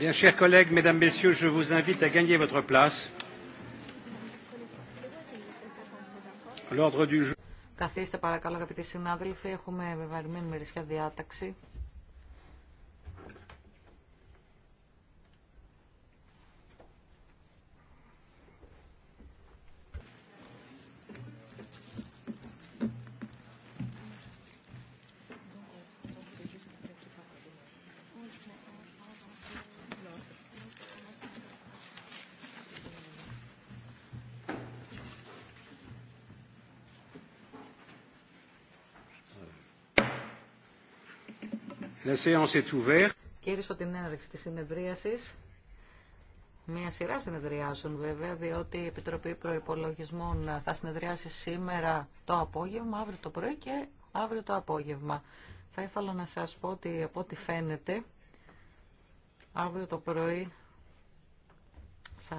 Bien, chers collègues, mesdames, messieurs, je vous invite à gagner votre place. L'ordre du jour. Καθίστε παρακαλώ αγαπητοί συνάδελφοι, έχουμε βεβαρημένη μερισιά διάταξη. La séance est ouverte. Κήρυξω την έναρξη της συνεδρίασης. Μία σειρά συνεδριάζουν βέβαια, διότι η Επιτροπή Προϋπολογισμών θα συνεδριάσει σήμερα το απόγευμα, αύριο το πρωί και αύριο το απόγευμα. Θα ήθελα να σας πω ότι από ό,τι φαίνεται, αύριο το πρωί θα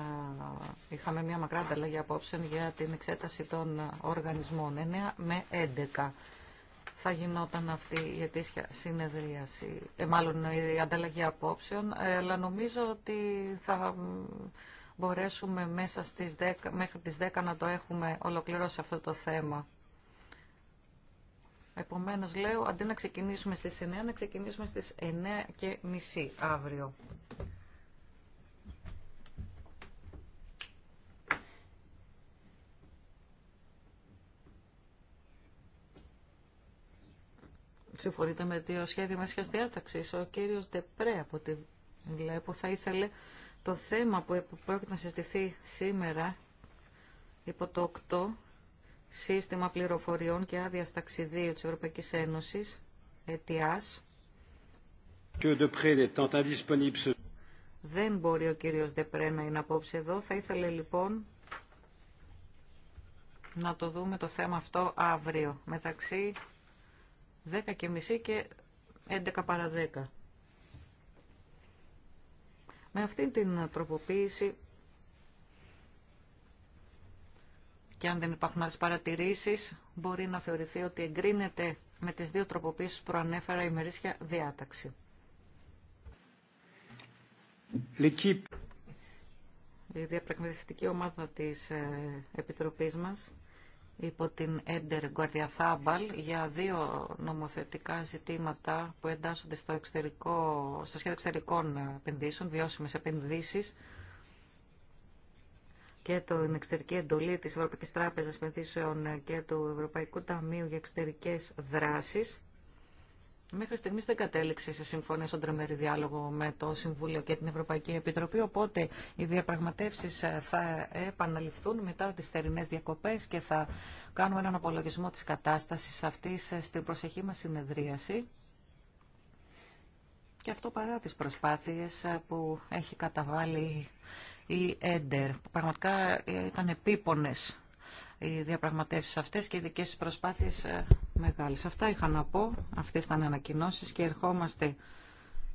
είχαμε μία μακρά ανταλλαγή απόψεων για την εξέταση των οργανισμών, 9 με 11 θα γινόταν αυτή η ετήσια συνεδρίαση, ε, μάλλον η ανταλλαγή απόψεων, ε, αλλά νομίζω ότι θα μπορέσουμε μέσα στις 10, μέχρι τις 10 να το έχουμε ολοκληρώσει αυτό το θέμα. Επομένως, λέω, αντί να ξεκινήσουμε στις 9, να ξεκινήσουμε στις 9 και μισή αύριο. συμφωνείτε με το σχέδιο μέσιας διάταξης. Ο κύριος Ντεπρέ, από ό,τι βλέπω, θα ήθελε το θέμα που πρόκειται να συζητηθεί σήμερα υπό το 8 σύστημα πληροφοριών και άδεια ταξιδίου της Ευρωπαϊκής Ένωσης, ΕΤΙΑΣ. Δεν μπορεί ο κύριος Ντεπρέ να είναι απόψε εδώ. Θα ήθελε λοιπόν να το δούμε το θέμα αυτό αύριο μεταξύ 10 και μισή και 11 παρα 10. Με αυτή την τροποποίηση και αν δεν υπάρχουν άλλες παρατηρήσεις μπορεί να θεωρηθεί ότι εγκρίνεται με τις δύο τροποποίησεις που προανέφερα η μερίσια διάταξη. Η διαπραγματευτική ομάδα της ε, Επιτροπής μας υπό την Έντερ Γκουαρδιαθάμπαλ για δύο νομοθετικά ζητήματα που εντάσσονται στο, εξωτερικό, στο σχέδιο εξωτερικών επενδύσεων, βιώσιμες επενδύσεις και την εξωτερική εντολή της Ευρωπαϊκής Τράπεζας Επενδύσεων και του Ευρωπαϊκού Ταμείου για Εξωτερικές Δράσεις Μέχρι στιγμής δεν κατέληξε σε συμφωνία στον τρεμερή διάλογο με το Συμβούλιο και την Ευρωπαϊκή Επιτροπή, οπότε οι διαπραγματεύσεις ε, θα επαναληφθούν μετά τις θερινές διακοπές και θα κάνουμε έναν απολογισμό της κατάστασης αυτής ε, στην προσεχή μας συνεδρίαση. Και αυτό παρά τις προσπάθειες ε, που έχει καταβάλει η ΕΝΤΕΡ, που πραγματικά ήταν επίπονες οι διαπραγματεύσεις αυτές και οι δικές προσπάθειες Μεγάλης. Αυτά είχα να πω, αυτές ήταν ανακοινώσεις και ερχόμαστε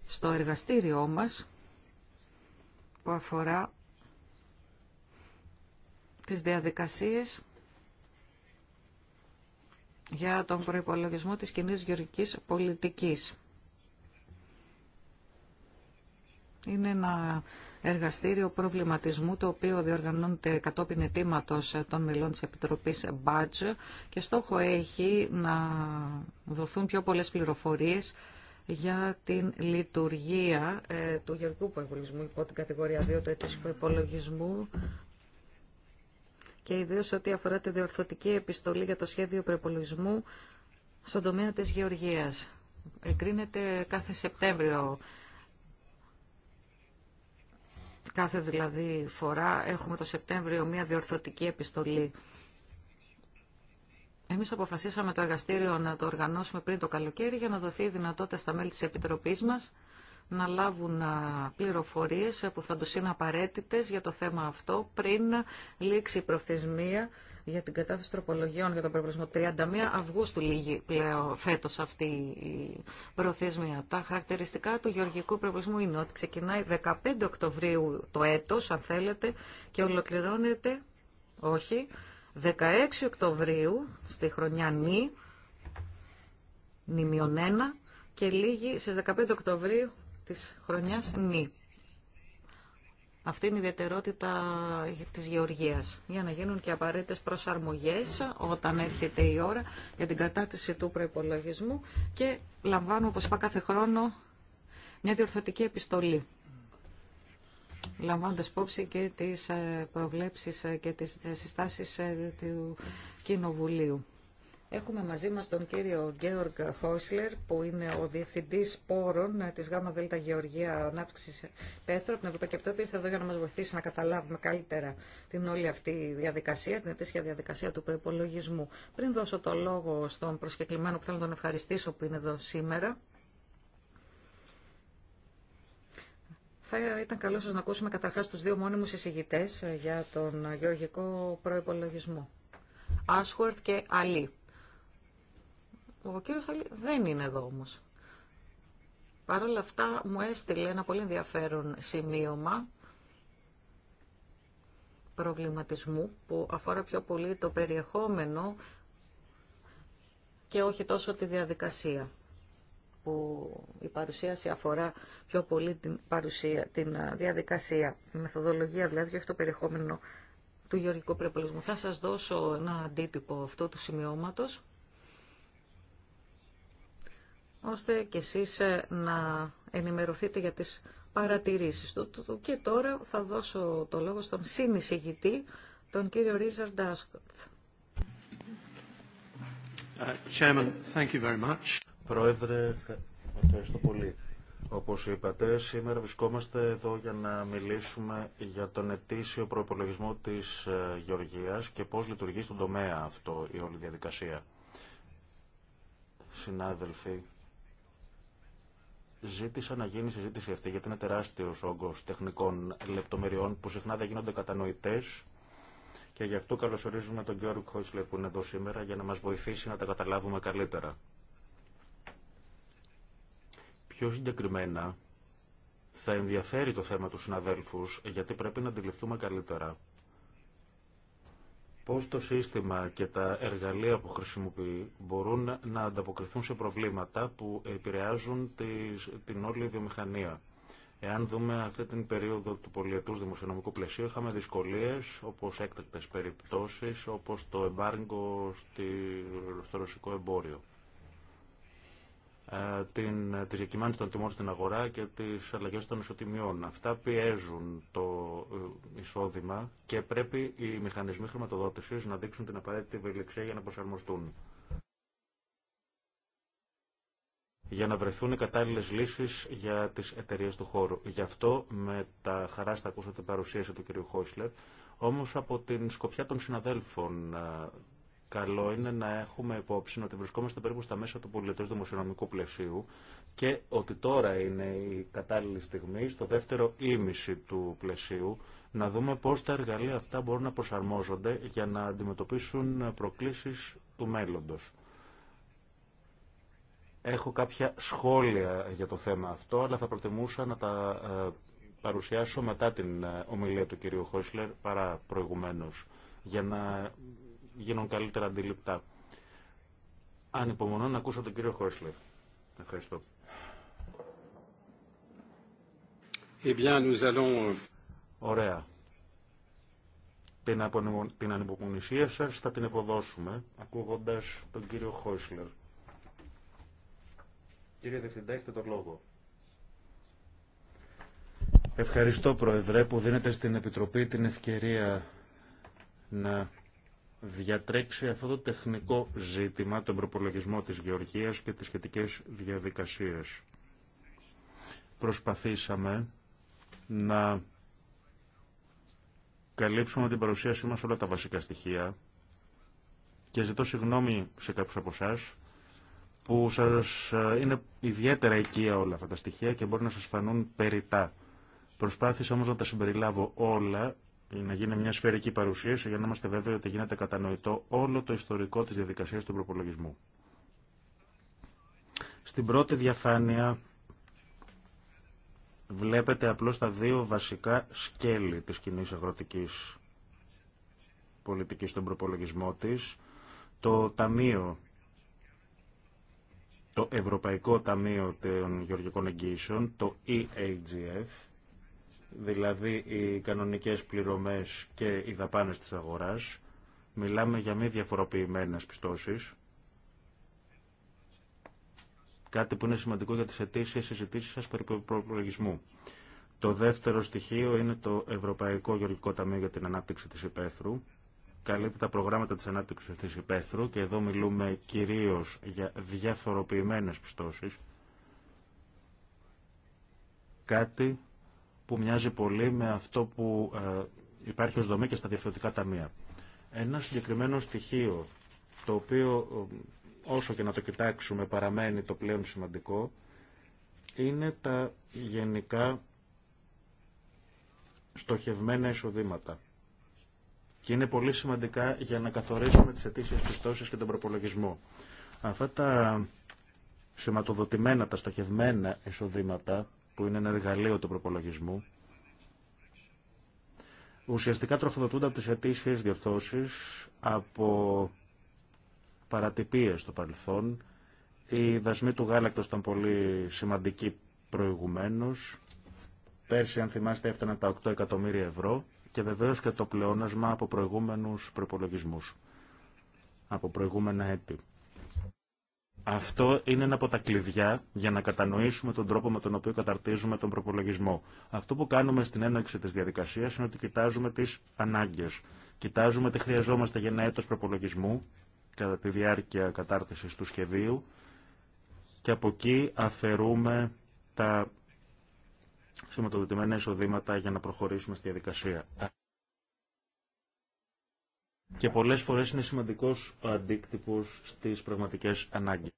στο εργαστήριό μας που αφορά τις διαδικασίες για τον προϋπολογισμό της κοινή γεωργικής πολιτικής. Είναι ένα εργαστήριο προβληματισμού το οποίο διοργανώνεται κατόπιν ετήματος των μελών της Επιτροπής Μπάτζ και στόχο έχει να δοθούν πιο πολλές πληροφορίες για την λειτουργία ε, του γεωργικού προϋπολογισμού υπό την κατηγορία 2 του ετήσιου προπολογισμού και ιδίως ό,τι αφορά τη διορθωτική επιστολή για το σχέδιο προπολογισμού στον τομέα της γεωργίας. Εγκρίνεται κάθε Σεπτέμβριο Κάθε δηλαδή φορά έχουμε το Σεπτέμβριο μία διορθωτική επιστολή. Εμείς αποφασίσαμε το εργαστήριο να το οργανώσουμε πριν το καλοκαίρι για να δοθεί δυνατότητα στα μέλη της Επιτροπής μας να λάβουν πληροφορίες που θα τους είναι απαραίτητε για το θέμα αυτό πριν λήξει η προθεσμία για την κατάθεση τροπολογιών για τον προβλησμό 31 Αυγούστου λίγη πλέον φέτος αυτή η προθεσμία. Τα χαρακτηριστικά του γεωργικού προβλησμού είναι ότι ξεκινάει 15 Οκτωβρίου το έτος, αν θέλετε, και ολοκληρώνεται, όχι, 16 Οκτωβρίου στη χρονιά νη, νημιονένα και λίγη στις 15 Οκτωβρίου της χρονιάς νη. Αυτή είναι η ιδιαιτερότητα της γεωργίας, για να γίνουν και απαραίτητες προσαρμογές όταν έρχεται η ώρα για την κατάρτιση του προϋπολογισμού και λαμβάνουμε, όπως είπα, κάθε χρόνο μια διορθωτική επιστολή λαμβάνοντας υπόψη και τις ε, προβλέψεις ε, και τις ε, συστάσεις του Κοινοβουλίου. Έχουμε μαζί μας τον κύριο Γκέοργ Χόισλερ, που είναι ο Διευθυντής Πόρων της ΓΑΜΑ ΔΕΛΤΑ Γεωργία Ανάπτυξης Πέτρο, από την Ευρωπαϊκή Επιτροπή. Ήρθε εδώ για να μας βοηθήσει να καταλάβουμε καλύτερα την όλη αυτή διαδικασία, την ετήσια διαδικασία του προπολογισμού. Πριν δώσω το λόγο στον προσκεκλημένο που θέλω να τον ευχαριστήσω που είναι εδώ σήμερα, Θα ήταν καλό σας να ακούσουμε καταρχάς τους δύο μόνιμους εισηγητές για τον γεωργικό προϋπολογισμό. Άσχουερτ και Αλή. Ο κύριο Αλή δεν είναι εδώ όμως. Παρ' όλα αυτά μου έστειλε ένα πολύ ενδιαφέρον σημείωμα προβληματισμού που αφορά πιο πολύ το περιεχόμενο και όχι τόσο τη διαδικασία που η παρουσίαση αφορά πιο πολύ την, παρουσία, την διαδικασία, τη μεθοδολογία δηλαδή και όχι το περιεχόμενο του γεωργικού προπολογισμού. Θα σας δώσω ένα αντίτυπο αυτού του σημειώματος ώστε και εσείς ε, να ενημερωθείτε για τις παρατηρήσεις του. Και τώρα θα δώσω το λόγο στον συνεισηγητή, τον κύριο Ρίζαρ Ντάσκοτ. Uh, Πρόεδρε, ευχαριστώ πολύ. Όπως είπατε, σήμερα βρισκόμαστε εδώ για να μιλήσουμε για τον ετήσιο προϋπολογισμό της ε, Γεωργίας και πώς λειτουργεί στον τομέα αυτό η όλη διαδικασία. Συνάδελφοι, ζήτησα να γίνει η συζήτηση αυτή, γιατί είναι τεράστιο όγκο τεχνικών λεπτομεριών που συχνά δεν γίνονται κατανοητέ. Και γι' αυτό καλωσορίζουμε τον Γιώργο Χόισλε που είναι εδώ σήμερα για να μα βοηθήσει να τα καταλάβουμε καλύτερα. Πιο συγκεκριμένα, θα ενδιαφέρει το θέμα του συναδέλφου, γιατί πρέπει να αντιληφθούμε καλύτερα πώς το σύστημα και τα εργαλεία που χρησιμοποιεί μπορούν να ανταποκριθούν σε προβλήματα που επηρεάζουν την όλη βιομηχανία. Εάν δούμε αυτή την περίοδο του πολιετούς δημοσιονομικού πλαισίου, είχαμε δυσκολίες όπως έκτακτες περιπτώσεις, όπως το εμπάργκο στο ρωσικό εμπόριο. Ε, την, τις διακυμάνσεις των τιμών στην αγορά και τις αλλαγές των ισοτιμιών. Αυτά πιέζουν το ε, εισόδημα και πρέπει οι μηχανισμοί χρηματοδότησης να δείξουν την απαραίτητη ευελιξία για να προσαρμοστούν. για να βρεθούν οι κατάλληλε λύσει για τι εταιρείε του χώρου. Γι' αυτό με τα χαρά θα ακούσω την παρουσίαση του κ. Χόισλερ. Όμω από την σκοπιά των συναδέλφων ε, καλό είναι να έχουμε υπόψη ότι βρισκόμαστε περίπου στα μέσα του πολιτικού δημοσιονομικού πλαισίου και ότι τώρα είναι η κατάλληλη στιγμή, στο δεύτερο ήμιση του πλαισίου, να δούμε πώς τα εργαλεία αυτά μπορούν να προσαρμόζονται για να αντιμετωπίσουν προκλήσεις του μέλλοντος. Έχω κάποια σχόλια για το θέμα αυτό, αλλά θα προτιμούσα να τα ε, παρουσιάσω μετά την ε, ομιλία του κυρίου Χόσλερ παρά προηγουμένως για να γίνουν καλύτερα αντιληπτά. Ανυπομονώ να ακούσω τον κύριο Χόρσλερ. Ευχαριστώ. Eh bien, nous allons... Euh, Ωραία. Την, την ανυπομονησία σας θα την ευωδώσουμε, ακούγοντας τον κύριο Χόισλερ. Κύριε Διευθυντά, έχετε τον λόγο. Ευχαριστώ, Πρόεδρε, που δίνετε στην Επιτροπή την ευκαιρία να διατρέξει αυτό το τεχνικό ζήτημα, τον προπολογισμό της Γεωργίας και τις σχετικές διαδικασίες. Προσπαθήσαμε να καλύψουμε την παρουσίασή μας όλα τα βασικά στοιχεία και ζητώ συγγνώμη σε κάποιους από εσά που σας ε, είναι ιδιαίτερα οικεία όλα αυτά τα στοιχεία και μπορεί να σας φανούν περιτά. Προσπάθησα όμως να τα συμπεριλάβω όλα να γίνει μια σφαιρική παρουσίαση για να είμαστε βέβαιοι ότι γίνεται κατανοητό όλο το ιστορικό της διαδικασίας του προπολογισμού. Στην πρώτη διαφάνεια βλέπετε απλώς τα δύο βασικά σκέλη της κοινή αγροτικής πολιτικής στον προπολογισμό της. Το Ταμείο το Ευρωπαϊκό Ταμείο των Γεωργικών Εγγύσεων, το EAGF, δηλαδή οι κανονικές πληρωμές και οι δαπάνες της αγοράς. Μιλάμε για μη διαφοροποιημένες πιστώσεις. Κάτι που είναι σημαντικό για τις αιτήσεις συζητήσεις σας περί προπολογισμού. Το δεύτερο στοιχείο είναι το Ευρωπαϊκό Γεωργικό Ταμείο για την Ανάπτυξη της Υπέθρου. Καλύπτει τα προγράμματα της ανάπτυξης της Υπέθρου και εδώ μιλούμε κυρίως για διαφοροποιημένες πιστώσεις. Κάτι που μοιάζει πολύ με αυτό που ε, υπάρχει ως δομή και στα διευθυντικά ταμεία. Ένα συγκεκριμένο στοιχείο, το οποίο ε, όσο και να το κοιτάξουμε παραμένει το πλέον σημαντικό, είναι τα γενικά στοχευμένα εισοδήματα. Και είναι πολύ σημαντικά για να καθορίσουμε τις αιτήσεις πιστώσεις και τον προπολογισμό. Αυτά τα σηματοδοτημένα, τα στοχευμένα εισοδήματα που είναι ένα εργαλείο του προπολογισμού, ουσιαστικά τροφοδοτούνται από τις ετήσιες διορθώσεις, από παρατυπίες στο παρελθόν. Οι δασμοί του γάλακτος ήταν πολύ σημαντικοί προηγουμένως. Πέρσι, αν θυμάστε, έφταναν τα 8 εκατομμύρια ευρώ και βεβαίως και το πλεόνασμα από προηγούμενους προπολογισμού από προηγούμενα έτη. Αυτό είναι ένα από τα κλειδιά για να κατανοήσουμε τον τρόπο με τον οποίο καταρτίζουμε τον προπολογισμό. Αυτό που κάνουμε στην έναρξη τη διαδικασίας είναι ότι κοιτάζουμε τις ανάγκες. Κοιτάζουμε τι χρειαζόμαστε για ένα έτος προπολογισμού κατά τη διάρκεια κατάρτισης του σχεδίου και από εκεί αφαιρούμε τα σηματοδοτημένα εισοδήματα για να προχωρήσουμε στη διαδικασία και πολλές φορές είναι σημαντικός ο αντίκτυπος στις πραγματικές ανάγκες.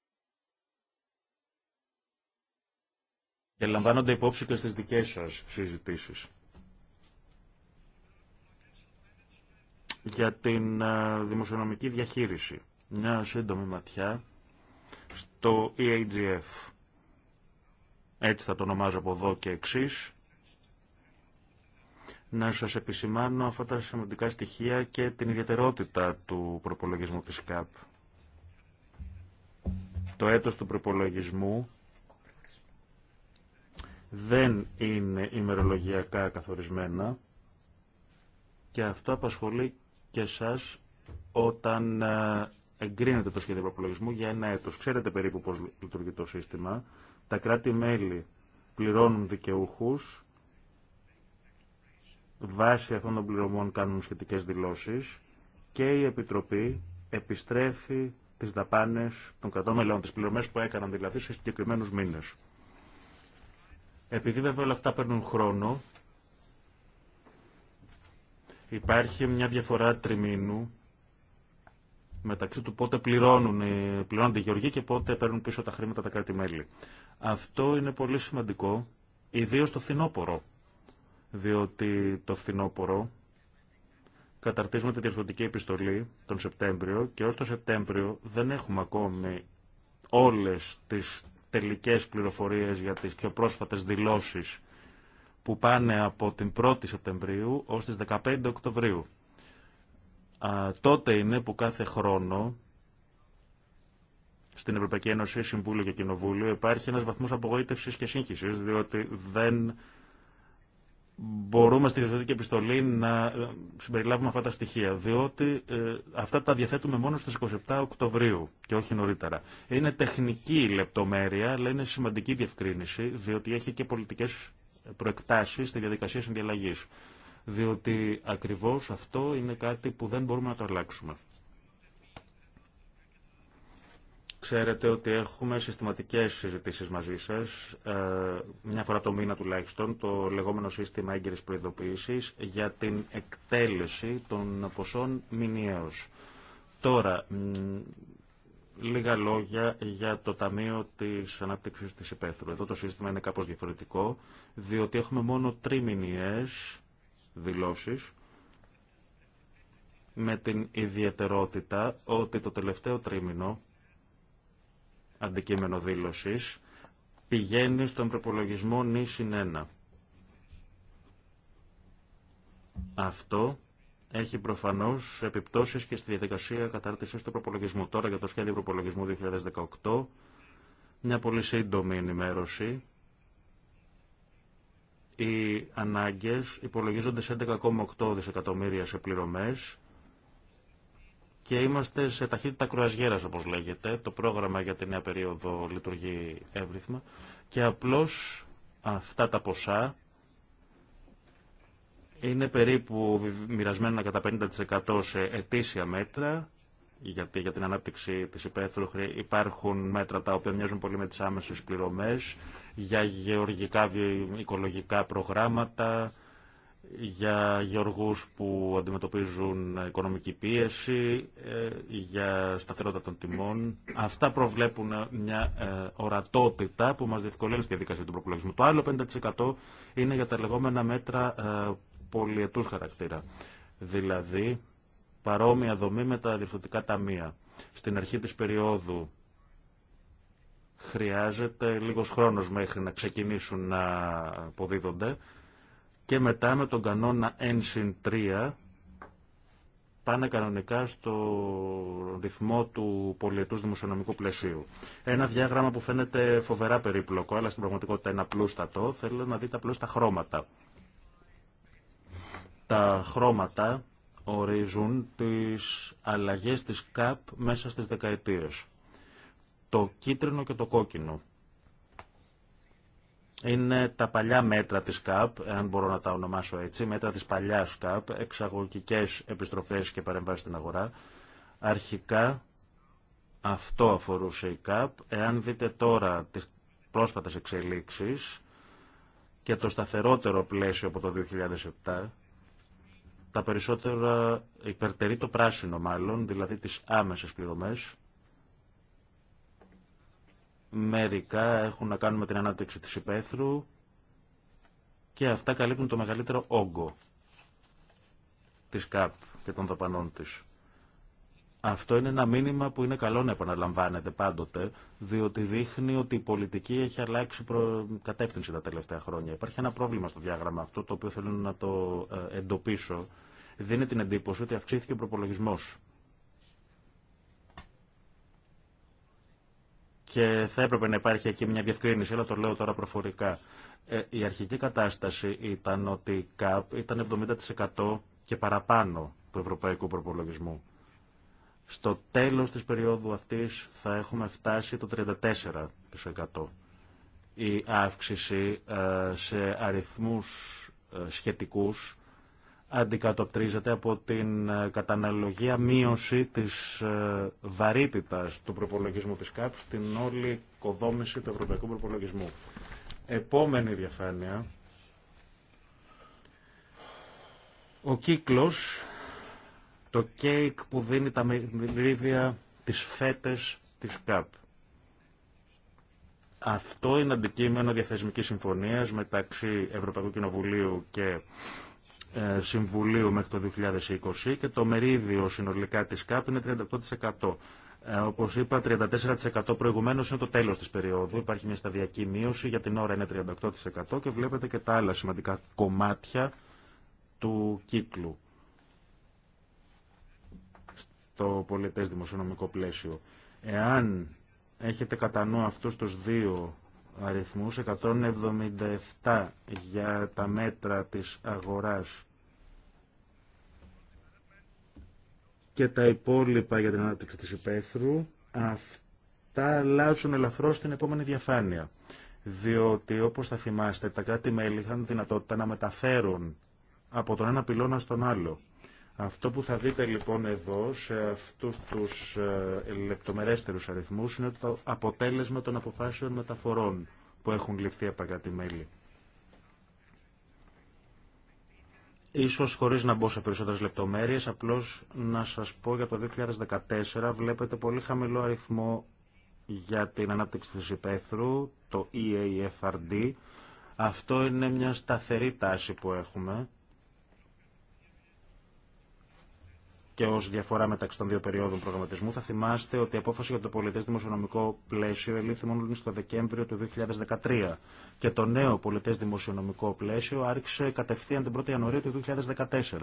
Και λαμβάνονται υπόψη και στις δικές σας συζητήσεις. Για την δημοσιονομική διαχείριση. Μια σύντομη ματιά στο EAGF. Έτσι θα το ονομάζω από εδώ και εξής να σας επισημάνω αυτά τα σημαντικά στοιχεία και την ιδιαιτερότητα του προπολογισμού της ΚΑΠ. Το έτος του προπολογισμού δεν είναι ημερολογιακά καθορισμένα και αυτό απασχολεί και σας όταν ε, εγκρίνετε το σχέδιο προπολογισμού για ένα έτος. Ξέρετε περίπου πώς λειτουργεί το σύστημα. Τα κράτη-μέλη πληρώνουν δικαιούχους βάσει αυτών των πληρωμών κάνουν σχετικές δηλώσεις και η Επιτροπή επιστρέφει τις δαπάνες των κρατών μελών, τις πληρωμές που έκαναν δηλαδή σε συγκεκριμένους μήνες. Επειδή βέβαια όλα αυτά παίρνουν χρόνο, υπάρχει μια διαφορά τριμήνου μεταξύ του πότε πληρώνουν, ε, πληρώνουν τη γεωργοί και πότε παίρνουν πίσω τα χρήματα τα κράτη-μέλη. Αυτό είναι πολύ σημαντικό, ιδίως το φθινόπωρο, διότι το φθινόπωρο καταρτίζουμε τη διευθυντική επιστολή τον Σεπτέμβριο και ως τον Σεπτέμβριο δεν έχουμε ακόμη όλες τις τελικές πληροφορίες για τις πιο πρόσφατες δηλώσεις που πάνε από την 1η Σεπτεμβρίου ως τις 15 Οκτωβρίου. Α, τότε είναι που κάθε χρόνο στην Ευρωπαϊκή Ένωση, Συμβούλιο και Κοινοβούλιο υπάρχει ένας βαθμός απογοήτευσης και σύγχυσης, διότι δεν μπορούμε στη διευθυντική επιστολή να ε, συμπεριλάβουμε αυτά τα στοιχεία, διότι ε, αυτά τα διαθέτουμε μόνο στις 27 Οκτωβρίου και όχι νωρίτερα. Είναι τεχνική λεπτομέρεια, αλλά είναι σημαντική διευκρίνηση, διότι έχει και πολιτικές προεκτάσεις στη διαδικασία συνδιαλλαγής. Διότι ακριβώς αυτό είναι κάτι που δεν μπορούμε να το αλλάξουμε. Ξέρετε ότι έχουμε συστηματικές συζητήσεις μαζί σας, ε, μια φορά το μήνα τουλάχιστον, το λεγόμενο σύστημα έγκαιρης προειδοποίησης για την εκτέλεση των ποσών μηνιαίως. Τώρα, λίγα λόγια για το Ταμείο της Ανάπτυξης της Υπέθρου. Εδώ το σύστημα είναι κάπως διαφορετικό, διότι έχουμε μόνο τρίμηνιες δηλώσεις, με την ιδιαιτερότητα ότι το τελευταίο τρίμηνο αντικείμενο δήλωση πηγαίνει στον προπολογισμό νη 1. Αυτό έχει προφανώ επιπτώσει και στη διαδικασία κατάρτιση του προπολογισμού. Τώρα για το σχέδιο προπολογισμού 2018, μια πολύ σύντομη ενημέρωση. Οι ανάγκε υπολογίζονται σε 11,8 δισεκατομμύρια σε πληρωμές και είμαστε σε ταχύτητα κρουαζιέρας όπως λέγεται. Το πρόγραμμα για τη νέα περίοδο λειτουργεί εύρυθμα και απλώς αυτά τα ποσά είναι περίπου μοιρασμένα κατά 50% σε ετήσια μέτρα, γιατί για την ανάπτυξη της υπαίθρου υπάρχουν μέτρα τα οποία μοιάζουν πολύ με τις άμεσες πληρωμές, για γεωργικά, οικολογικά προγράμματα, για γεωργούς που αντιμετωπίζουν οικονομική πίεση, ε, για σταθερότητα των τιμών. Αυτά προβλέπουν μια ε, ορατότητα που μας διευκολύνει στη διαδικασία του προπολογισμού. Το άλλο 50% είναι για τα λεγόμενα μέτρα ε, πολιετούς χαρακτήρα. Δηλαδή, παρόμοια δομή με τα διευθυντικά ταμεία. Στην αρχή της περίοδου χρειάζεται λίγος χρόνος μέχρι να ξεκινήσουν να αποδίδονται και μετά με τον κανόνα N 3 πάνε κανονικά στο ρυθμό του πολιετούς δημοσιονομικού πλαισίου. Ένα διάγραμμα που φαίνεται φοβερά περίπλοκο, αλλά στην πραγματικότητα είναι απλούστατο. Θέλω να δείτε απλώ τα χρώματα. Τα χρώματα ορίζουν τις αλλαγές της ΚΑΠ μέσα στις δεκαετίες. Το κίτρινο και το κόκκινο είναι τα παλιά μέτρα της ΚΑΠ, αν μπορώ να τα ονομάσω έτσι, μέτρα της παλιάς ΚΑΠ, εξαγωγικές επιστροφές και παρεμβάσεις στην αγορά. Αρχικά αυτό αφορούσε η ΚΑΠ. Εάν δείτε τώρα τις πρόσφατες εξελίξεις και το σταθερότερο πλαίσιο από το 2007, τα περισσότερα υπερτερεί το πράσινο μάλλον, δηλαδή τις άμεσες πληρωμές, Μερικά έχουν να κάνουν με την ανάπτυξη της υπαίθρου και αυτά καλύπτουν το μεγαλύτερο όγκο της ΚΑΠ και των δαπανών της. Αυτό είναι ένα μήνυμα που είναι καλό να επαναλαμβάνεται πάντοτε, διότι δείχνει ότι η πολιτική έχει αλλάξει προ... κατεύθυνση τα τελευταία χρόνια. Υπάρχει ένα πρόβλημα στο διάγραμμα αυτό, το οποίο θέλω να το ε, εντοπίσω. Δίνει την εντύπωση ότι αυξήθηκε ο προπολογισμό και θα έπρεπε να υπάρχει εκεί μια διευκρίνηση, αλλά το λέω τώρα προφορικά. Ε, η αρχική κατάσταση ήταν ότι η ΚΑΠ ήταν 70% και παραπάνω του ευρωπαϊκού προπολογισμού. Στο τέλος της περίοδου αυτής θα έχουμε φτάσει το 34%. Η αύξηση ε, σε αριθμούς ε, σχετικούς αντικατοπτρίζεται από την ε, καταναλογία μείωση της ε, βαρύτητας του προπολογισμού της ΚΑΠ στην όλη κοδόμηση του ευρωπαϊκού προπολογισμού. Επόμενη διαφάνεια. Ο κύκλος, το κέικ που δίνει τα μερίδια, της φέτες της ΚΑΠ. Αυτό είναι αντικείμενο διαθεσμικής συμφωνίας μεταξύ Ευρωπαϊκού Κοινοβουλίου και ε, Συμβουλίου μέχρι το 2020 και το μερίδιο συνολικά της ΚΑΠ είναι 38%. Ε, Όπω είπα, 34% προηγουμένω είναι το τέλο τη περίοδου. Υπάρχει μια σταδιακή μείωση, για την ώρα είναι 38% και βλέπετε και τα άλλα σημαντικά κομμάτια του κύκλου στο πολιτέ δημοσιονομικό πλαίσιο. Εάν έχετε κατά νου αυτούς τους δύο αριθμούς 177 για τα μέτρα της αγοράς και τα υπόλοιπα για την ανάπτυξη της υπαίθρου, αυτά αλλάζουν ελαφρώς την επόμενη διαφάνεια. Διότι, όπως θα θυμάστε, τα κράτη-μέλη είχαν δυνατότητα να μεταφέρουν από τον ένα πυλώνα στον άλλο αυτό που θα δείτε λοιπόν εδώ σε αυτούς τους ε, λεπτομερέστερους αριθμούς είναι το αποτέλεσμα των αποφάσεων μεταφορών που έχουν ληφθεί από κάτι μέλη. Ίσως χωρίς να μπω σε περισσότερες λεπτομέρειες, απλώς να σας πω για το 2014 βλέπετε πολύ χαμηλό αριθμό για την ανάπτυξη της υπαίθρου, το EAFRD. Αυτό είναι μια σταθερή τάση που έχουμε και ω διαφορά μεταξύ των δύο περιόδων προγραμματισμού, θα θυμάστε ότι η απόφαση για το πολιτέ δημοσιονομικό πλαίσιο ελήφθη μόνο στο Δεκέμβριο του 2013 και το νέο πολιτέ δημοσιονομικό πλαίσιο άρχισε κατευθείαν την 1η Ιανουαρίου του 2014.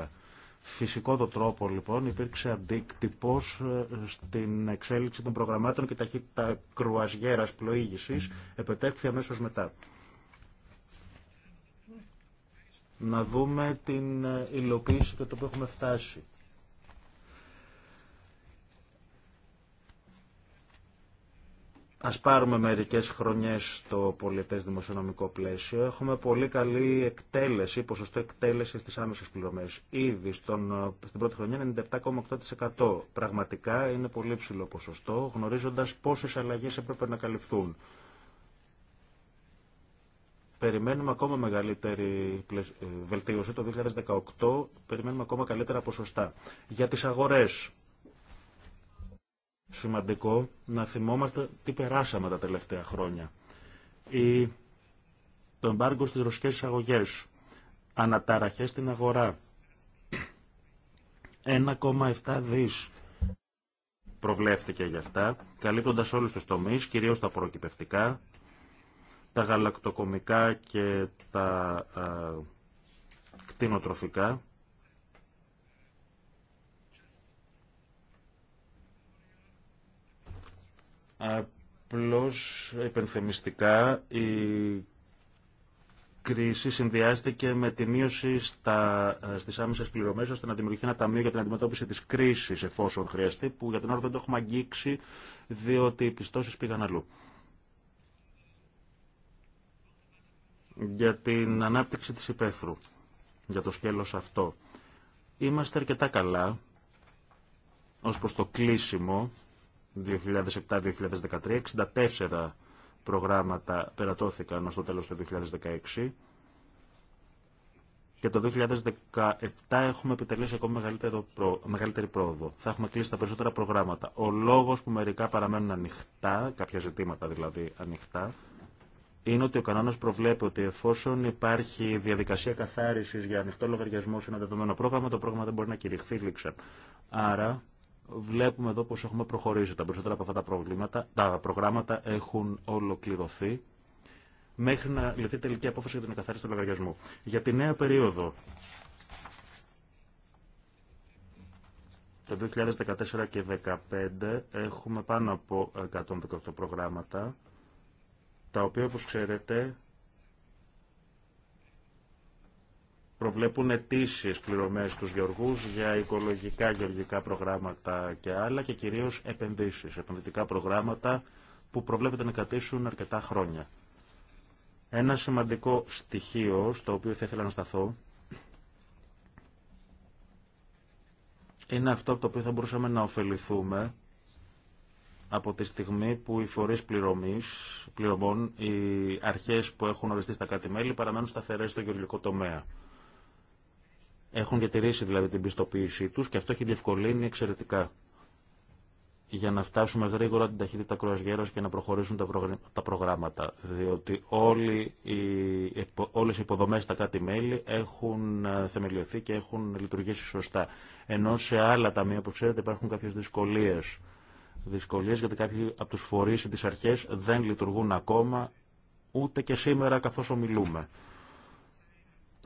Φυσικό το τρόπο λοιπόν υπήρξε αντίκτυπο ε, στην εξέλιξη των προγραμμάτων και ταχύτητα κρουαζιέρας πλοήγησης επετέχθη αμέσω μετά. Να δούμε την ε, υλοποίηση και το που έχουμε φτάσει. Ας πάρουμε μερικές χρονιές στο πολιτές δημοσιονομικό πλαίσιο. Έχουμε πολύ καλή εκτέλεση, ποσοστό εκτέλεση στις άμεσες πληρωμές. Ήδη στον, στην πρώτη χρονιά 97,8%. Πραγματικά είναι πολύ ψηλό ποσοστό, γνωρίζοντας πόσες αλλαγές έπρεπε να καλυφθούν. Περιμένουμε ακόμα μεγαλύτερη ε, βελτίωση το 2018, περιμένουμε ακόμα καλύτερα ποσοστά. Για τις αγορές, σημαντικό να θυμόμαστε τι περάσαμε τα τελευταία χρόνια. Η... Το εμπάργκο στις ρωσικές εισαγωγές, αναταραχές στην αγορά, 1,7 δις προβλέφθηκε για αυτά, καλύπτοντας όλους τους τομείς, κυρίως τα προκυπευτικά, τα γαλακτοκομικά και τα α, ε, κτηνοτροφικά. Απλώς υπενθυμιστικά η κρίση συνδυάστηκε με τη μείωση στα, ε, στις άμεσες πληρωμές ώστε να δημιουργηθεί ένα ταμείο για την αντιμετώπιση της κρίσης εφόσον χρειαστεί που για την ώρα δεν το έχουμε αγγίξει διότι οι πιστώσεις πήγαν αλλού. Για την ανάπτυξη της υπαίθρου, για το σκέλος αυτό. Είμαστε αρκετά καλά ως προς το κλείσιμο 2007-2013. 64 προγράμματα περατώθηκαν ως το τέλος του 2016. Και το 2017 έχουμε επιτελέσει ακόμη μεγαλύτερο, μεγαλύτερη πρόοδο. Θα έχουμε κλείσει τα περισσότερα προγράμματα. Ο λόγος που μερικά παραμένουν ανοιχτά, κάποια ζητήματα δηλαδή ανοιχτά, είναι ότι ο κανόνα προβλέπει ότι εφόσον υπάρχει διαδικασία καθάριση για ανοιχτό λογαριασμό σε ένα δεδομένο πρόγραμμα, το πρόγραμμα δεν μπορεί να κηρυχθεί λήξαν. Άρα Βλέπουμε εδώ πως έχουμε προχωρήσει. Τα περισσότερα από αυτά τα, προβλήματα, τα προγράμματα έχουν ολοκληρωθεί μέχρι να λυθεί τελική απόφαση για την εκαθάριση του λογαριασμού. Για τη νέα περίοδο, το 2014 και 2015, έχουμε πάνω από 118 προγράμματα, τα οποία όπως ξέρετε προβλέπουν αιτήσει πληρωμές στους γεωργού για οικολογικά γεωργικά προγράμματα και άλλα και κυρίως επενδύσεις, επενδυτικά προγράμματα που προβλέπεται να κρατήσουν αρκετά χρόνια. Ένα σημαντικό στοιχείο στο οποίο θα ήθελα να σταθώ είναι αυτό από το οποίο θα μπορούσαμε να ωφεληθούμε από τη στιγμή που οι φορείς πληρωμής, πληρωμών, οι αρχές που έχουν οριστεί στα κάτι μέλη παραμένουν σταθερές στο γεωργικό τομέα. Έχουν διατηρήσει δηλαδή την πιστοποίησή τους και αυτό έχει διευκολύνει εξαιρετικά για να φτάσουμε γρήγορα την ταχύτητα κρουαζιέρας και να προχωρήσουν τα, προγράμματα. Διότι όλοι οι, όλες οι υποδομές στα κάτι μέλη έχουν ε, θεμελιωθεί και έχουν λειτουργήσει σωστά. Ενώ σε άλλα ταμεία που ξέρετε υπάρχουν κάποιες δυσκολίες. Δυσκολίες γιατί κάποιοι από τους φορείς ή τις αρχές δεν λειτουργούν ακόμα ούτε και σήμερα καθώς ομιλούμε.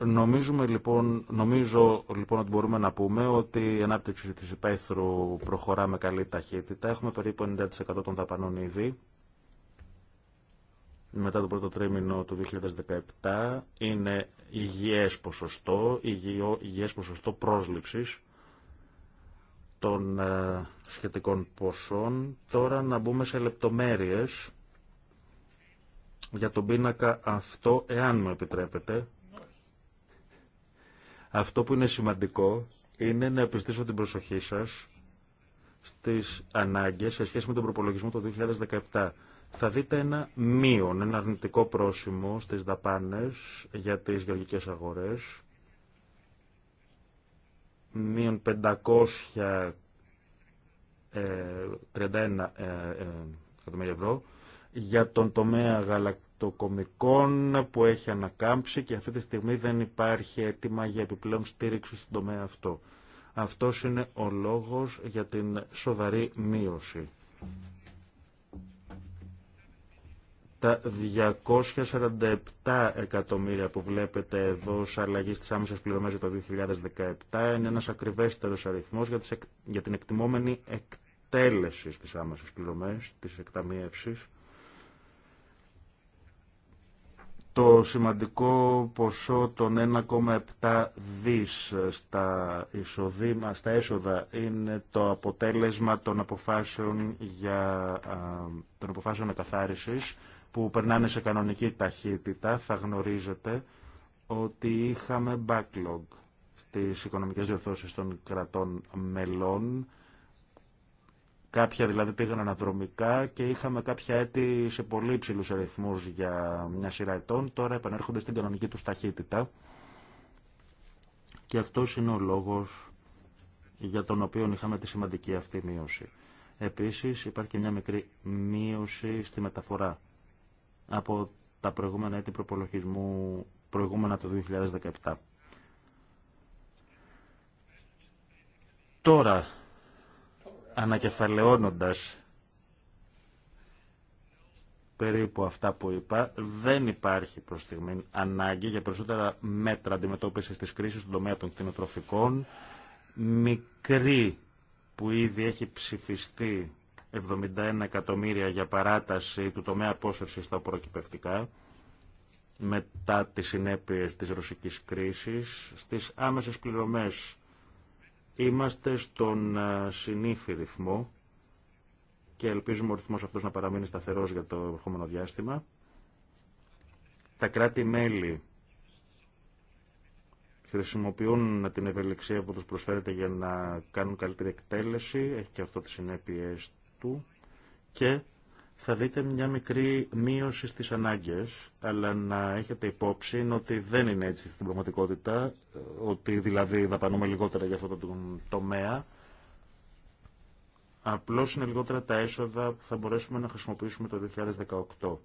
Νομίζουμε λοιπόν, νομίζω λοιπόν ότι μπορούμε να πούμε ότι η ανάπτυξη της υπαίθρου προχωρά με καλή ταχύτητα. Έχουμε περίπου 90% των δαπανών ήδη. Μετά το πρώτο τρίμηνο του 2017 είναι υγιές ποσοστό, υγιό, υγιές ποσοστό πρόσληψης των ε, σχετικών ποσών. Τώρα να μπούμε σε λεπτομέρειες για τον πίνακα αυτό, εάν μου επιτρέπετε. Αυτό που είναι σημαντικό είναι να επιστήσω την προσοχή σας στις ανάγκες σε σχέση με τον προπολογισμό το 2017. Θα δείτε ένα μείον, ένα αρνητικό πρόσημο στις δαπάνες για τις γεωργικές αγορές. Μείον 531 ε, ε, ε, εκατομμύρια ευρώ για τον τομέα γαλακτικών το κομικόν που έχει ανακάμψει και αυτή τη στιγμή δεν υπάρχει αίτημα για επιπλέον στήριξη στον τομέα αυτό. Αυτός είναι ο λόγος για την σοβαρή μείωση. τα 247 εκατομμύρια που βλέπετε εδώ ως αλλαγή στις άμεσες πληρωμές για το 2017 είναι ένας ακριβέστερος αριθμός για, τις, για την εκτιμόμενη εκτέλεση στις άμεσες πληρωμές, της εκταμίευσης. το σημαντικό ποσό των 1,7 δις στα, εισοδήμα, στα έσοδα είναι το αποτέλεσμα των αποφάσεων, για, των αποφάσεων εκαθάρισης που περνάνε σε κανονική ταχύτητα. Θα γνωρίζετε ότι είχαμε backlog στις οικονομικές διορθώσεις των κρατών μελών Κάποια δηλαδή πήγαν αναδρομικά και είχαμε κάποια έτη σε πολύ ψηλού αριθμού για μια σειρά ετών. Τώρα επανέρχονται στην κανονική του ταχύτητα. Και αυτό είναι ο λόγο για τον οποίο είχαμε τη σημαντική αυτή μείωση. Επίσης υπάρχει και μια μικρή μείωση στη μεταφορά από τα προηγούμενα έτη προπολογισμού προηγούμενα το 2017. Τώρα, ανακεφαλαιώνοντας περίπου αυτά που είπα, δεν υπάρχει προς στιγμή ανάγκη για περισσότερα μέτρα αντιμετώπισης της κρίσης στον τομέα των κτηνοτροφικών. Μικρή που ήδη έχει ψηφιστεί 71 εκατομμύρια για παράταση του τομέα απόσυρσης στα προκυπευτικά μετά τις συνέπειες της ρωσικής κρίσης, στις άμεσες πληρωμές Είμαστε στον ε, συνήθι ρυθμό και ελπίζουμε ο ρυθμός αυτός να παραμείνει σταθερός για το ερχόμενο διάστημα. Τα κράτη-μέλη χρησιμοποιούν την ευελιξία που τους προσφέρεται για να κάνουν καλύτερη εκτέλεση, έχει και αυτό τις συνέπειες του και θα δείτε μια μικρή μείωση στις ανάγκες, αλλά να έχετε υπόψη ότι δεν είναι έτσι στην πραγματικότητα, ότι δηλαδή δαπανούμε λιγότερα για αυτό το τομέα, απλώς είναι λιγότερα τα έσοδα που θα μπορέσουμε να χρησιμοποιήσουμε το 2018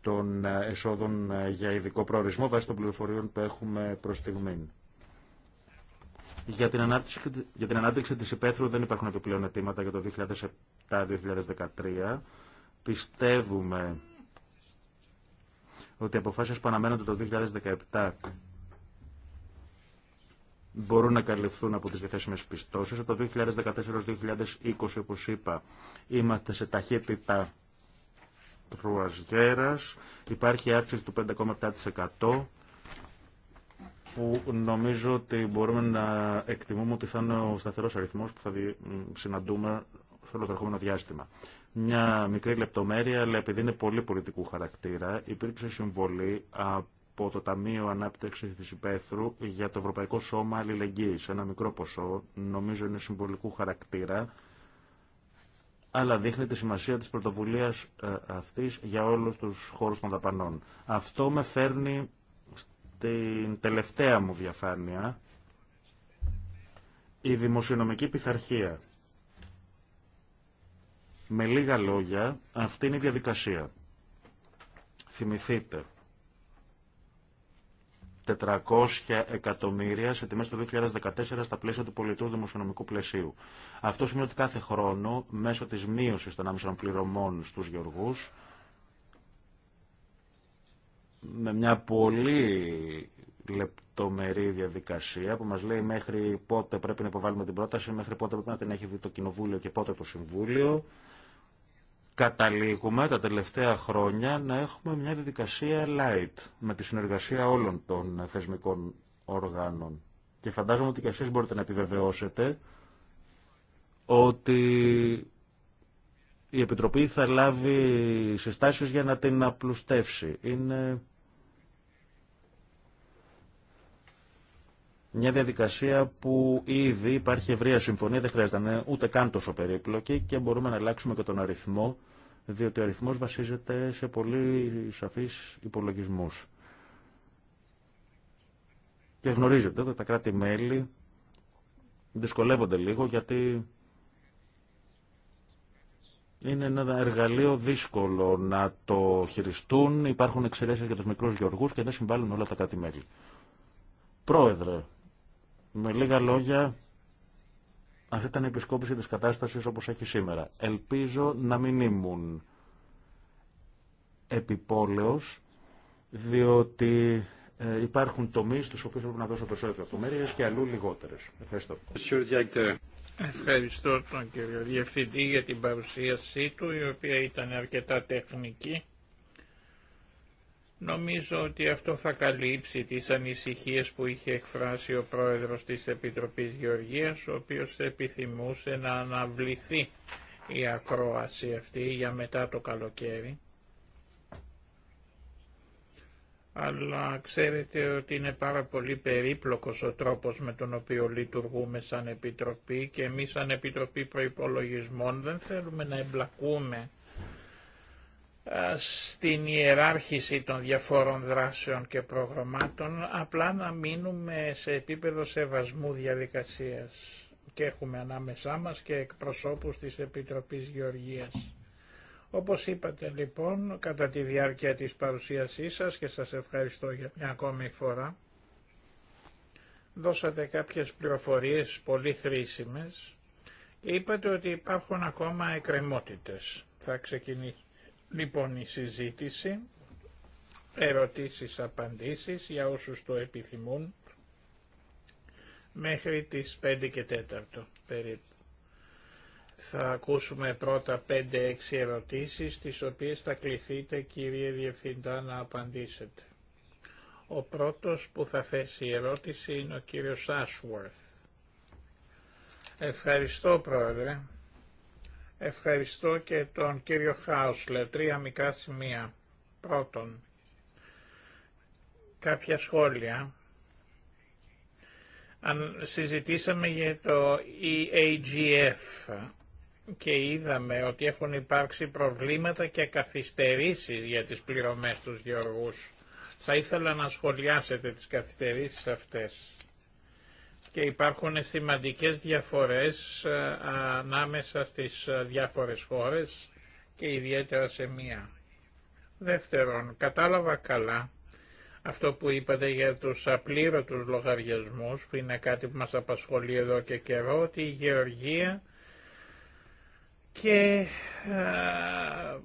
των εσόδων για ειδικό προορισμό βάσει των πληροφοριών που έχουμε προς στιγμή. Για την, ανάπτυξη, για την της υπαίθρου δεν υπάρχουν επιπλέον αιτήματα για το τα 2013 πιστεύουμε ότι οι αποφάσεις που αναμένονται το 2017 μπορούν να καλυφθούν από τις διαθέσιμες πιστώσεις. Από το 2014-2020, όπως είπα, είμαστε σε ταχύτητα ρουαζιέρας. Υπάρχει αύξηση του 5,7% που νομίζω ότι μπορούμε να εκτιμούμε ότι θα είναι ο σταθερός αριθμός που θα συναντούμε σε όλο το ερχόμενο διάστημα. Μια μικρή λεπτομέρεια, αλλά επειδή είναι πολύ πολιτικού χαρακτήρα, υπήρξε συμβολή από το Ταμείο Ανάπτυξη τη Υπαίθρου για το Ευρωπαϊκό Σώμα Αλληλεγγύη. Ένα μικρό ποσό, νομίζω είναι συμβολικού χαρακτήρα, αλλά δείχνει τη σημασία τη πρωτοβουλία ε, αυτή για όλου του χώρου των δαπανών. Αυτό με φέρνει στην τελευταία μου διαφάνεια, η δημοσιονομική πειθαρχία. Με λίγα λόγια, αυτή είναι η διαδικασία. Θυμηθείτε, 400 εκατομμύρια σε τιμές του 2014 στα πλαίσια του πολιτούς δημοσιονομικού πλαισίου. Αυτό σημαίνει ότι κάθε χρόνο, μέσω της μείωσης των άμεσων πληρωμών στους γεωργούς, με μια πολύ λεπτομερή διαδικασία που μας λέει μέχρι πότε πρέπει να υποβάλουμε την πρόταση, μέχρι πότε πρέπει να την έχει δει το Κοινοβούλιο και πότε το Συμβούλιο, καταλήγουμε τα τελευταία χρόνια να έχουμε μια διαδικασία light με τη συνεργασία όλων των θεσμικών οργάνων. Και φαντάζομαι ότι και εσείς μπορείτε να επιβεβαιώσετε ότι η Επιτροπή θα λάβει συστάσεις για να την απλουστεύσει. Είναι Μια διαδικασία που ήδη υπάρχει ευρεία συμφωνία, δεν χρειάζεται να είναι ούτε καν τόσο περίπλοκη και μπορούμε να αλλάξουμε και τον αριθμό, διότι ο αριθμός βασίζεται σε πολύ σαφείς υπολογισμούς. Και γνωρίζετε ότι τα κράτη-μέλη δυσκολεύονται λίγο γιατί είναι ένα εργαλείο δύσκολο να το χειριστούν. Υπάρχουν εξαιρέσεις για τους μικρούς γεωργούς και δεν συμβάλλουν όλα τα κράτη-μέλη. Πρόεδρε, με λίγα λόγια, αυτή ήταν η επισκόπηση της κατάστασης όπως έχει σήμερα. Ελπίζω να μην ήμουν επιπόλαιος, διότι ε, υπάρχουν τομείς στους οποίους πρέπει να δώσω περισσότερες λεπτομέρειε και αλλού λιγότερες. Ευχαριστώ. Ευχαριστώ τον κύριο Διευθυντή για την παρουσίασή του, η οποία ήταν αρκετά τεχνική Νομίζω ότι αυτό θα καλύψει τις ανησυχίες που είχε εκφράσει ο πρόεδρος της Επιτροπής Γεωργίας, ο οποίος επιθυμούσε να αναβληθεί η ακρόαση αυτή για μετά το καλοκαίρι. Αλλά ξέρετε ότι είναι πάρα πολύ περίπλοκος ο τρόπος με τον οποίο λειτουργούμε σαν Επιτροπή και εμείς σαν Επιτροπή Προϋπολογισμών δεν θέλουμε να εμπλακούμε στην ιεράρχηση των διαφόρων δράσεων και προγραμμάτων, απλά να μείνουμε σε επίπεδο σεβασμού διαδικασίας. Και έχουμε ανάμεσά μας και εκπροσώπους της Επιτροπής Γεωργίας. Όπως είπατε λοιπόν, κατά τη διάρκεια της παρουσίασής σας και σας ευχαριστώ για μια ακόμη φορά, δώσατε κάποιες πληροφορίες πολύ χρήσιμες και είπατε ότι υπάρχουν ακόμα εκκρεμότητες. Θα ξεκινήσω. Λοιπόν, η συζήτηση, ερωτήσεις, απαντήσεις για όσους το επιθυμούν μέχρι τις 5 και 4 περίπου. Θα ακούσουμε πρώτα 5-6 ερωτήσεις, τις οποίες θα κληθείτε κύριε Διευθυντά να απαντήσετε. Ο πρώτος που θα θέσει η ερώτηση είναι ο κύριος Ashworth. Ευχαριστώ πρόεδρε. Ευχαριστώ και τον κύριο Χάουσλε. Τρία μικρά σημεία. Πρώτον, κάποια σχόλια. Αν συζητήσαμε για το EAGF και είδαμε ότι έχουν υπάρξει προβλήματα και καθυστερήσεις για τις πληρωμές τους γεωργούς. Θα ήθελα να σχολιάσετε τις καθυστερήσεις αυτές και υπάρχουν σημαντικές διαφορές ε, ανάμεσα στις ε, διάφορες χώρες και ιδιαίτερα σε μία. Δεύτερον, κατάλαβα καλά αυτό που είπατε για τους απλήρωτους λογαριασμούς, που είναι κάτι που μας απασχολεί εδώ και καιρό, ότι η γεωργία και ε,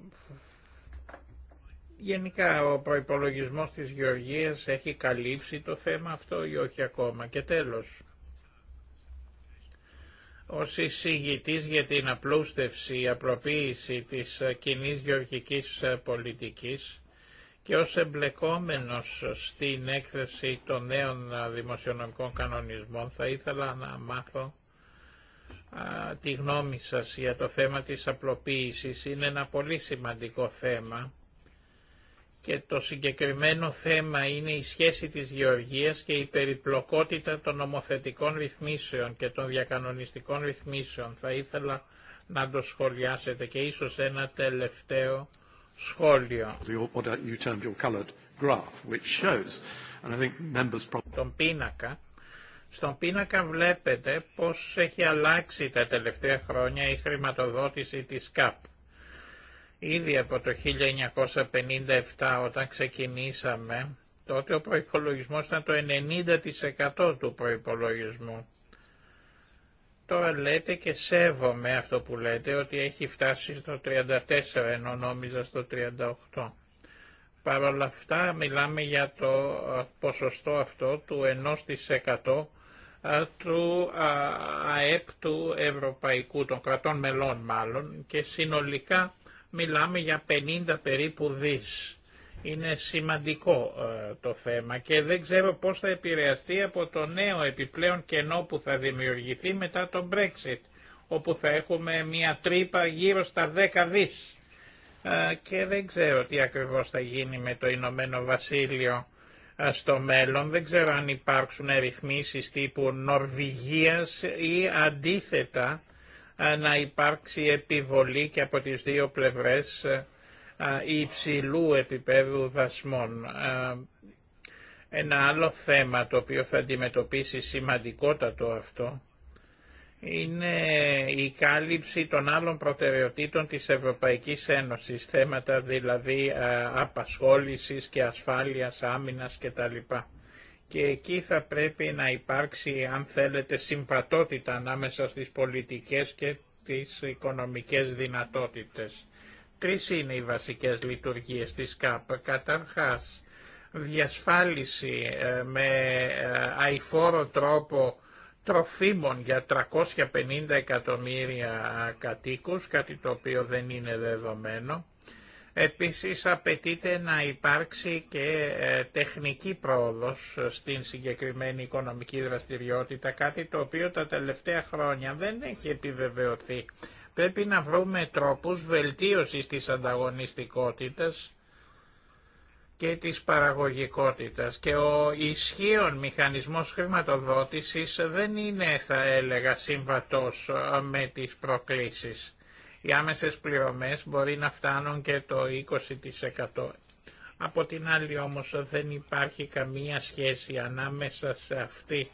γενικά ο προϋπολογισμός της γεωργίας έχει καλύψει το θέμα αυτό ή όχι ακόμα. Και τέλος, ως εισηγητής για την απλούστευση, η απλοποίηση της κοινή γεωργικής πολιτικής και ως εμπλεκόμενος στην έκθεση των νέων δημοσιονομικών κανονισμών θα ήθελα να μάθω τη γνώμη σας για το θέμα της απλοποίησης. Είναι ένα πολύ σημαντικό θέμα και το συγκεκριμένο θέμα είναι η σχέση της γεωργίας και η περιπλοκότητα των νομοθετικών ρυθμίσεων και των διακανονιστικών ρυθμίσεων. Θα ήθελα να το σχολιάσετε και ίσως ένα τελευταίο σχόλιο. Τον πίνακα. Στον πίνακα βλέπετε πώς έχει αλλάξει τα τελευταία χρόνια η χρηματοδότηση της ΚΑΠ. Ήδη από το 1957 όταν ξεκινήσαμε, τότε ο προϋπολογισμός ήταν το 90% του προϋπολογισμού. Τώρα λέτε και σέβομαι αυτό που λέτε ότι έχει φτάσει στο 34 ενώ νόμιζα στο 38. Παρ' όλα αυτά μιλάμε για το ποσοστό αυτό του 1% του ΑΕΠ του Ευρωπαϊκού, των κρατών μελών μάλλον, και συνολικά μιλάμε για 50 περίπου δις. Είναι σημαντικό ε, το θέμα και δεν ξέρω πώς θα επηρεαστεί από το νέο επιπλέον κενό που θα δημιουργηθεί μετά το Brexit, όπου θα έχουμε μια τρύπα γύρω στα 10 δις. Ε, και δεν ξέρω τι ακριβώς θα γίνει με το Ηνωμένο Βασίλειο ε, στο μέλλον. Δεν ξέρω αν υπάρξουν ρυθμίσεις τύπου Νορβηγίας ή αντίθετα ε, να υπάρξει επιβολή και από τις δύο πλευρές ε, υψηλού επίπεδου δασμών. Ε, ένα άλλο θέμα το οποίο θα αντιμετωπίσει σημαντικότατο αυτό είναι η κάλυψη των άλλων προτεραιοτήτων της Ευρωπαϊκής Ένωσης, θέματα δηλαδή απασχόλησης και ασφάλειας, άμυνας κτλ και εκεί θα πρέπει να υπάρξει αν θέλετε συμπατότητα ανάμεσα στις πολιτικές και τις οικονομικές δυνατότητες. Τρεις είναι οι βασικές λειτουργίες της ΚΑΠ. Καταρχάς, διασφάλιση ε, με ε, αηφόρο τρόπο τροφίμων για 350 εκατομμύρια κατοίκους, κάτι το οποίο δεν είναι δεδομένο. Επίσης απαιτείται να υπάρξει και ε, τεχνική πρόοδος στην συγκεκριμένη οικονομική δραστηριότητα, κάτι το οποίο τα τελευταία χρόνια δεν έχει επιβεβαιωθεί. Πρέπει να βρούμε τρόπους βελτίωσης της ανταγωνιστικότητας και της παραγωγικότητας και ο ισχύων μηχανισμός χρηματοδότησης δεν είναι θα έλεγα συμβατός ε, με τις προκλήσεις. Οι άμεσες πληρωμές μπορεί να φτάνουν και το 20%. Από την άλλη όμως δεν υπάρχει καμία σχέση ανάμεσα σε, αυτή,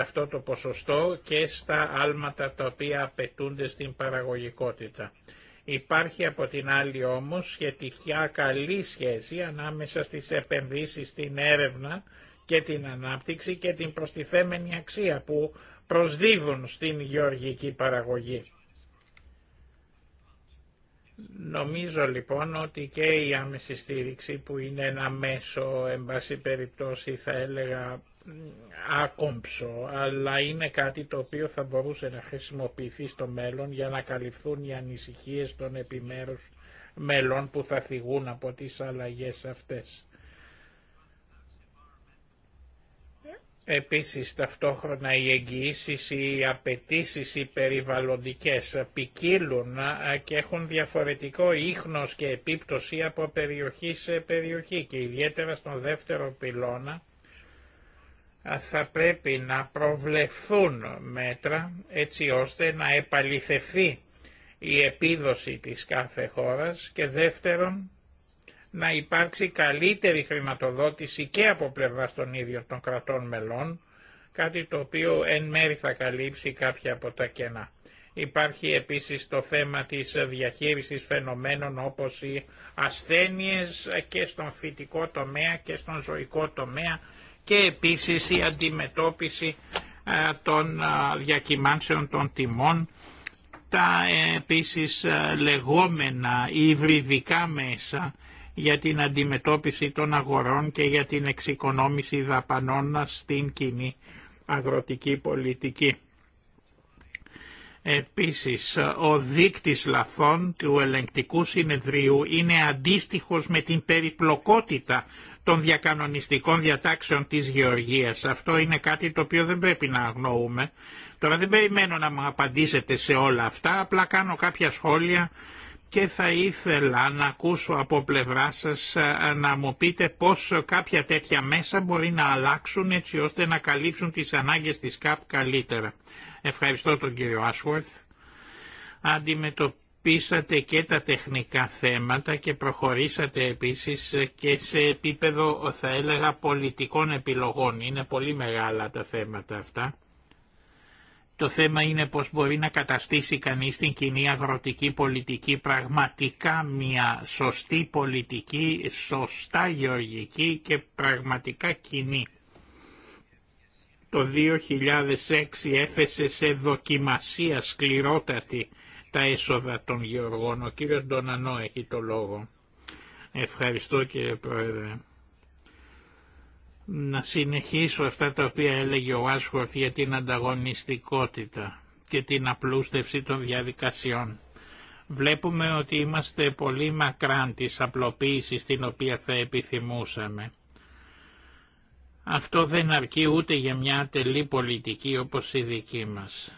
αυτό το ποσοστό και στα άλματα τα οποία απαιτούνται στην παραγωγικότητα. Υπάρχει από την άλλη όμως σχετικά καλή σχέση ανάμεσα στις επενδύσεις στην έρευνα και την ανάπτυξη και την προστιθέμενη αξία που προσδίδουν στην γεωργική παραγωγή. Νομίζω λοιπόν ότι και η άμεση στήριξη που είναι ένα μέσο, εν πάση περιπτώσει θα έλεγα άκομψο, αλλά είναι κάτι το οποίο θα μπορούσε να χρησιμοποιηθεί στο μέλλον για να καλυφθούν οι ανησυχίες των επιμέρους μελών που θα θυγούν από τις αλλαγές αυτές. Επίσης ταυτόχρονα οι εγγυήσει ή οι απαιτήσει οι περιβαλλοντικές ποικίλουν και έχουν διαφορετικό ίχνος και επίπτωση από περιοχή σε περιοχή και ιδιαίτερα στον δεύτερο πυλώνα θα πρέπει να προβλεφθούν μέτρα έτσι ώστε να επαληθευθεί η επίδοση της κάθε χώρας και δεύτερον να υπάρξει καλύτερη χρηματοδότηση και από πλευρά των ίδιων των κρατών μελών, κάτι το οποίο εν μέρη θα καλύψει κάποια από τα κενά. Υπάρχει επίσης το θέμα της διαχείρισης φαινομένων όπως οι ασθένειες και στον φυτικό τομέα και στον ζωικό τομέα και επίσης η αντιμετώπιση των διακυμάνσεων των τιμών, τα ε, επίσης λεγόμενα υβριδικά μέσα για την αντιμετώπιση των αγορών και για την εξοικονόμηση δαπανών στην κοινή αγροτική πολιτική. Επίσης, ο δείκτης λαθών του ελεγκτικού συνεδρίου είναι αντίστοιχος με την περιπλοκότητα των διακανονιστικών διατάξεων της γεωργίας. Αυτό είναι κάτι το οποίο δεν πρέπει να αγνοούμε. Τώρα δεν περιμένω να μου απαντήσετε σε όλα αυτά, απλά κάνω κάποια σχόλια και θα ήθελα να ακούσω από πλευρά σας ε, να μου πείτε πώς κάποια τέτοια μέσα μπορεί να αλλάξουν έτσι ώστε να καλύψουν τις ανάγκες της ΚΑΠ καλύτερα. Ευχαριστώ τον κύριο Άσουερθ. Αντιμετωπίσατε και τα τεχνικά θέματα και προχωρήσατε επίσης και σε επίπεδο θα έλεγα πολιτικών επιλογών. Είναι πολύ μεγάλα τα θέματα αυτά το θέμα είναι πως μπορεί να καταστήσει κανείς την κοινή αγροτική πολιτική πραγματικά μια σωστή πολιτική, σωστά γεωργική και πραγματικά κοινή. Το 2006 έθεσε σε δοκιμασία σκληρότατη τα έσοδα των γεωργών. Ο κύριος Ντονανό έχει το λόγο. Ευχαριστώ κύριε Πρόεδρε να συνεχίσω αυτά τα οποία έλεγε ο Άσχορθ για την ανταγωνιστικότητα και την απλούστευση των διαδικασιών. Βλέπουμε ότι είμαστε πολύ μακράν της απλοποίησης την οποία θα επιθυμούσαμε. Αυτό δεν αρκεί ούτε για μια τελή πολιτική όπως η δική μας.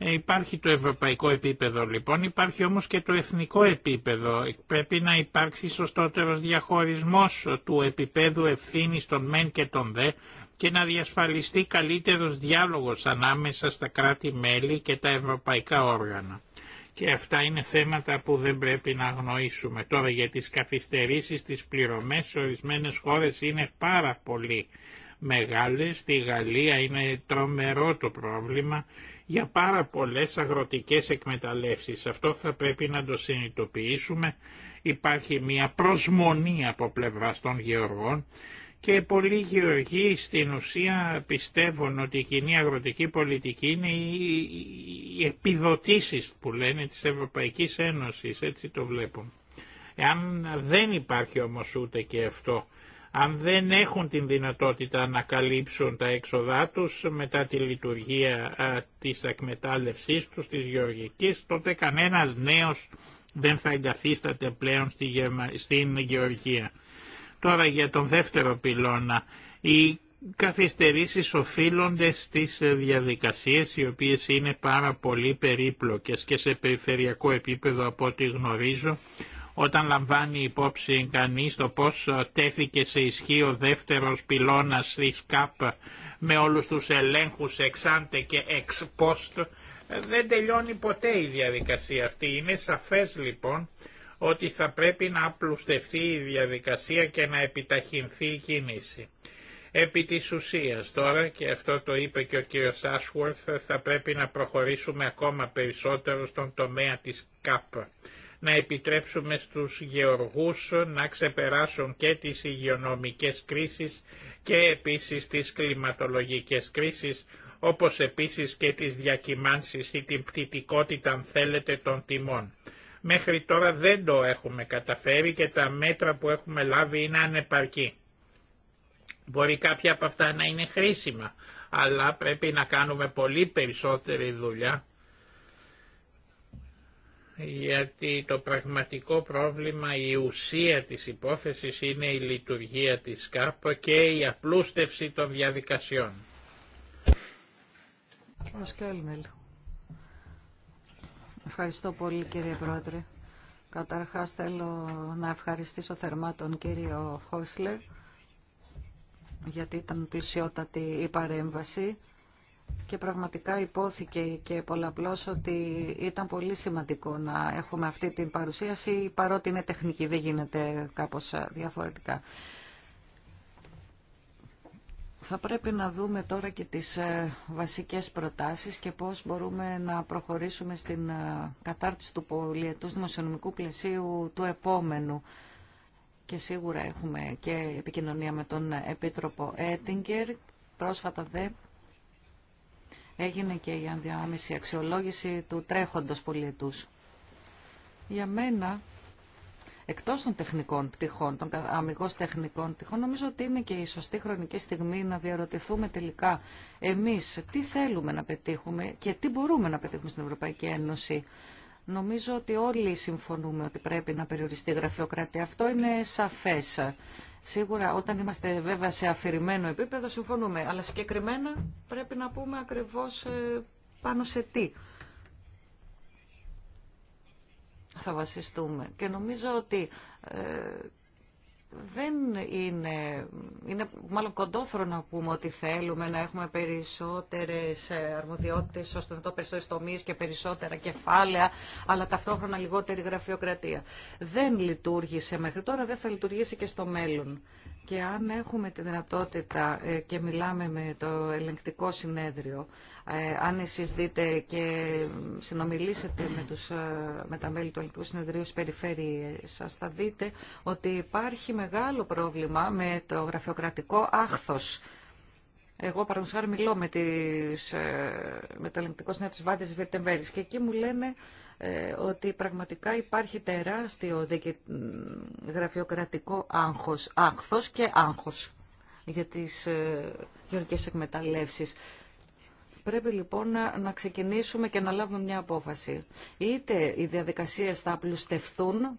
Ε, υπάρχει το ευρωπαϊκό επίπεδο λοιπόν, υπάρχει όμως και το εθνικό επίπεδο. Πρέπει να υπάρξει σωστότερος διαχωρισμός του επίπεδου ευθύνης των μεν και των δε και να διασφαλιστεί καλύτερος διάλογος ανάμεσα στα κράτη-μέλη και τα ευρωπαϊκά όργανα. Και αυτά είναι θέματα που δεν πρέπει να αγνοήσουμε. Τώρα για τις καθυστερήσεις, τις πληρωμές σε ορισμένες χώρες είναι πάρα πολύ μεγάλες. Στη Γαλλία είναι τρομερό το πρόβλημα για πάρα πολλές αγροτικές εκμεταλλεύσεις. Αυτό θα πρέπει να το συνειδητοποιήσουμε. Υπάρχει μια προσμονή από πλευρά των γεωργών και πολλοί γεωργοί στην ουσία πιστεύουν ότι η κοινή αγροτική πολιτική είναι οι επιδοτήσεις που λένε της Ευρωπαϊκής Ένωσης, έτσι το βλέπουν. Εάν δεν υπάρχει όμως ούτε και αυτό αν δεν έχουν την δυνατότητα να καλύψουν τα έξοδά τους μετά τη λειτουργία της εκμετάλλευσής τους, της γεωργικής, τότε κανένας νέος δεν θα εγκαθίσταται πλέον στην γεωργία. Τώρα για τον δεύτερο πυλώνα. Οι καθυστερήσεις οφείλονται στις διαδικασίες οι οποίες είναι πάρα πολύ περίπλοκες και σε περιφερειακό επίπεδο από ό,τι γνωρίζω όταν λαμβάνει υπόψη κανείς το πώς ε, τέθηκε σε ισχύ ο δεύτερος πυλώνας της ΚΑΠ με όλους τους ελέγχους εξάντε και εξ ε, δεν τελειώνει ποτέ η διαδικασία αυτή. Είναι σαφές λοιπόν ότι θα πρέπει να απλουστευτεί η διαδικασία και να επιταχυνθεί η κίνηση. Επί της ουσίας τώρα, και αυτό το είπε και ο κύριος Ashworth θα πρέπει να προχωρήσουμε ακόμα περισσότερο στον τομέα της ΚΑΠ να επιτρέψουμε στους γεωργούς να ξεπεράσουν και τις υγειονομικές κρίσεις και επίσης τις κλιματολογικές κρίσεις, όπως επίσης και τις διακυμάνσεις ή την πτυτικότητα αν θέλετε των τιμών. Μέχρι τώρα δεν το έχουμε καταφέρει και τα μέτρα που έχουμε λάβει είναι ανεπαρκή. Μπορεί κάποια από αυτά να είναι χρήσιμα, αλλά πρέπει να κάνουμε πολύ περισσότερη δουλειά γιατί το πραγματικό πρόβλημα, η ουσία της υπόθεσης είναι η λειτουργία της ΚΑΠ και η απλούστευση των διαδικασιών. Ευχαριστώ πολύ κύριε Πρόεδρε. Καταρχάς θέλω να ευχαριστήσω θερμά τον κύριο Χόισλερ γιατί ήταν πλουσιότατη η παρέμβαση και πραγματικά υπόθηκε και πολλαπλώς ότι ήταν πολύ σημαντικό να έχουμε αυτή την παρουσίαση, παρότι είναι τεχνική, δεν γίνεται κάπως διαφορετικά. Θα πρέπει να δούμε τώρα και τις ε, βασικές προτάσεις και πώς μπορούμε να προχωρήσουμε στην ε, κατάρτιση του πολιετούς δημοσιονομικού πλαισίου του επόμενου. Και σίγουρα έχουμε και επικοινωνία με τον Επίτροπο Έτιγκερ. Πρόσφατα δε έγινε και η ανδιάμεση αξιολόγηση του τρέχοντος πολιετούς. Για μένα, εκτός των τεχνικών πτυχών, των αμυγός τεχνικών πτυχών, νομίζω ότι είναι και η σωστή χρονική στιγμή να διαρωτηθούμε τελικά εμείς τι θέλουμε να πετύχουμε και τι μπορούμε να πετύχουμε στην Ευρωπαϊκή Ένωση Νομίζω ότι όλοι συμφωνούμε ότι πρέπει να περιοριστεί η γραφειοκρατία. Αυτό είναι σαφές. Σίγουρα όταν είμαστε βέβαια σε αφηρημένο επίπεδο συμφωνούμε, αλλά συγκεκριμένα πρέπει να πούμε ακριβώς ε, πάνω σε τι θα βασιστούμε. Και νομίζω ότι ε, δεν είναι, είναι μάλλον κοντόφρο να πούμε ότι θέλουμε να έχουμε περισσότερες αρμοδιότητες να το περισσότερες τομείς και περισσότερα κεφάλαια, αλλά ταυτόχρονα λιγότερη γραφειοκρατία. Δεν λειτουργήσε μέχρι τώρα, δεν θα λειτουργήσει και στο μέλλον. Και αν έχουμε τη δυνατότητα ε, και μιλάμε με το ελεγκτικό συνέδριο, ε, αν εσείς δείτε και συνομιλήσετε με, τους, ε, με τα μέλη του Ελληνικού Συνεδρίου στις περιφέρειες σας, θα δείτε ότι υπάρχει μεγάλο πρόβλημα με το γραφειοκρατικό άχθος. Εγώ παραδείγματος μιλώ με, τις, ε, με το Ελληνικό Συνέδριο της Βάδης Βιρτεμβέρης και εκεί μου λένε ότι πραγματικά υπάρχει τεράστιο γραφειοκρατικό άγχος, άγχος και άγχος για τις γεωργικές εκμεταλλεύσεις. Πρέπει λοιπόν να ξεκινήσουμε και να λάβουμε μια απόφαση. Είτε οι διαδικασίες θα απλουστευθούν,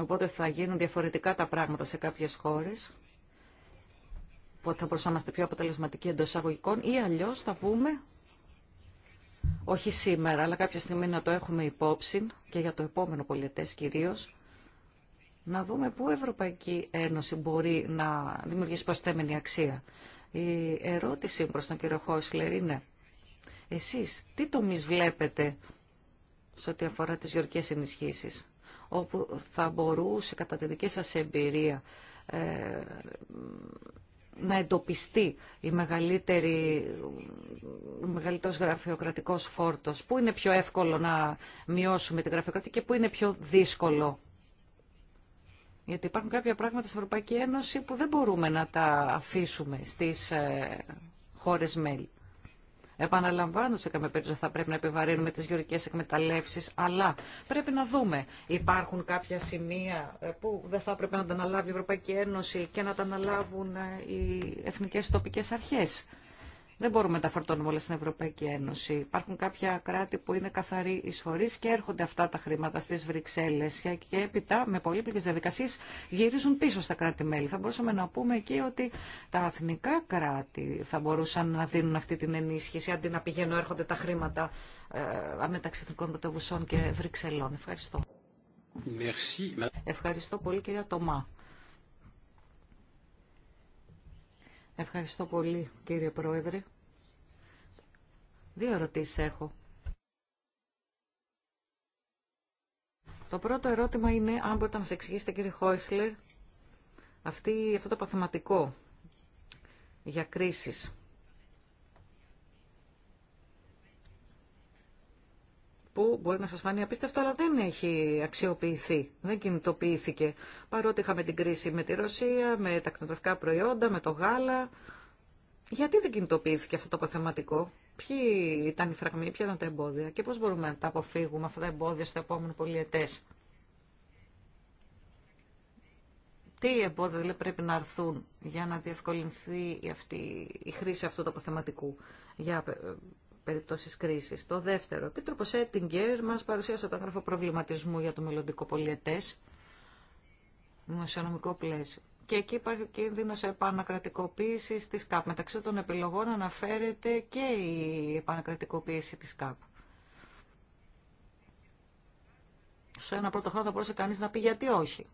οπότε θα γίνουν διαφορετικά τα πράγματα σε κάποιες χώρες, οπότε θα μπορούσαμε να είμαστε πιο αποτελεσματικοί εντό εισαγωγικών, ή αλλιώς θα βούμε, όχι σήμερα, αλλά κάποια στιγμή να το έχουμε υπόψη και για το επόμενο πολιτές κυρίως, να δούμε πού η Ευρωπαϊκή Ένωση μπορεί να δημιουργήσει προσθέμενη αξία. Η ερώτηση προς τον κύριο Χόισλερ είναι εσείς τι τομείς βλέπετε σε ό,τι αφορά τις γεωργικές ενισχύσεις όπου θα μπορούσε κατά τη δική σας εμπειρία ε, να εντοπιστεί η μεγαλύτερη, ο μεγαλύτερος γραφειοκρατικός φόρτος. Πού είναι πιο εύκολο να μειώσουμε τη γραφειοκρατία και πού είναι πιο δύσκολο γιατί υπάρχουν κάποια πράγματα στην Ευρωπαϊκή Ένωση που δεν μπορούμε να τα αφήσουμε στις ε, χώρες μέλη. Επαναλαμβάνω σε καμία περίπτωση θα πρέπει να επιβαρύνουμε τις γεωργικές εκμεταλλεύσεις, αλλά πρέπει να δούμε υπάρχουν κάποια σημεία ε, που δεν θα έπρεπε να τα αναλάβει η Ευρωπαϊκή Ένωση και να τα αναλάβουν ε, οι εθνικές τοπικές αρχές. Δεν μπορούμε να τα φορτώνουμε όλα στην Ευρωπαϊκή Ένωση. Υπάρχουν κάποια κράτη που είναι καθαροί εισφορεί και έρχονται αυτά τα χρήματα στι Βρυξέλλε και έπειτα με πολύπλοκε διαδικασίε γυρίζουν πίσω στα κράτη-μέλη. Θα μπορούσαμε να πούμε εκεί ότι τα αθνικά κράτη θα μπορούσαν να δίνουν αυτή την ενίσχυση αντί να πηγαίνουν έρχονται τα χρήματα ε, μεταξύ εθνικών πρωτεύουσων και Βρυξελών. Ευχαριστώ. Merci. Ευχαριστώ πολύ κυρία Τομά. Ευχαριστώ πολύ κύριε Πρόεδρε. Δύο ερωτήσεις έχω. Το πρώτο ερώτημα είναι αν μπορείτε να μας εξηγήσετε κύριε Χόισλερ αυτή, αυτό το παθηματικό για κρίσεις. που μπορεί να σας φανεί απίστευτο, αλλά δεν έχει αξιοποιηθεί, δεν κινητοποιήθηκε. Παρότι είχαμε την κρίση με τη Ρωσία, με τα κτηνοτροφικά προϊόντα, με το γάλα. Γιατί δεν κινητοποιήθηκε αυτό το παθηματικό ποιοι ήταν οι φραγμοί, ποια ήταν τα εμπόδια και πώς μπορούμε να τα αποφύγουμε αυτά τα εμπόδια στο επόμενο πολιετές. Τι εμπόδια δηλαδή πρέπει να αρθούν για να διευκολυνθεί αυτή, η χρήση αυτού του αποθεματικού για ε, περιπτώσει κρίση. Το δεύτερο, ο Επίτροπος Έτιγκερ μας παρουσίασε το έγγραφο προβληματισμού για το μελλοντικό πολιετέ. πλαίσιο και εκεί υπάρχει κίνδυνο επανακρατικοποίηση τη ΚΑΠ. Μεταξύ των επιλογών αναφέρεται και η επανακρατικοποίηση τη ΚΑΠ. Σε ένα πρώτο χρόνο θα μπορούσε κανείς να πει γιατί όχι.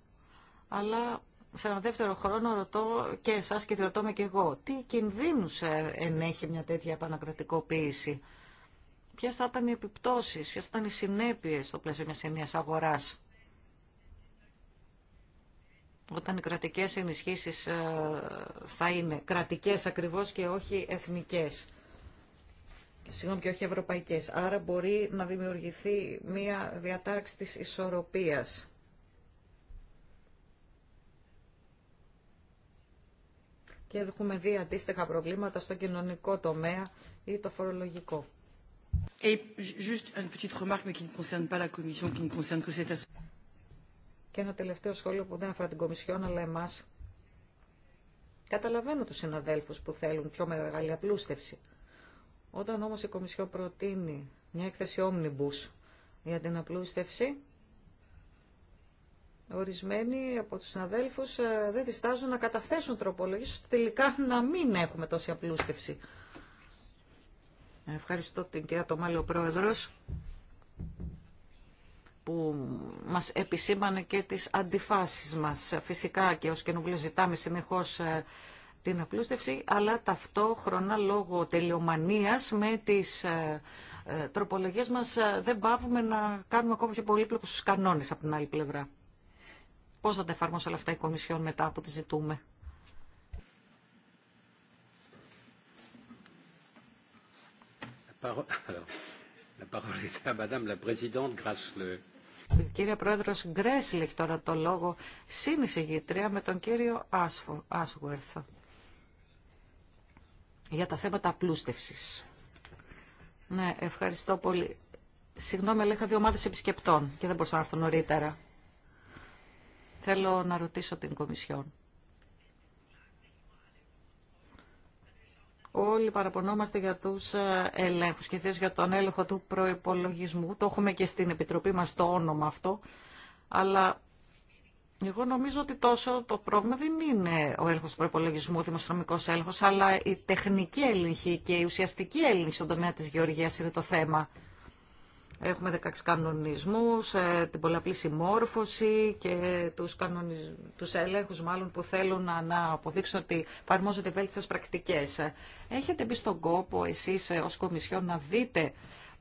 Αλλά σε ένα δεύτερο χρόνο ρωτώ και εσά και ρωτώ με και εγώ. Τι κινδύνους ε, ενέχει μια τέτοια επανακρατικοποίηση. ποιε θα ήταν οι επιπτώσει, ποιε θα ήταν οι συνέπειε στο πλαίσιο μια ενιαία αγοράς όταν οι κρατικές ενισχύσεις ε, θα είναι κρατικές ακριβώς και όχι εθνικές. Συγγνώμη και όχι ευρωπαϊκές. Άρα μπορεί να δημιουργηθεί μία διατάξη της ισορροπίας. Και έχουμε δει αντίστοιχα προβλήματα στο κοινωνικό τομέα ή το φορολογικό. Et juste une petite remarque, mais qui ne concerne pas και ένα τελευταίο σχόλιο που δεν αφορά την Κομισιόν, αλλά εμά. Καταλαβαίνω τους συναδέλφου που θέλουν πιο μεγάλη απλούστευση. Όταν όμως η Κομισιόν προτείνει μια έκθεση omnibus για την απλούστευση, ορισμένοι από τους συναδέλφου ε, δεν διστάζουν να καταθέσουν τροπολογίε ώστε τελικά να μην έχουμε τόση απλούστευση. Ευχαριστώ την κυρία Τομάλη, ο Πρόεδρος που μας επισήμανε και τις αντιφάσεις μας. Φυσικά και ως καινούργιο ζητάμε συνεχώς ε, την απλούστευση, αλλά ταυτόχρονα λόγω τελειομανίας με τις ε, ε, τροπολογίες μας δεν πάβουμε να κάνουμε ακόμα πιο πολύπλοκους κανόνες από την άλλη πλευρά. Πώς θα τα εφαρμόσει όλα αυτά η Κομισιόν μετά που τη ζητούμε. La parole est à Madame la Présidente le Κύριε Πρόεδρο Γκρέσλιχ τώρα το λόγο συνεισηγητρία με τον κύριο Άσουερθ για τα θέματα απλούστευσης. Ναι, ευχαριστώ πολύ. Συγγνώμη, αλλά είχα δύο ομάδες επισκεπτών και δεν μπορούσα να έρθω νωρίτερα. Θέλω να ρωτήσω την Κομισιόν. Όλοι παραπονόμαστε για τους ε, ελέγχους και ιδίω για τον έλεγχο του προϋπολογισμού. Το έχουμε και στην Επιτροπή μας το όνομα αυτό. Αλλά εγώ νομίζω ότι τόσο το πρόβλημα δεν είναι ο έλεγχος του προϋπολογισμού, ο δημοσιονομικός έλεγχος, αλλά η τεχνική έλεγχη και η ουσιαστική έλεγχη στον τομέα της γεωργίας είναι το θέμα. Έχουμε 16 κανονισμούς, ε, την πολλαπλή συμμόρφωση και τους, κανονισ... τους έλεγχους μάλλον που θέλουν να, να αποδείξουν ότι παρμόζονται βέλτιστες πρακτικές. Έχετε μπει στον κόπο εσείς ε, ως Κομισιόν να δείτε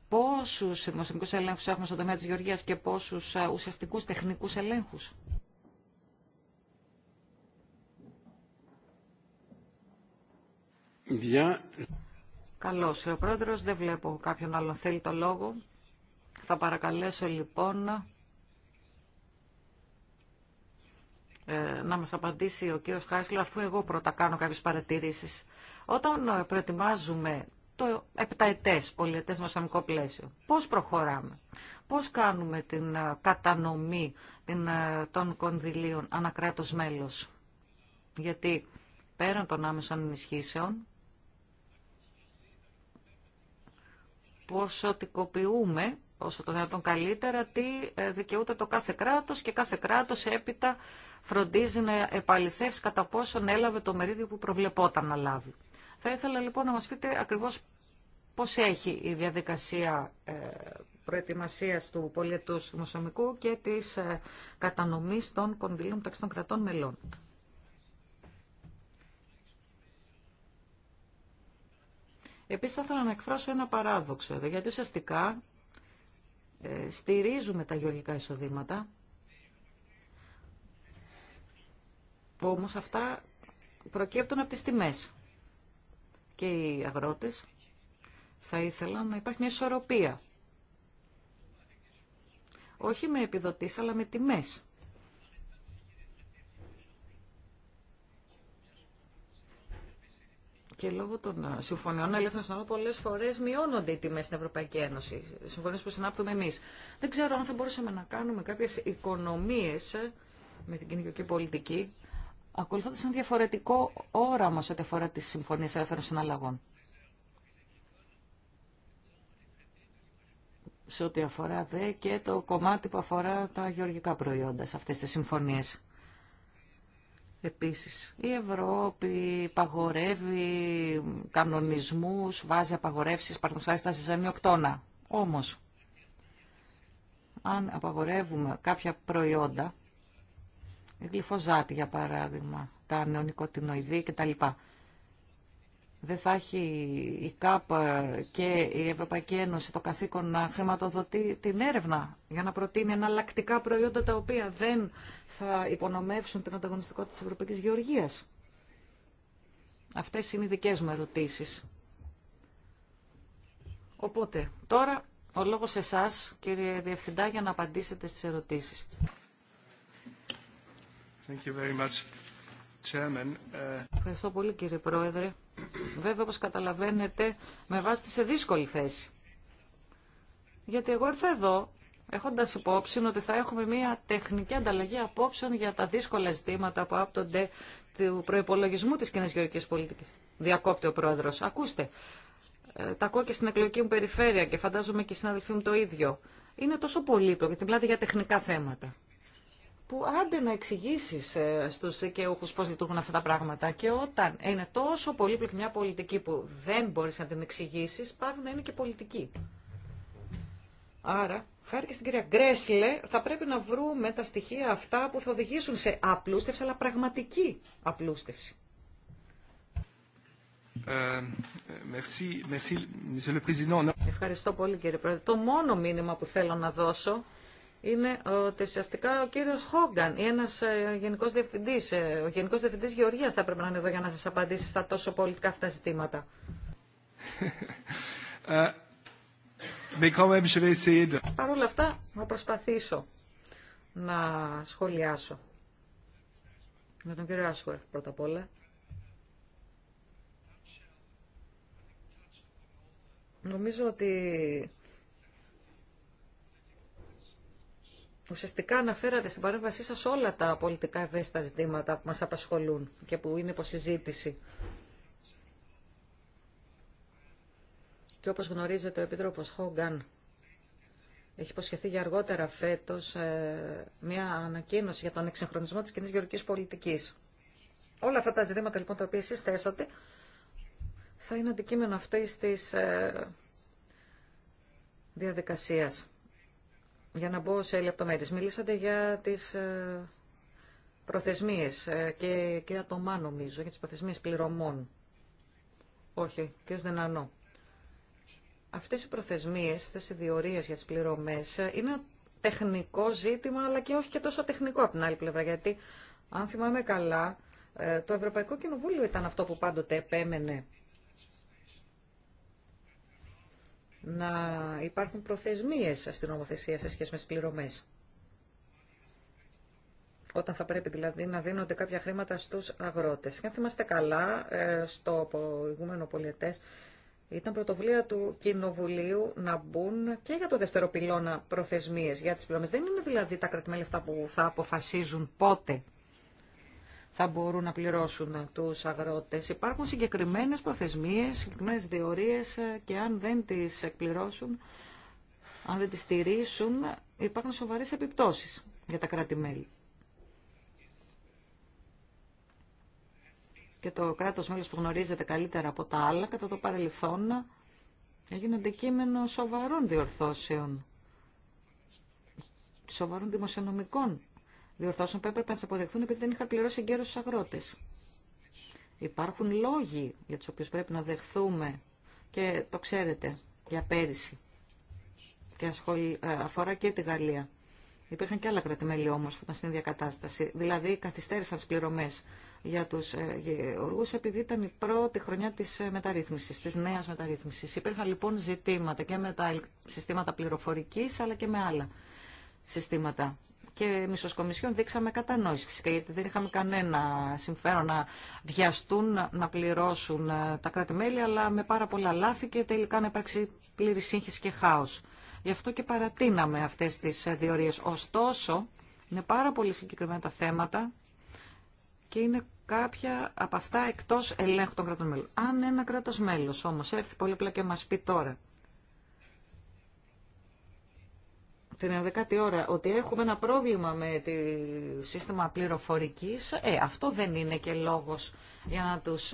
πόσους δημοσιονομικούς ελέγχους έχουμε στον τομέα της Γεωργίας και πόσους ε, ουσιαστικούς τεχνικούς ελέγχους. Καλώς. Ο πρόεδρος δεν βλέπω κάποιον άλλον θέλει το λόγο. Θα παρακαλέσω λοιπόν ε, να μας απαντήσει ο κύριος Χάσλα, αφού εγώ πρώτα κάνω κάποιες παρατηρήσεις. Όταν ε, προετοιμάζουμε το επταετές πολιετές μας πλαίσιο, πώς προχωράμε, πώς κάνουμε την ε, κατανομή των κονδυλίων ανακράτος μέλος. Γιατί πέραν των άμεσων ενισχύσεων, οτικοποιούμε όσο το δυνατόν καλύτερα τι ε, δικαιούται το κάθε κράτος και κάθε κράτος έπειτα φροντίζει να επαληθεύσει κατά πόσον έλαβε το μερίδιο που προβλεπόταν να λάβει. Θα ήθελα λοιπόν να μας πείτε ακριβώς πώς έχει η διαδικασία ε, προετοιμασίας του πολιετούς δημοσιομικού και της ε, κατανομής των κονδυλίων μεταξύ των κρατών μελών. Επίσης θα ήθελα να εκφράσω ένα παράδοξο γιατί ουσιαστικά ε, στηρίζουμε τα γεωργικά εισοδήματα, όμως αυτά προκύπτουν από τις τιμές. Και οι αγρότες θα ήθελαν να υπάρχει μια ισορροπία. Όχι με επιδοτήσεις, αλλά με τιμές. Και λόγω των ε, συμφωνιών ελεύθερων συναλλαγών, πολλέ φορέ μειώνονται οι τιμέ στην Ευρωπαϊκή Ένωση. Συμφωνίε που συνάπτουμε εμεί. Δεν ξέρω αν θα μπορούσαμε να κάνουμε κάποιε οικονομίε ε, με την κοινωνική πολιτική, ακολουθώντα ένα διαφορετικό όραμα σε ό,τι αφορά τι συμφωνίε ελεύθερων συναλλαγών. Σε ό,τι αφορά δε και το κομμάτι που αφορά τα γεωργικά προϊόντα σε αυτέ τι συμφωνίε. Επίσης, η Ευρώπη παγορεύει κανονισμούς, βάζει απαγορεύσεις παρακολουθάει στα ζυζανιοκτώνα. Όμως, αν απαγορεύουμε κάποια προϊόντα, η γλυφοζάτη για παράδειγμα, τα νεονικοτινοειδή κτλ δεν θα έχει η ΚΑΠ και η Ευρωπαϊκή Ένωση το καθήκον να χρηματοδοτεί την έρευνα για να προτείνει εναλλακτικά προϊόντα τα οποία δεν θα υπονομεύσουν την ανταγωνιστικότητα της Ευρωπαϊκής Γεωργίας. Αυτές είναι οι δικές μου ερωτήσεις. Οπότε, τώρα ο λόγος σε εσά, κύριε Διευθυντά, για να απαντήσετε στις ερωτήσεις. Thank you very much. Uh, Ευχαριστώ πολύ κύριε Πρόεδρε. Βέβαια, όπως καταλαβαίνετε, με βάζετε σε δύσκολη θέση. Γιατί εγώ ήρθα εδώ έχοντας υπόψη ότι θα έχουμε μια τεχνική ανταλλαγή απόψεων για τα δύσκολα ζητήματα που άπτονται του προπολογισμού της κοινής γεωργικής πολιτικής. Διακόπτει ο Πρόεδρος. Ακούστε, ε, τα ακούω και στην εκλογική μου περιφέρεια και φαντάζομαι και οι συναδελφοί μου το ίδιο. Είναι τόσο πολύπλοκο γιατί μιλάτε για τεχνικά θέματα που άντε να εξηγήσει ε, στου δικαιούχου πώ λειτουργούν αυτά τα πράγματα. Και όταν είναι τόσο πολύπλοκη μια πολιτική που δεν μπορεί να την εξηγήσει, πάβει να είναι και πολιτική. Άρα, χάρη και στην κυρία Γκρέσλε, θα πρέπει να βρούμε τα στοιχεία αυτά που θα οδηγήσουν σε απλούστευση, αλλά πραγματική απλούστευση. Ε, Ευχαριστώ πολύ κύριε Πρόεδρε. Το μόνο μήνυμα που θέλω να δώσω είναι ότι ουσιαστικά ο κύριος Χόγκαν ή ένα ε, γενικό διευθυντή. Ε, ο γενικός διευθυντή γεωργία θα πρέπει να είναι εδώ για να σα απαντήσει στα τόσο πολιτικά αυτά ζητήματα. Ε, ΕΕ. Παρ' όλα αυτά, να προσπαθήσω να σχολιάσω. Με τον κύριο Άσχορεφ πρώτα απ' όλα. Νομίζω ότι Ουσιαστικά αναφέρατε στην παρέμβασή σας όλα τα πολιτικά ευαίσθητα ζητήματα που μας απασχολούν και που είναι υποσυζήτηση. Και όπως γνωρίζετε, ο Επίτροπος Χόγκαν έχει υποσχεθεί για αργότερα φέτος ε, μια ανακοίνωση για τον εξυγχρονισμό της κοινή γεωργικής πολιτικής. Όλα αυτά τα ζητήματα λοιπόν τα οποία εσείς θέσατε θα είναι αντικείμενο αυτής της ε, διαδικασίας. Για να μπω σε λεπτομέρειες. Μιλήσατε για τις ε, προθεσμίες ε, και κυρία Τωμά νομίζω, για τις προθεσμίες πληρωμών. Όχι, δεν ανώ. Αυτές οι προθεσμίες, αυτές οι διορίες για τις πληρωμές ε, είναι τεχνικό ζήτημα, αλλά και όχι και τόσο τεχνικό από την άλλη πλευρά, γιατί αν θυμάμαι καλά, το Ευρωπαϊκό Κοινοβούλιο ήταν αυτό που πάντοτε επέμενε να υπάρχουν προθεσμίες στην νομοθεσία σε σχέση με τις πληρωμές. Όταν θα πρέπει δηλαδή να δίνονται κάποια χρήματα στους αγρότες. Και αν θυμάστε καλά, ε, στο προηγούμενο πολιετές ήταν πρωτοβουλία του Κοινοβουλίου να μπουν και για το δεύτερο πυλώνα προθεσμίες για τις πληρωμές. Δεν είναι δηλαδή τα κρατημέλη αυτά που θα αποφασίζουν πότε θα μπορούν να πληρώσουν τους αγρότες. Υπάρχουν συγκεκριμένες προθεσμίες, συγκεκριμένες διορίες ε, και αν δεν τις εκπληρώσουν, αν δεν τις στηρίσουν, υπάρχουν σοβαρές επιπτώσεις για τα κράτη-μέλη. Και το κράτος μέλος που γνωρίζετε καλύτερα από τα άλλα, κατά το παρελθόν, έγινε αντικείμενο σοβαρών διορθώσεων, σοβαρών δημοσιονομικών Διορθώσουν που έπρεπε να τι αποδεχθούν επειδή δεν είχαν πληρώσει εγκαίρω του αγρότε. Υπάρχουν λόγοι για του οποίου πρέπει να δεχθούμε και το ξέρετε για πέρυσι και ε, αφορά και τη Γαλλία. Υπήρχαν και άλλα κρατημέλη όμω που ήταν στην ίδια κατάσταση. Δηλαδή καθυστέρησαν τι πληρωμέ για του ε, γεωργού επειδή ήταν η πρώτη χρονιά τη ε, μεταρρύθμιση, τη νέα μεταρρύθμιση. Υπήρχαν λοιπόν ζητήματα και με τα συστήματα πληροφορική αλλά και με άλλα συστήματα και μισοσκομισιών δείξαμε κατανόηση φυσικά, γιατί δεν είχαμε κανένα συμφέρον να βιαστούν, να πληρώσουν ε, τα κράτη-μέλη, αλλά με πάρα πολλά λάθη και τελικά να υπάρξει πλήρη σύγχυση και χάος. Γι' αυτό και παρατείναμε αυτές τις ε, διορίες. Ωστόσο, είναι πάρα πολύ συγκεκριμένα τα θέματα και είναι κάποια από αυτά εκτός ελέγχου των κρατών μέλων. Αν ένα κράτος μέλος όμως έρθει πολύ απλά και μας πει τώρα την 11η ώρα ότι έχουμε ένα πρόβλημα με το σύστημα πληροφορικής, ε, αυτό δεν είναι και λόγος για να τους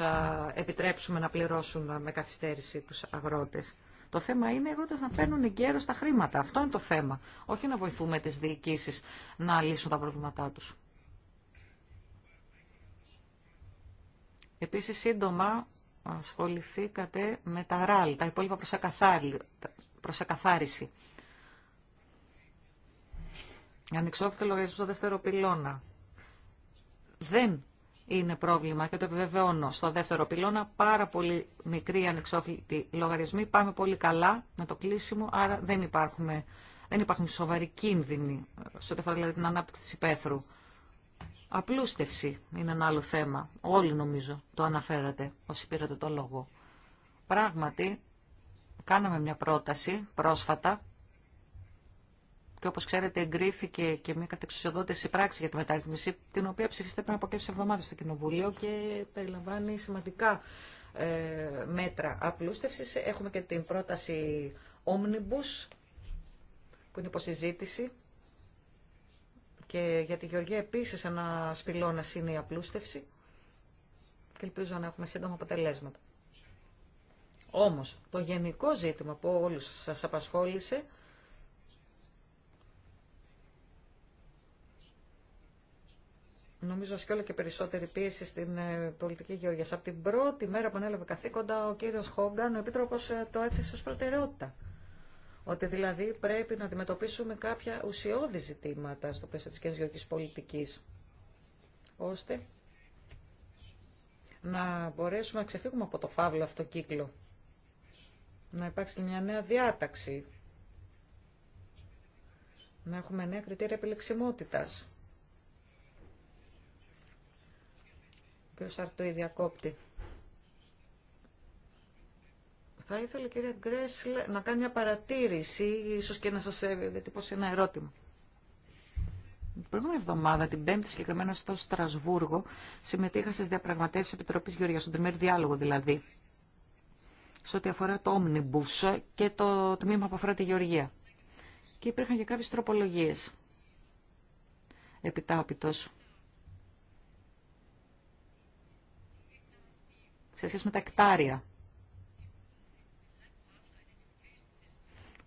επιτρέψουμε να πληρώσουν με καθυστέρηση τους αγρότες. Το θέμα είναι οι αγρότες να παίρνουν εγκαίρω τα χρήματα. Αυτό είναι το θέμα. Όχι να βοηθούμε τις διοικήσεις να λύσουν τα προβλήματά τους. Επίσης, σύντομα ασχοληθήκατε με τα ράλ, τα υπόλοιπα προς ακαθάριση ανεξόφλητο λογαριασμό στο δεύτερο πυλώνα. Δεν είναι πρόβλημα και το επιβεβαιώνω. Στο δεύτερο πυλώνα πάρα πολύ μικροί ανεξόφλητοι λογαριασμοί. Πάμε πολύ καλά με το κλείσιμο, άρα δεν, υπάρχουμε, δεν υπάρχουν σοβαροί κίνδυνοι σε ό,τι αφορά δηλαδή, την ανάπτυξη τη υπαίθρου. Απλούστευση είναι ένα άλλο θέμα. Όλοι νομίζω το αναφέρατε όσοι πήρατε το λόγο. Πράγματι, κάναμε μια πρόταση πρόσφατα και όπως ξέρετε εγκρίθηκε και μια κατεξουσιοδότηση πράξη για τη μεταρρύθμιση, την οποία ψηφίστηκε πριν από κάποιε εβδομάδες στο Κοινοβουλίο και περιλαμβάνει σημαντικά ε, μέτρα απλούστευση. Έχουμε και την πρόταση Omnibus που είναι υποσυζήτηση και για τη Γεωργία επίσης ένα πυλώνας είναι η απλούστευση και ελπίζω να έχουμε σύντομα αποτελέσματα. Όμως, το γενικό ζήτημα που όλους σας απασχόλησε νομίζω ασκεί όλο και περισσότερη πίεση στην ε, πολιτική γεωργία. Από την πρώτη μέρα που ανέλαβε καθήκοντα, ο κύριος Χόγκαν, ο Επίτροπος, ε, το έθεσε ως προτεραιότητα. Ότι δηλαδή πρέπει να αντιμετωπίσουμε κάποια ουσιώδη ζητήματα στο πλαίσιο της κοινής πολιτικής, ώστε να μπορέσουμε να ξεφύγουμε από το φαύλο αυτό κύκλο. Να υπάρξει μια νέα διάταξη. Να έχουμε νέα κριτήρια επιλεξιμότητας Κύριο Σαρτούη διακόπτη. Θα ήθελε κυρία Γκρέσλε να κάνει μια παρατήρηση ίσως και να σας ε, διατυπώσει ένα ερώτημα. Την προηγούμενη εβδομάδα, την Πέμπτη συγκεκριμένα στο Στρασβούργο, συμμετείχα στι διαπραγματεύσει Επιτροπή Γεωργία, στον τριμερή διάλογο δηλαδή, σε ό,τι αφορά το Omnibus και το τμήμα που αφορά τη Γεωργία. Και υπήρχαν και κάποιε τροπολογίε Επιτάπητο. σε σχέση με τα εκτάρια.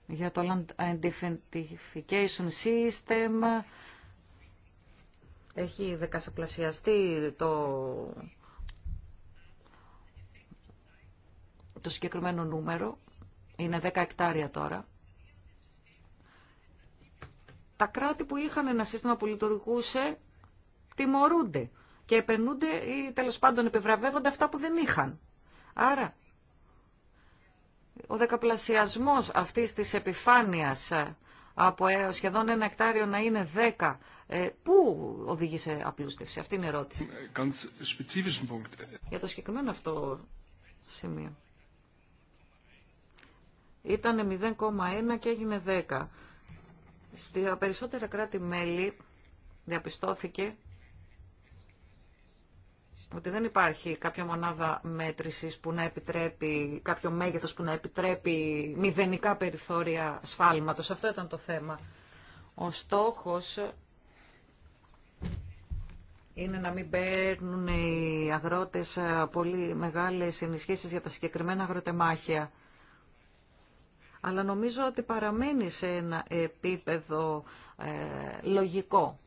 Για το Land Identification System έχει δεκασαπλασιαστεί το, το συγκεκριμένο νούμερο. Είναι 10 εκτάρια τώρα. Τα κράτη που είχαν ένα σύστημα που λειτουργούσε τιμωρούνται και επενούνται ή τέλο πάντων επιβραβεύονται αυτά που δεν είχαν. Άρα, ο δεκαπλασιασμός αυτής της επιφάνειας ε, από ε, σχεδόν ένα εκτάριο να είναι δέκα, ε, πού οδηγεί σε απλούστευση. Αυτή είναι η ερώτηση. Για το συγκεκριμένο αυτό σημείο. Ήταν 0,1 και έγινε 10. Στα περισσότερα κράτη-μέλη διαπιστώθηκε ότι δεν υπάρχει κάποια μονάδα μέτρησης που να επιτρέπει, κάποιο μέγεθος που να επιτρέπει μηδενικά περιθώρια σφάλματος. Αυτό ήταν το θέμα. Ο στόχος είναι να μην παίρνουν οι αγρότες ε, πολύ μεγάλες ενισχύσεις για τα συγκεκριμένα αγροτεμάχια. Αλλά νομίζω ότι παραμένει σε ένα επίπεδο ε, λογικό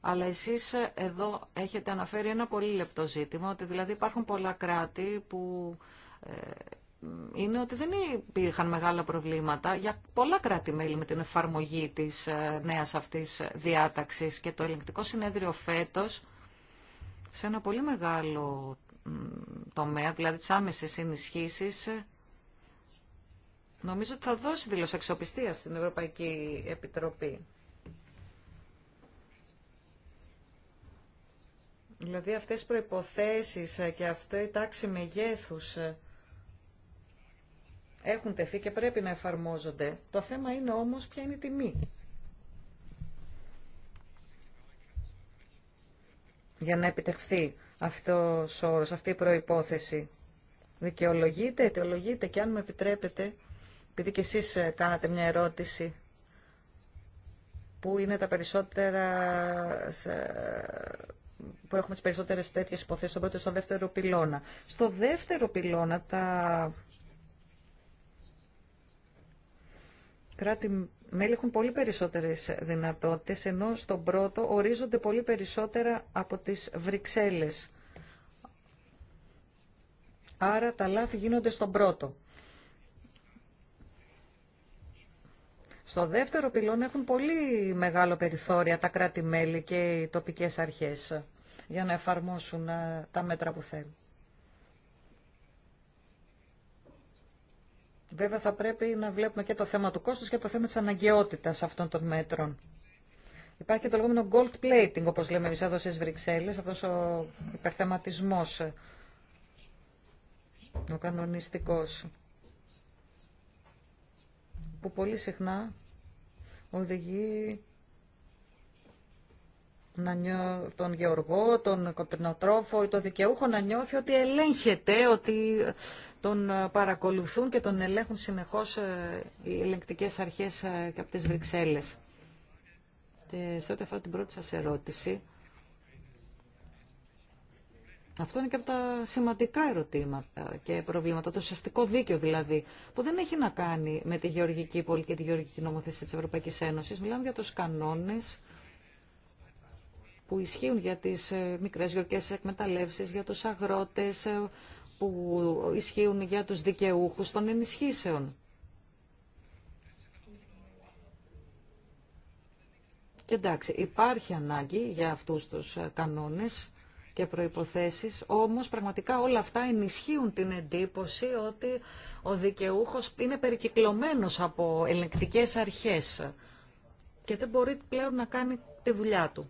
αλλά εσείς εδώ έχετε αναφέρει ένα πολύ λεπτό ζήτημα, ότι δηλαδή υπάρχουν πολλά κράτη που ε, είναι ότι δεν υπήρχαν μεγάλα προβλήματα για πολλά κράτη-μέλη με την εφαρμογή της ε, νέας αυτής διάταξης και το ελεγκτικό συνέδριο φέτος σε ένα πολύ μεγάλο τομέα, δηλαδή τις άμεσες ενισχύσεις, ε, νομίζω ότι θα δώσει δήλωση αξιοπιστία στην Ευρωπαϊκή Επιτροπή. Δηλαδή αυτές οι προϋποθέσεις και αυτό η τάξη μεγέθους έχουν τεθεί και πρέπει να εφαρμόζονται. Το θέμα είναι όμως ποια είναι η τιμή. Για να επιτευχθεί αυτό ο αυτή η προϋπόθεση. Δικαιολογείται, αιτιολογείται και αν μου επιτρέπετε, επειδή και εσείς κάνατε μια ερώτηση, που είναι τα περισσότερα που έχουμε τις περισσότερες τέτοιες υποθέσεις στον πρώτο και στον δεύτερο πυλώνα. Στο δεύτερο πυλώνα τα κράτη-μέλη έχουν πολύ περισσότερες δυνατότητες, ενώ στον πρώτο ορίζονται πολύ περισσότερα από τις Βρυξέλλες. Άρα τα λάθη γίνονται στον πρώτο. Στο δεύτερο πυλόν έχουν πολύ μεγάλο περιθώρια τα κράτη-μέλη και οι τοπικές αρχές για να εφαρμόσουν ε, τα μέτρα που θέλουν. Βέβαια θα πρέπει να βλέπουμε και το θέμα του κόστους και το θέμα της αναγκαιότητας αυτών των μέτρων. Υπάρχει και το λεγόμενο gold plating, όπως λέμε εμείς εδώ στις Βρυξέλλες, αυτός ο υπερθεματισμός, ε, ο κανονιστικός που πολύ συχνά οδηγεί να νιώ, τον γεωργό, τον κοτρινοτρόφο ή τον δικαιούχο να νιώθει ότι ελέγχεται, ότι τον παρακολουθούν και τον ελέγχουν συνεχώς ε, οι ελεγκτικές αρχές ε, και από τις Βρυξέλλες. Και σε ό,τι αφορά την πρώτη σας ερώτηση, αυτό είναι και από τα σημαντικά ερωτήματα και προβλήματα, το ουσιαστικό δίκαιο δηλαδή, που δεν έχει να κάνει με τη γεωργική πολιτική και τη γεωργική νομοθεσία της Ευρωπαϊκής Ένωσης. Μιλάμε για τους κανόνες που ισχύουν για τις ε, μικρές γεωργικές εκμεταλλεύσεις, για τους αγρότες, ε, που ισχύουν για τους δικαιούχους των ενισχύσεων. Και εντάξει, υπάρχει ανάγκη για αυτούς τους ε, κανόνες και προϋποθέσεις, όμως πραγματικά όλα αυτά ενισχύουν την εντύπωση ότι ο δικαιούχος είναι περικυκλωμένος από ελεκτικές αρχές και δεν μπορεί πλέον να κάνει τη δουλειά του.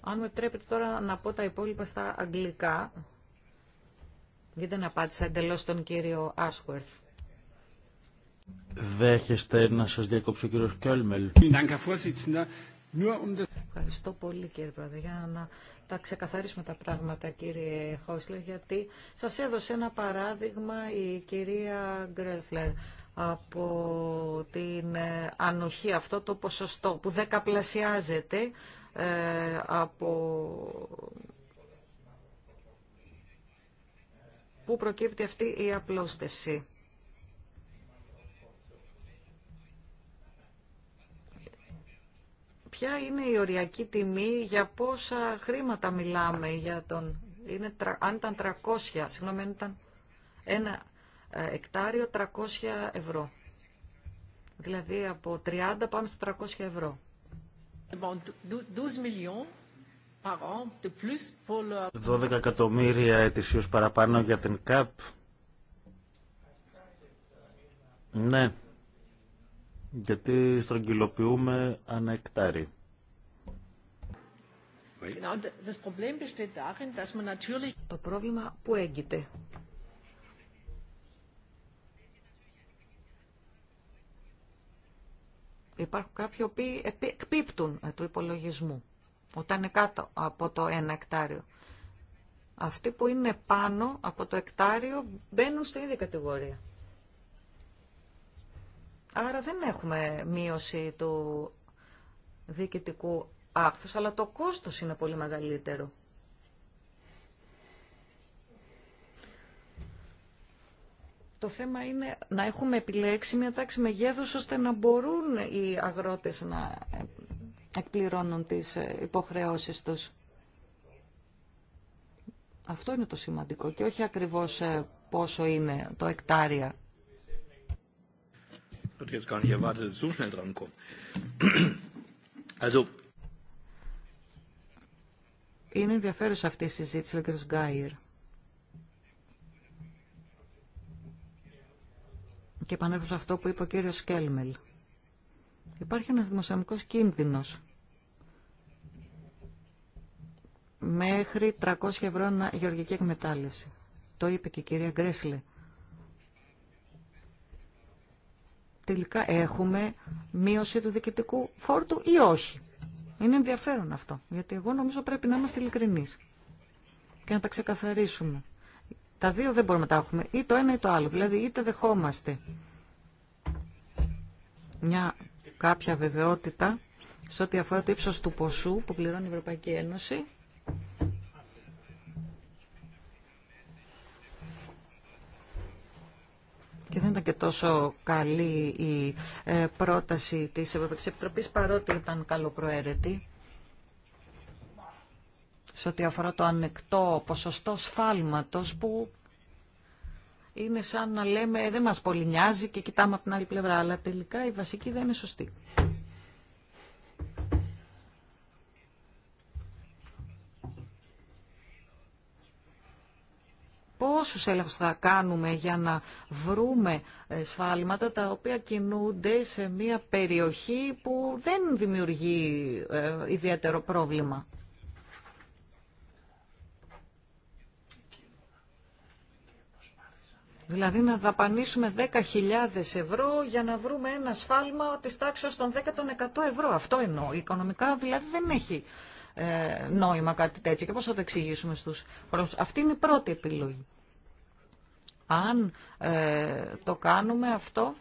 Αν με επιτρέπετε τώρα να πω τα υπόλοιπα στα αγγλικά, γιατί δεν απάντησα εντελώς τον κύριο Άσχουερθ. Δέχεστε να σας διακόψει ο κύριος Κέλμελ. Ευχαριστώ πολύ κύριε Πρόεδρε για να τα ξεκαθαρίσουμε τα πράγματα κύριε Χόσλε γιατί σας έδωσε ένα παράδειγμα η κυρία Γκρέσλερ από την ε, ανοχή αυτό το ποσοστό που δεκαπλασιάζεται ε, από που προκύπτει αυτή η απλώστευση. Ποια είναι η οριακή τιμή, για πόσα χρήματα μιλάμε, για τον, είναι, αν ήταν 300, συγγνώμη, αν ήταν ένα ε, εκτάριο 300 ευρώ. Δηλαδή από 30 πάμε στα 300 ευρώ. 12 εκατομμύρια ετησίως παραπάνω για την ΚΑΠ. Ναι γιατί στρογγυλοποιούμε ανεκτάρι. Το πρόβλημα που έγκυται. Υπάρχουν κάποιοι οποίοι εκπίπτουν ε, του υπολογισμού όταν είναι κάτω από το ένα εκτάριο. Αυτοί που είναι πάνω από το εκτάριο μπαίνουν στην ίδια κατηγορία. Άρα δεν έχουμε μείωση του διοικητικού άκθους, αλλά το κόστος είναι πολύ μεγαλύτερο. Το θέμα είναι να έχουμε επιλέξει μια τάξη μεγέθους ώστε να μπορούν οι αγρότες να εκπληρώνουν τις υποχρεώσεις τους. Αυτό είναι το σημαντικό και όχι ακριβώς ε, πόσο είναι το εκτάρια. Wird jetzt gar nicht erwartet, dass ich so schnell dran komme. Also. Είναι ενδιαφέρουσα αυτή η συζήτηση, ο κ. Γκάιερ. Και επανέλθω σε αυτό που είπε ο κ. Σκέλμελ. Υπάρχει ένας δημοσιονομικός κίνδυνος. Μέχρι 300 ευρώ γεωργική εκμετάλλευση. Το είπε και η κυρία Γκρέσλε. τελικά έχουμε μείωση του διοικητικού φόρτου ή όχι. Είναι ενδιαφέρον αυτό, γιατί εγώ νομίζω πρέπει να είμαστε ειλικρινεί και να τα ξεκαθαρίσουμε. Τα δύο δεν μπορούμε να τα έχουμε, ή το ένα ή το άλλο. Δηλαδή, είτε δεχόμαστε μια κάποια βεβαιότητα σε ό,τι αφορά το ύψος του ποσού που πληρώνει η Ευρωπαϊκή Ένωση, και δεν ήταν και τόσο καλή η ε, πρόταση της Ευρωπαϊκής Επιτροπής παρότι ήταν καλοπροαίρετη σε ό,τι αφορά το ανεκτό ποσοστό σφάλματος που είναι σαν να λέμε «Ε, δεν μας πολύ νοιάζει και κοιτάμε από την άλλη πλευρά αλλά τελικά η βασική δεν είναι σωστή. πόσους έλεγχους θα κάνουμε για να βρούμε ε, σφάλματα τα οποία κινούνται σε μια περιοχή που δεν δημιουργεί ε, ιδιαίτερο πρόβλημα. Δηλαδή να δαπανίσουμε 10.000 ευρώ για να βρούμε ένα σφάλμα τη τάξη των 10 100 ευρώ. Αυτό εννοώ. Οικονομικά δηλαδή δεν έχει ε, νόημα κάτι τέτοιο. Και πώς θα το εξηγήσουμε στους Αυτή είναι η πρώτη επιλογή. Αν ε, το κάνουμε αυτό,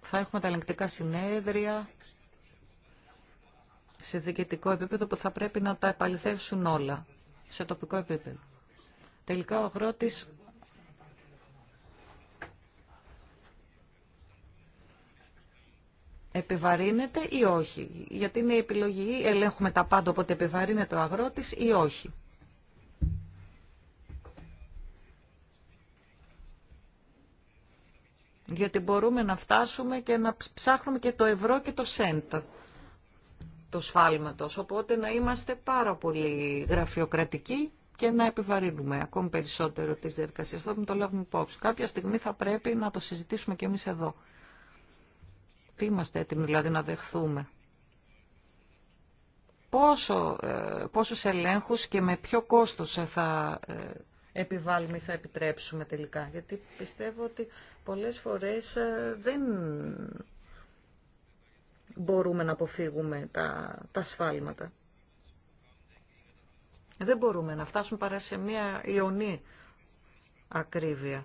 θα έχουμε τα ελεγκτικά συνέδρια σε διοικητικό επίπεδο που θα πρέπει να τα επαληθεύσουν όλα, σε τοπικό επίπεδο. Τελικά ο αγρότης επιβαρύνεται ή όχι. Γιατί είναι η επιλογή, ελέγχουμε τα πάντα, οπότε επιβαρύνεται ο αγρότης ή όχι. Γιατί μπορούμε να φτάσουμε και να ψάχνουμε και το ευρώ και το σέντ το σφάλματος. Οπότε να είμαστε πάρα πολύ γραφειοκρατικοί και να επιβαρύνουμε ακόμη περισσότερο τις διαδικασίες. Αυτό το λάβουμε υπόψη. Κάποια στιγμή θα πρέπει να το συζητήσουμε και εμείς εδώ. Τι είμαστε έτοιμοι δηλαδή να δεχθούμε. Πόσο, ε, πόσους ελέγχους και με ποιο κόστος ε, θα ε, επιβάλλουμε ή θα επιτρέψουμε τελικά. Γιατί πιστεύω ότι πολλές φορές δεν μπορούμε να αποφύγουμε τα, τα σφάλματα. Δεν μπορούμε να φτάσουμε παρά σε μια ιονή ακρίβεια.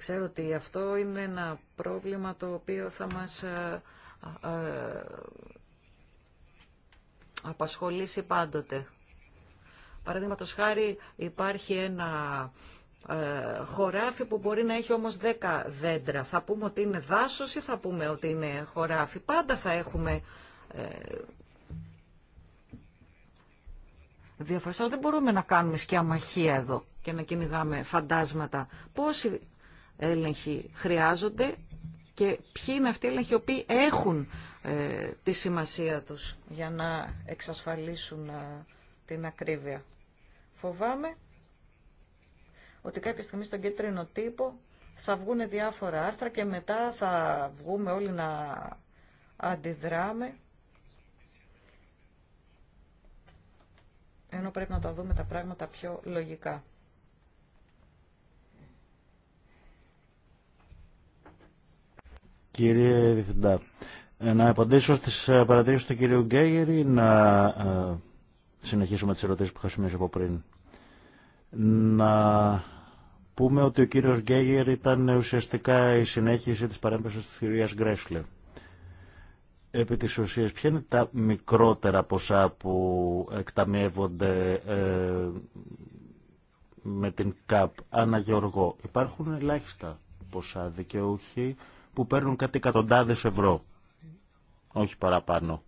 Ξέρω ότι αυτό είναι ένα πρόβλημα το οποίο θα μας ε, ε, απασχολήσει πάντοτε. Παραδείγματο χάρη υπάρχει ένα ε, χωράφι που μπορεί να έχει όμως 10 δέντρα. Θα πούμε ότι είναι δάσος ή θα πούμε ότι είναι χωράφι. Πάντα θα έχουμε ε, αλλά δεν μπορούμε να κάνουμε σκιαμαχία εδώ και να κυνηγάμε φαντάσματα έλεγχοι χρειάζονται και ποιοι είναι αυτοί οι έλεγχοι οι οποίοι έχουν ε, τη σημασία τους για να εξασφαλίσουν ε, την ακρίβεια. Φοβάμαι ότι κάποια στιγμή στον κέντρινο τύπο θα βγούνε διάφορα άρθρα και μετά θα βγούμε όλοι να αντιδράμε. Ενώ πρέπει να τα δούμε τα πράγματα πιο λογικά. Κύριε Διευθυντά, να απαντήσω στις ε, παρατηρήσεις του κυρίου Γκέγερ ή να ε, συνεχίσουμε τις ερωτήσεις που είχα σημειώσει από πριν. Να πούμε ότι ο κύριος Γκέγερ ήταν ουσιαστικά η συνέχιση της παρέμβασης της κυρίας Γκρέσλε. Επί της ουσίας, ποια είναι τα μικρότερα ποσά που εκταμιεύονται ε, με την ΚΑΠ αναγεωργό. Υπάρχουν ελάχιστα ποσά δικαιούχοι που παίρνουν κάτι εκατοντάδε ευρώ. Όχι παραπάνω.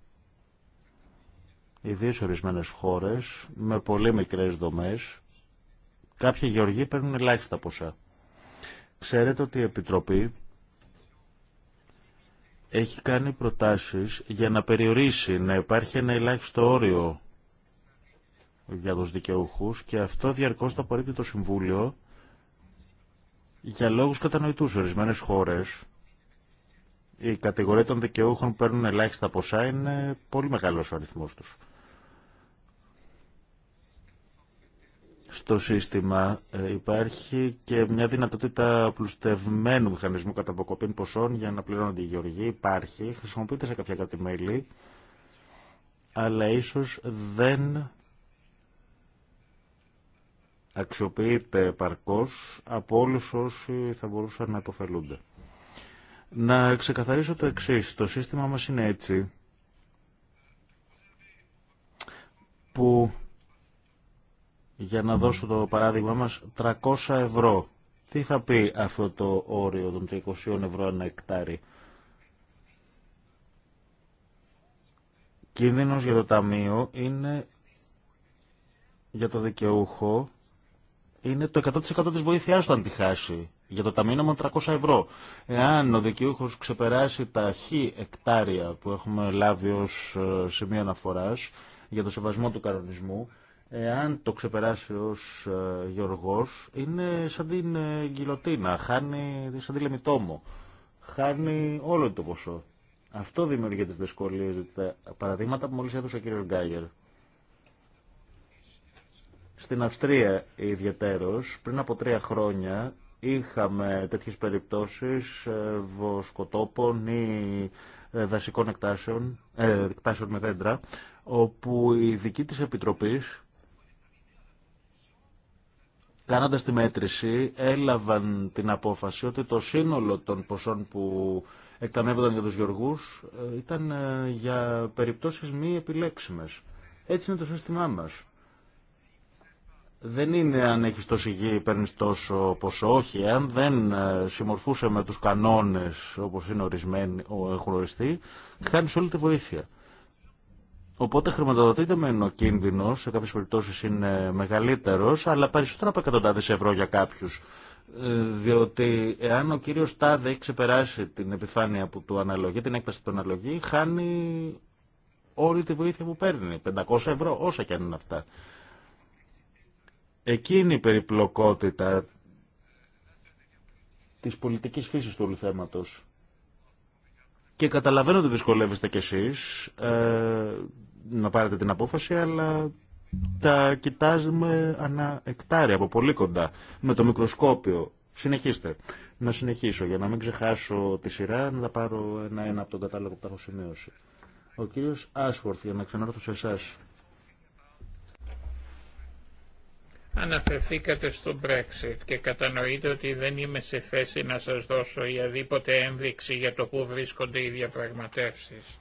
Ιδίω ορισμένε χώρες με πολύ μικρές δομές. Κάποιοι γεωργοί παίρνουν ελάχιστα ποσά. Ξέρετε ότι η Επιτροπή έχει κάνει προτάσεις για να περιορίσει, να υπάρχει ένα ελάχιστο όριο για τους δικαιούχους και αυτό διαρκώς το απορρίπτει το Συμβούλιο για λόγους κατανοητούς. Ορισμένες χώρες η κατηγορία των δικαιούχων που παίρνουν ελάχιστα ποσά είναι πολύ μεγάλος ο αριθμός τους. στο σύστημα ε, υπάρχει και μια δυνατότητα πλουστευμένου μηχανισμού κατά αποκοπήν ποσών για να πληρώνονται οι γεωργοί. Υπάρχει, χρησιμοποιείται σε κάποια κάτι μέλη, αλλά ίσως δεν αξιοποιείται παρκώς από όλους όσοι θα μπορούσαν να υποφελούνται. Να ξεκαθαρίσω το εξή. Το σύστημα μας είναι έτσι που για να δώσω το παράδειγμα μας 300 ευρώ. Τι θα πει αυτό το όριο των 300 ευρώ ένα εκτάρι. Κίνδυνος για το ταμείο είναι για το δικαιούχο είναι το 100% της βοήθειάς του αν τη χάσει για το ταμείο μου 300 ευρώ. Εάν ο δικαιούχο ξεπεράσει τα χ εκτάρια που έχουμε λάβει ως ε, σημείο αναφοράς για το σεβασμό του κανονισμού, εάν το ξεπεράσει ως ε, γεωργό, είναι σαν την ε, γκυλοτίνα, χάνει σαν τη λεμιτόμο. Χάνει όλο το ποσό. Αυτό δημιουργεί τις δυσκολίε. τα παραδείγματα που μόλι έδωσε ο κ. Γκάγερ. Στην Αυστρία ιδιαίτερος, πριν από τρία χρόνια, Είχαμε τέτοιες περιπτώσεις ε, βοσκοτόπων ή ε, δασικών εκτάσεων, ε, εκτάσεων με δέντρα, όπου η δασικων εκτασεων εκτασεων με δεντρα οπου η δικη της Επιτροπής, κάνοντας τη μέτρηση, έλαβαν την απόφαση ότι το σύνολο των ποσών που εκταμεύονταν για τους γιοργούς ε, ήταν για περιπτώσεις μη επιλέξιμες. Έτσι είναι το σύστημά μας δεν είναι αν έχεις τόση γη παίρνει τόσο ποσό, όχι. Αν δεν ε, συμμορφούσε με τους κανόνες όπως είναι ορισμένοι, έχουν οριστεί, χάνεις όλη τη βοήθεια. Οπότε χρηματοδοτείται με ο κίνδυνο, σε κάποιε περιπτώσει είναι μεγαλύτερο, αλλά περισσότερο από εκατοντάδε ευρώ για κάποιου. Ε, διότι εάν ο κύριο Στάδε έχει ξεπεράσει την επιφάνεια που του αναλογεί, την έκταση που του αναλογεί, χάνει όλη τη βοήθεια που παίρνει. 500 ευρώ, όσα και αν είναι αυτά. Εκείνη η περιπλοκότητα της πολιτικής φύσης του όλου θέματος. Και καταλαβαίνω ότι δυσκολεύεστε κι εσείς ε, να πάρετε την απόφαση, αλλά τα κοιτάζουμε ανά εκτάρια από πολύ κοντά, με το μικροσκόπιο. Συνεχίστε. Να συνεχίσω για να μην ξεχάσω τη σειρά, να πάρω ένα-ένα από τον κατάλογο που τα έχω σημειώσει. Ο κύριος Άσφορθ, για να ξανάρθω σε εσάς. Αναφερθήκατε στο Brexit και κατανοείτε ότι δεν είμαι σε θέση να σας δώσω οποιαδήποτε ένδειξη για το πού βρίσκονται οι διαπραγματεύσεις.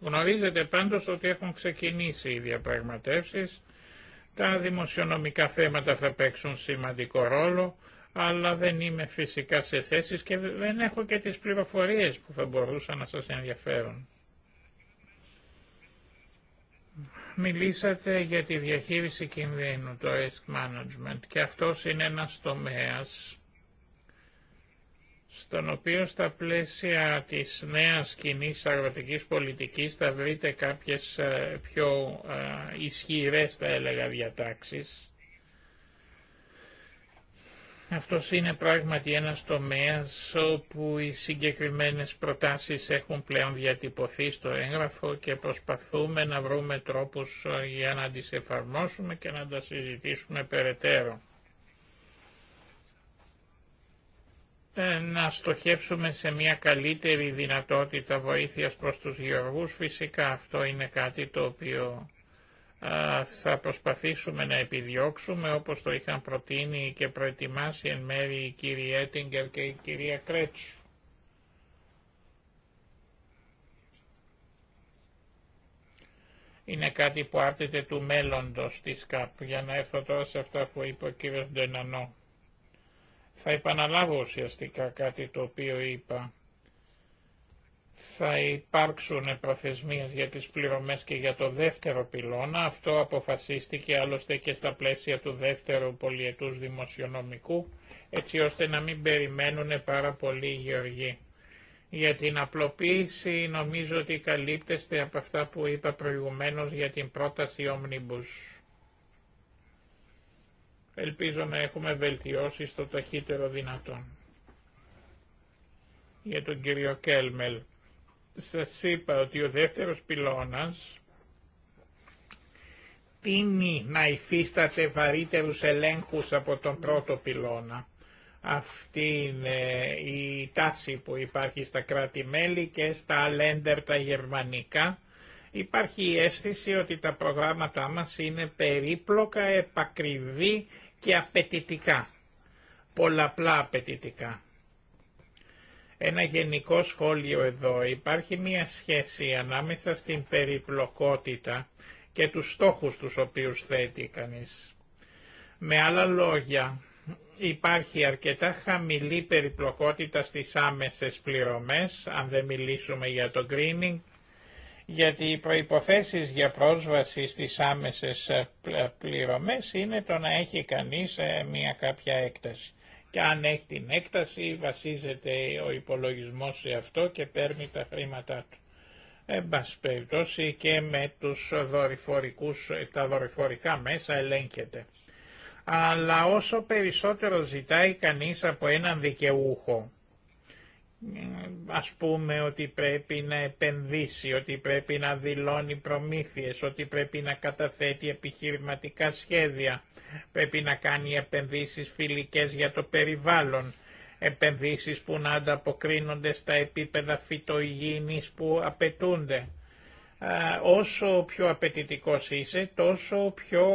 Γνωρίζετε πάντως ότι έχουν ξεκινήσει οι διαπραγματεύσεις, τα δημοσιονομικά θέματα θα παίξουν σημαντικό ρόλο, αλλά δεν είμαι φυσικά σε θέσεις και δεν έχω και τις πληροφορίες που θα μπορούσαν να σας ενδιαφέρουν. Μιλήσατε για τη διαχείριση κινδύνου, το risk management, και αυτός είναι ένας τομέας στον οποίο στα πλαίσια της νέας κοινή αγροτικής πολιτικής θα βρείτε κάποιες ε, πιο ε, ισχυρές, θα έλεγα, διατάξεις αυτός είναι πράγματι ένας τομέας όπου οι συγκεκριμένες προτάσεις έχουν πλέον διατυπωθεί στο έγγραφο και προσπαθούμε να βρούμε τρόπους ε, για να τις εφαρμόσουμε και να τα συζητήσουμε περαιτέρω. Ε, να στοχεύσουμε σε μια καλύτερη δυνατότητα βοήθειας προς τους γεωργούς. Φυσικά αυτό είναι κάτι το οποίο θα προσπαθήσουμε να επιδιώξουμε όπως το είχαν προτείνει και προετοιμάσει εν μέρη η κυρία Έτιγκερ και η κυρία Κρέτσου. Είναι κάτι που άρτητε του μέλλοντος της ΚΑΠ, για να έρθω τώρα σε αυτά που είπε ο κύριος Ντενανό. Θα επαναλάβω ουσιαστικά κάτι το οποίο είπα θα υπάρξουν προθεσμίες για τις πληρωμές και για το δεύτερο πυλώνα. Αυτό αποφασίστηκε άλλωστε και στα πλαίσια του δεύτερου πολιετούς δημοσιονομικού, έτσι ώστε να μην περιμένουν πάρα πολλοί γεωργοί. Για την απλοποίηση νομίζω ότι καλύπτεστε από αυτά που είπα προηγουμένως για την πρόταση Omnibus. Ελπίζω να έχουμε βελτιώσει στο ταχύτερο δυνατόν για τον κύριο Κέλμελ σας είπα ότι ο δεύτερος πυλώνας τίνει να υφίσταται βαρύτερους ελέγχους από τον πρώτο πυλώνα. Αυτή είναι η τάση που υπάρχει στα κράτη-μέλη και στα λέντερ τα γερμανικά. Υπάρχει η αίσθηση ότι τα προγράμματά μας είναι περίπλοκα, επακριβή και απαιτητικά. Πολλαπλά απαιτητικά. Ένα γενικό σχόλιο εδώ. Υπάρχει μία σχέση ανάμεσα στην περιπλοκότητα και τους στόχους τους οποίους θέτει κανείς. Με άλλα λόγια, υπάρχει αρκετά χαμηλή περιπλοκότητα στις άμεσες πληρωμές, αν δεν μιλήσουμε για το greening, γιατί οι προϋποθέσεις για πρόσβαση στις άμεσες ε, πληρωμές είναι το να έχει κανείς ε, μια κάποια έκταση και αν έχει την έκταση βασίζεται ο υπολογισμός σε αυτό και παίρνει τα χρήματά του. Εν πάση περιπτώσει και με τους δορυφορικούς, τα δορυφορικά μέσα ελέγχεται. Αλλά όσο περισσότερο ζητάει κανείς από έναν δικαιούχο ας πούμε ότι πρέπει να επενδύσει, ότι πρέπει να δηλώνει προμήθειες, ότι πρέπει να καταθέτει επιχειρηματικά σχέδια, πρέπει να κάνει επενδύσεις φιλικές για το περιβάλλον, επενδύσεις που να ανταποκρίνονται στα επίπεδα φυτογίνης που απαιτούνται. Όσο πιο απαιτητικός είσαι, τόσο πιο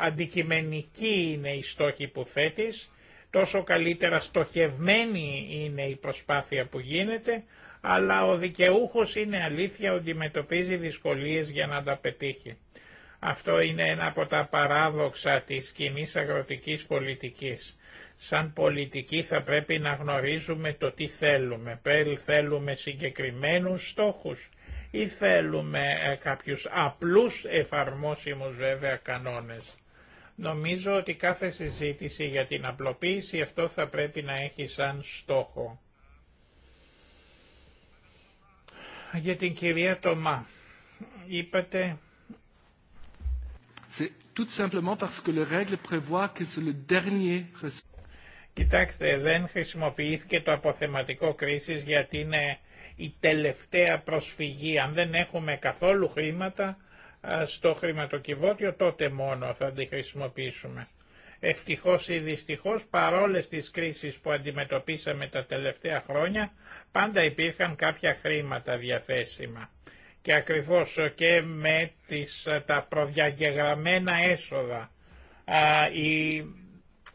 αντικειμενική είναι η στόχη που θέτεις τόσο καλύτερα στοχευμένη είναι η προσπάθεια που γίνεται, αλλά ο δικαιούχος είναι αλήθεια ότι αντιμετωπίζει δυσκολίες για να τα πετύχει. Αυτό είναι ένα από τα παράδοξα της κοινή αγροτικής πολιτικής. Σαν πολιτική θα πρέπει να γνωρίζουμε το τι θέλουμε. Θέλουμε συγκεκριμένους στόχους ή θέλουμε ε, κάποιους απλούς εφαρμόσιμους βέβαια κανόνες. Νομίζω ότι κάθε συζήτηση για την απλοποίηση αυτό θα πρέπει να έχει σαν στόχο. Για την κυρία Τομά, είπατε... Κοιτάξτε, δεν χρησιμοποιήθηκε το αποθεματικό κρίσης γιατί είναι η τελευταία προσφυγή. Αν δεν έχουμε καθόλου χρήματα, στο χρηματοκιβώτιο, τότε μόνο θα τη χρησιμοποιήσουμε. Ευτυχώς ή δυστυχώς παρόλες τις κρίσεις που αντιμετωπίσαμε τα τελευταία χρόνια πάντα υπήρχαν κάποια χρήματα διαθέσιμα. Και ακριβώς και με τις, τα προδιαγεγραμμένα έσοδα α, οι,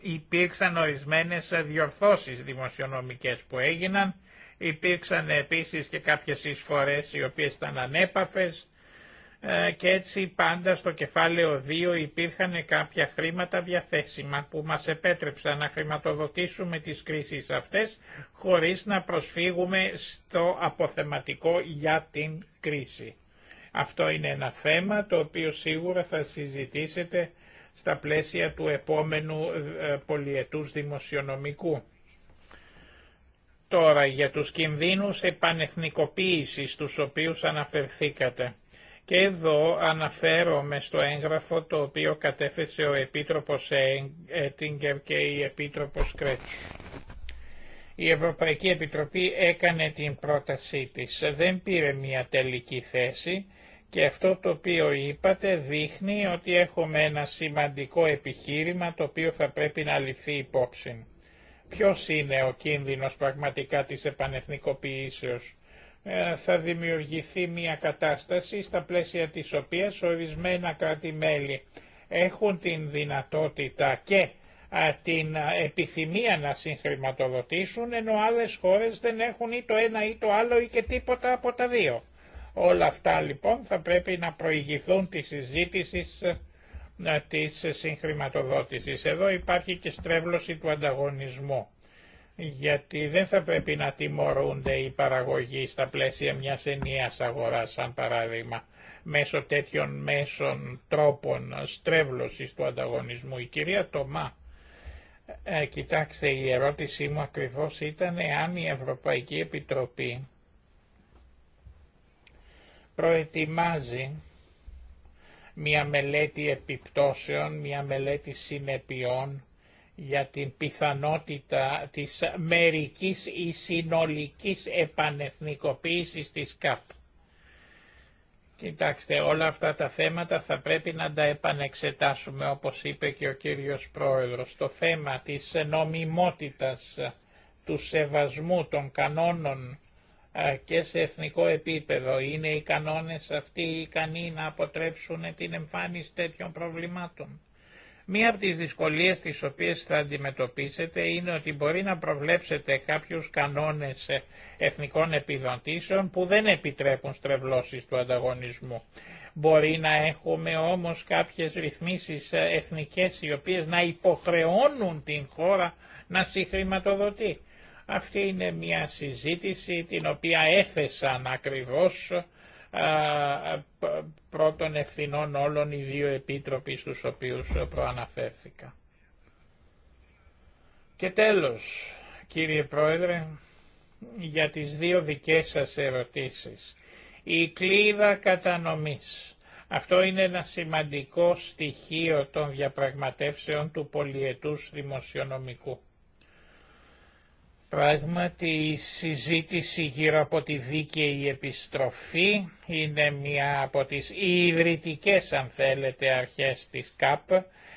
υπήρξαν ορισμένες διορθώσεις δημοσιονομικές που έγιναν, υπήρξαν επίσης και κάποιες εισφορές οι οποίες ήταν ανέπαφες, ε, και έτσι πάντα στο κεφάλαιο 2 υπήρχαν κάποια χρήματα διαθέσιμα που μας επέτρεψαν να χρηματοδοτήσουμε τις κρίσεις αυτές χωρίς να προσφύγουμε στο αποθεματικό για την κρίση. Αυτό είναι ένα θέμα το οποίο σίγουρα θα συζητήσετε στα πλαίσια του επόμενου ε, πολιετούς δημοσιονομικού. Τώρα για τους κινδύνους επανεθνικοποίησης τους οποίους αναφερθήκατε. Και εδώ αναφέρομαι στο έγγραφο το οποίο κατέθεσε ο Επίτροπος Έτιγκερ και η Επίτροπος Κρέτσου. Η Ευρωπαϊκή Επιτροπή έκανε την πρότασή της, δεν πήρε μια τελική θέση και αυτό το οποίο είπατε δείχνει ότι έχουμε ένα σημαντικό επιχείρημα το οποίο θα πρέπει να ληφθεί υπόψη. Ποιος είναι ο κίνδυνος πραγματικά της επανεθνικοποιήσεως ε, θα δημιουργηθεί μια κατάσταση στα πλαίσια της οποίας ορισμένα κράτη-μέλη έχουν την δυνατότητα και την επιθυμία να συγχρηματοδοτήσουν ενώ άλλες χώρες δεν έχουν ή το ένα ή το άλλο ή και τίποτα από τα δύο. Όλα αυτά λοιπόν θα πρέπει να προηγηθούν τη συζήτηση της συγχρηματοδότησης. Εδώ υπάρχει και στρέβλωση του ανταγωνισμού γιατί δεν θα πρέπει να τιμωρούνται οι παραγωγοί στα πλαίσια μιας ενιαίας αγοράς, σαν παράδειγμα, μέσω τέτοιων μέσων τρόπων στρέβλωσης του ανταγωνισμού. Η κυρία Τομά, ε, κοιτάξτε, η ερώτησή μου ακριβώς ήταν αν η Ευρωπαϊκή Επιτροπή προετοιμάζει μια μελέτη επιπτώσεων, μια μελέτη συνεπειών για την πιθανότητα της μερικής ή συνολικής επανεθνικοποίησης της ΚΑΠ. Κοιτάξτε, όλα αυτά τα θέματα θα πρέπει να τα επανεξετάσουμε, όπως είπε και ο κύριος Πρόεδρος. Το θέμα της νομιμότητας, του σεβασμού των κανόνων και σε εθνικό επίπεδο είναι οι κανόνες αυτοί ικανοί να αποτρέψουν την εμφάνιση τέτοιων προβλημάτων. Μία από τις δυσκολίες τις οποίες θα αντιμετωπίσετε είναι ότι μπορεί να προβλέψετε κάποιους κανόνες εθνικών επιδοτήσεων που δεν επιτρέπουν στρεβλώσεις του ανταγωνισμού. Μπορεί να έχουμε όμως κάποιες ρυθμίσεις εθνικές οι οποίες να υποχρεώνουν την χώρα να συγχρηματοδοτεί. Αυτή είναι μια συζήτηση την οποία έθεσαν ακριβώς πρώτων ευθυνών όλων οι δύο επίτροποι στους οποίους προαναφέρθηκα. Και τέλος, κύριε Πρόεδρε, για τις δύο δικές σας ερωτήσεις. Η κλίδα κατανομής. Αυτό είναι ένα σημαντικό στοιχείο των διαπραγματεύσεων του πολιετούς δημοσιονομικού. Πράγματι η συζήτηση γύρω από τη δίκαιη επιστροφή είναι μια από τις ιδρυτικές αν θέλετε αρχές της ΚΑΠ.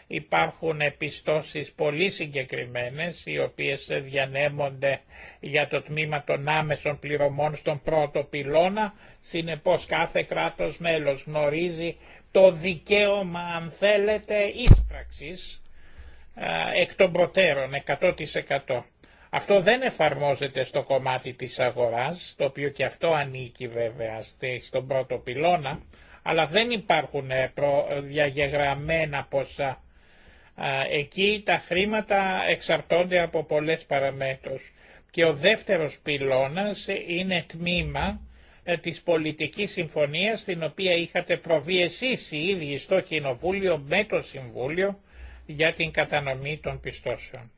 Υπάρχουν επιστώσεις πολύ συγκεκριμένες οι οποίες διανέμονται για το τμήμα των άμεσων πληρωμών στον πρώτο πυλώνα. Συνεπώς κάθε κράτος μέλος γνωρίζει το δικαίωμα αν θέλετε ίσπραξης εκ των προτέρων 100%. Αυτό δεν εφαρμόζεται στο κομμάτι της αγοράς, το οποίο και αυτό ανήκει βέβαια στον πρώτο πυλώνα, αλλά δεν υπάρχουν ε, διαγεγραμμένα ποσά. Εκεί τα χρήματα εξαρτώνται από πολλές παραμέτρους. Και ο δεύτερος πυλώνας είναι τμήμα ε, της πολιτικής συμφωνίας την οποία είχατε προβεί εσείς οι ίδιοι στο Κοινοβούλιο με το Συμβούλιο για την κατανομή των πιστώσεων.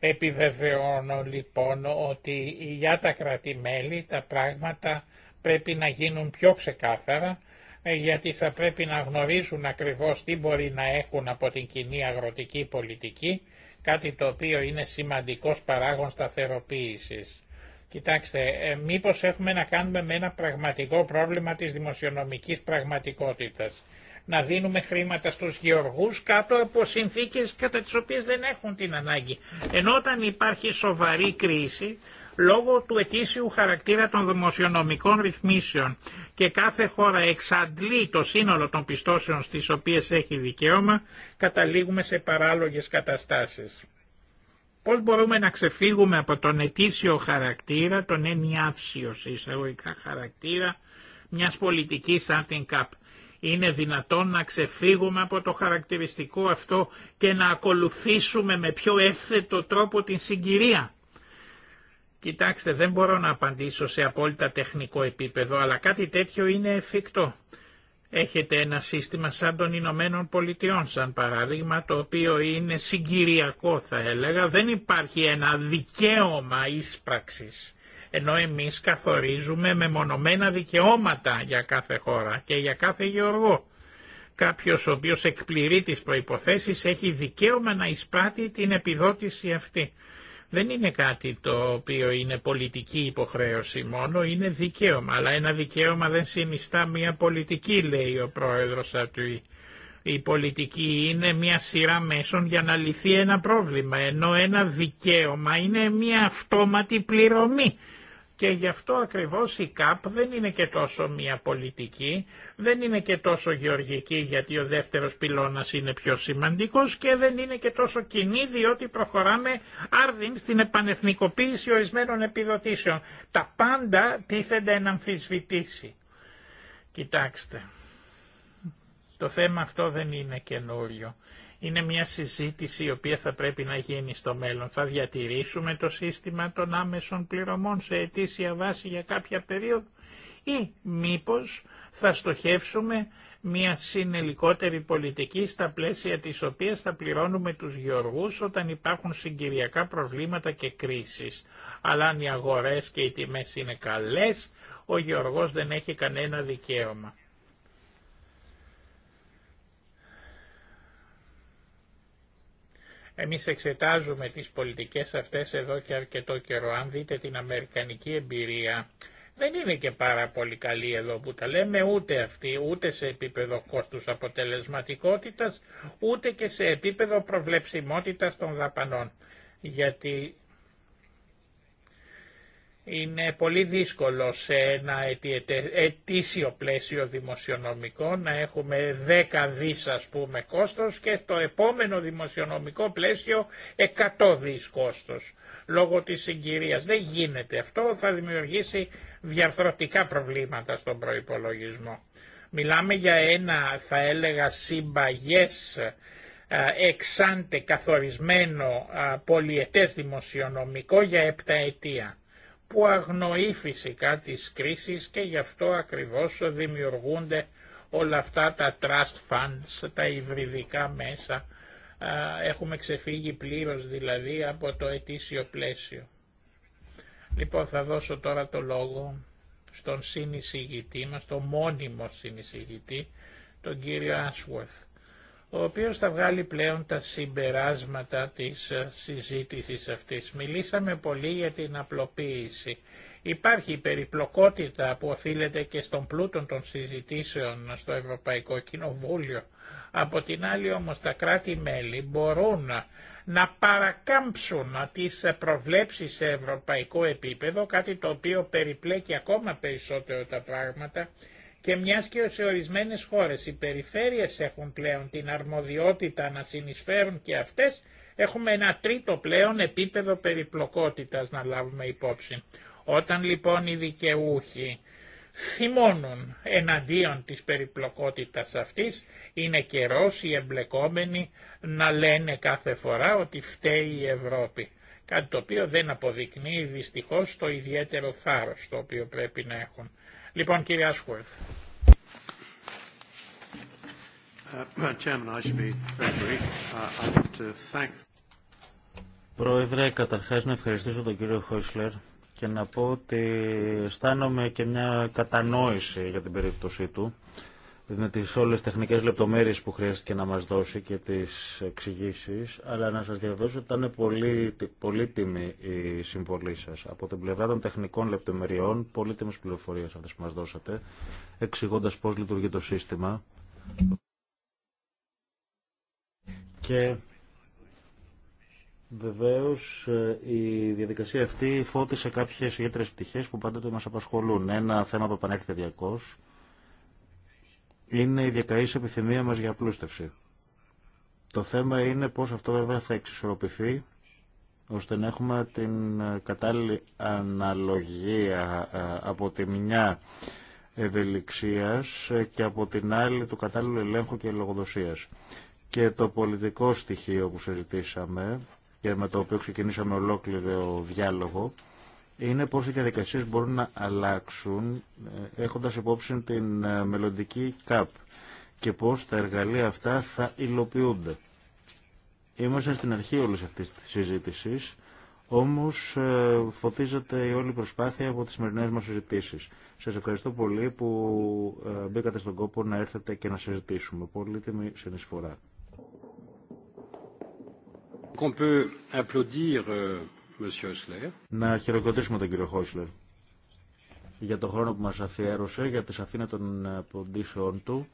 Επιβεβαιώνω λοιπόν ότι για τα κρατημέλη τα πράγματα πρέπει να γίνουν πιο ξεκάθαρα ε, γιατί θα πρέπει να γνωρίζουν ακριβώς τι μπορεί να έχουν από την κοινή αγροτική πολιτική, κάτι το οποίο είναι σημαντικός παράγων σταθεροποίησης. Κοιτάξτε, ε, μήπως έχουμε να κάνουμε με ένα πραγματικό πρόβλημα της δημοσιονομικής πραγματικότητας να δίνουμε χρήματα στους γεωργούς κάτω από συνθήκες κατά τις οποίες δεν έχουν την ανάγκη. Ενώ όταν υπάρχει σοβαρή κρίση, λόγω του ετήσιου χαρακτήρα των δημοσιονομικών ρυθμίσεων και κάθε χώρα εξαντλεί το σύνολο των πιστώσεων στις οποίες έχει δικαίωμα, καταλήγουμε σε παράλογες καταστάσεις. Πώς μπορούμε να ξεφύγουμε από τον ετήσιο χαρακτήρα, τον ενιαύσιο σε εισαγωγικά χαρακτήρα, μιας πολιτικής σαν την ΚΑΠ. Είναι δυνατόν να ξεφύγουμε από το χαρακτηριστικό αυτό και να ακολουθήσουμε με πιο εύθετο τρόπο την συγκυρία. Κοιτάξτε, δεν μπορώ να απαντήσω σε απόλυτα τεχνικό επίπεδο, αλλά κάτι τέτοιο είναι εφικτό. Έχετε ένα σύστημα σαν των Ηνωμένων Πολιτειών, σαν παράδειγμα, το οποίο είναι συγκυριακό θα έλεγα. Δεν υπάρχει ένα δικαίωμα ίσπραξης ενώ εμείς καθορίζουμε μονομένα δικαιώματα για κάθε χώρα και για κάθε γεωργό. Κάποιος ο οποίος εκπληρεί τις προϋποθέσεις έχει δικαίωμα να εισπράττει την επιδότηση αυτή. Δεν είναι κάτι το οποίο είναι πολιτική υποχρέωση μόνο, είναι δικαίωμα. Αλλά ένα δικαίωμα δεν συνιστά μια πολιτική, λέει ο πρόεδρος Ατουή. Η πολιτική είναι μια σειρά μέσων για να λυθεί ένα πρόβλημα, ενώ ένα δικαίωμα είναι μια αυτόματη πληρωμή. Και γι' αυτό ακριβώς η ΚΑΠ δεν είναι και τόσο μια πολιτική, δεν είναι και τόσο γεωργική γιατί ο δεύτερος πυλώνας είναι πιο σημαντικός και δεν είναι και τόσο κοινή διότι προχωράμε άρδιν στην επανεθνικοποίηση ορισμένων επιδοτήσεων. Τα πάντα τίθενται να αμφισβητήσει. Κοιτάξτε. Το θέμα αυτό δεν είναι καινούριο. Είναι μια συζήτηση η οποία θα πρέπει να γίνει στο μέλλον. Θα διατηρήσουμε το σύστημα των άμεσων πληρωμών σε αιτήσια βάση για κάποια περίοδο ή μήπως θα στοχεύσουμε μια συνελικότερη πολιτική στα πλαίσια της οποίας θα πληρώνουμε τους γεωργούς όταν υπάρχουν συγκυριακά προβλήματα και κρίσεις. Αλλά αν οι αγορές και οι τιμές είναι καλές, ο γεωργός δεν έχει κανένα δικαίωμα. Εμείς εξετάζουμε τις πολιτικές αυτές εδώ και αρκετό καιρό. Αν δείτε την αμερικανική εμπειρία, δεν είναι και πάρα πολύ καλή εδώ που τα λέμε, ούτε αυτή, ούτε σε επίπεδο κόστους αποτελεσματικότητας, ούτε και σε επίπεδο προβλεψιμότητας των δαπανών. Γιατί είναι πολύ δύσκολο σε ένα ετήσιο πλαίσιο δημοσιονομικό να έχουμε δέκα δις ας πούμε κόστος και το επόμενο δημοσιονομικό πλαίσιο 100 δις κόστος. Λόγω της συγκυρίας δεν γίνεται αυτό, θα δημιουργήσει διαρθρωτικά προβλήματα στον προϋπολογισμό. Μιλάμε για ένα θα έλεγα συμπαγές εξάντε καθορισμένο πολιετές δημοσιονομικό για έπτα αιτία που αγνοεί φυσικά τις κρίσεις και γι' αυτό ακριβώς δημιουργούνται όλα αυτά τα trust funds, τα υβριδικά μέσα. Έχουμε ξεφύγει πλήρως δηλαδή από το ετήσιο πλαίσιο. Λοιπόν θα δώσω τώρα το λόγο στον συνεισηγητή μας, τον μόνιμο συνεισηγητή, τον κύριο Ashworth ο οποίος θα βγάλει πλέον τα συμπεράσματα της ε, συζήτησης αυτής. Μιλήσαμε πολύ για την απλοποίηση. Υπάρχει η περιπλοκότητα που οφείλεται και στον πλούτο των συζητήσεων στο Ευρωπαϊκό Κοινοβούλιο. Από την άλλη όμως τα κράτη-μέλη μπορούν να παρακάμψουν τις προβλέψεις σε ευρωπαϊκό επίπεδο, κάτι το οποίο περιπλέκει ακόμα περισσότερο τα πράγματα και μιας και σε ορισμένες χώρες οι περιφέρειες έχουν πλέον την αρμοδιότητα να συνεισφέρουν και αυτές, έχουμε ένα τρίτο πλέον επίπεδο περιπλοκότητας να λάβουμε υπόψη. Όταν λοιπόν οι δικαιούχοι θυμώνουν εναντίον της περιπλοκότητας αυτής, είναι καιρός οι εμπλεκόμενοι να λένε κάθε φορά ότι φταίει η Ευρώπη. Κάτι το οποίο δεν αποδεικνύει δυστυχώς το ιδιαίτερο θάρρος το οποίο πρέπει να έχουν. Λοιπόν κύριε uh, Ashworth. Uh, Πρόεδρε, καταρχάς να ευχαριστήσω τον κύριο Χόισλερ και να πω ότι αισθάνομαι και μια κατανόηση για την περίπτωσή του με τις όλες τεχνικές λεπτομέρειες που χρειάστηκε να μας δώσει και τις εξηγήσει, αλλά να σας διαβεβαιώσω ότι ήταν πολύ, πολύτιμη η συμβολή σας. Από την πλευρά των τεχνικών λεπτομεριών, πολύτιμες πληροφορίες αυτές που μας δώσατε, εξηγώντα πώς λειτουργεί το σύστημα. Και Βεβαίω ε, η διαδικασία αυτή φώτισε κάποιες ιδιαίτερε πτυχές που πάντοτε μας απασχολούν. Ένα θέμα που επανέρχεται διακώ είναι η διακαής επιθυμία μας για απλούστευση. Το θέμα είναι πώς αυτό βέβαια θα εξισορροπηθεί ώστε να έχουμε την κατάλληλη αναλογία ε, από τη μια ευελιξίας και από την άλλη του κατάλληλου ελέγχου και λογοδοσίας. Και το πολιτικό στοιχείο που συζητήσαμε και με το οποίο ξεκινήσαμε ολόκληρο διάλογο είναι πώς οι διαδικασίε μπορούν να αλλάξουν ε, έχοντας υπόψη την ε, μελλοντική ΚΑΠ και πώς τα εργαλεία αυτά θα υλοποιούνται. Είμαστε στην αρχή όλης αυτής της συζήτησης, όμως ε, φωτίζεται η όλη προσπάθεια από τις σημερινές μας συζητήσεις. Σας ευχαριστώ πολύ που μπήκατε στον κόπο να έρθετε και να συζητήσουμε. τιμη συνεισφορά. Να χειροκροτήσουμε τον κύριο Χόισλερ για τον χρόνο που μας αφιέρωσε, για τη σαφήνα των ε, ποντήσεων του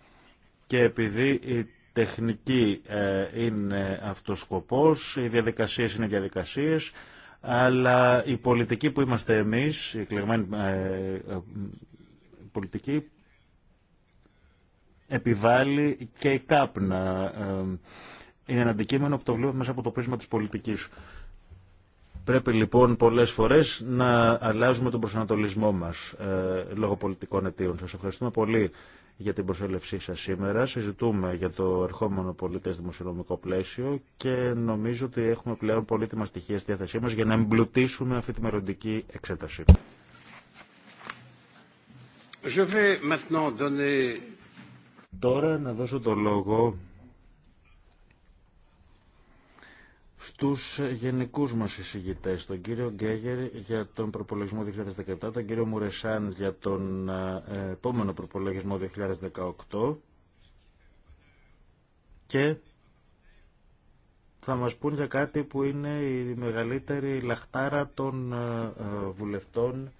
και επειδή η τεχνική ε, είναι αυτός σκοπός, οι διαδικασίες είναι διαδικασίες, αλλά η πολιτική που είμαστε εμείς, η εκλεγμένη ε, πολιτική, επιβάλλει και η ΚΑΠ είναι ένα αντικείμενο που το βλέπουμε μέσα από το πρίσμα της πολιτικής. Πρέπει λοιπόν πολλές φορές να αλλάζουμε τον προσανατολισμό μας ε, λόγω πολιτικών αιτίων. Σας ευχαριστούμε πολύ για την προσέλευσή σας σήμερα. Συζητούμε για το ερχόμενο πολιτές δημοσιονομικό πλαίσιο και νομίζω ότι έχουμε πλέον πολύτιμα στοιχεία στη διάθεσή μας για να εμπλουτίσουμε αυτή τη μεροντική εξέταση. Τώρα να δώσω το λόγο στους γενικούς μας εισηγητές, τον κύριο Γκέγερ για τον προπολογισμό 2017, τον κύριο Μουρεσάν για τον ε, επόμενο προπολογισμό 2018 και θα μας πούν για κάτι που είναι η μεγαλύτερη λαχτάρα των ε, ε, βουλευτών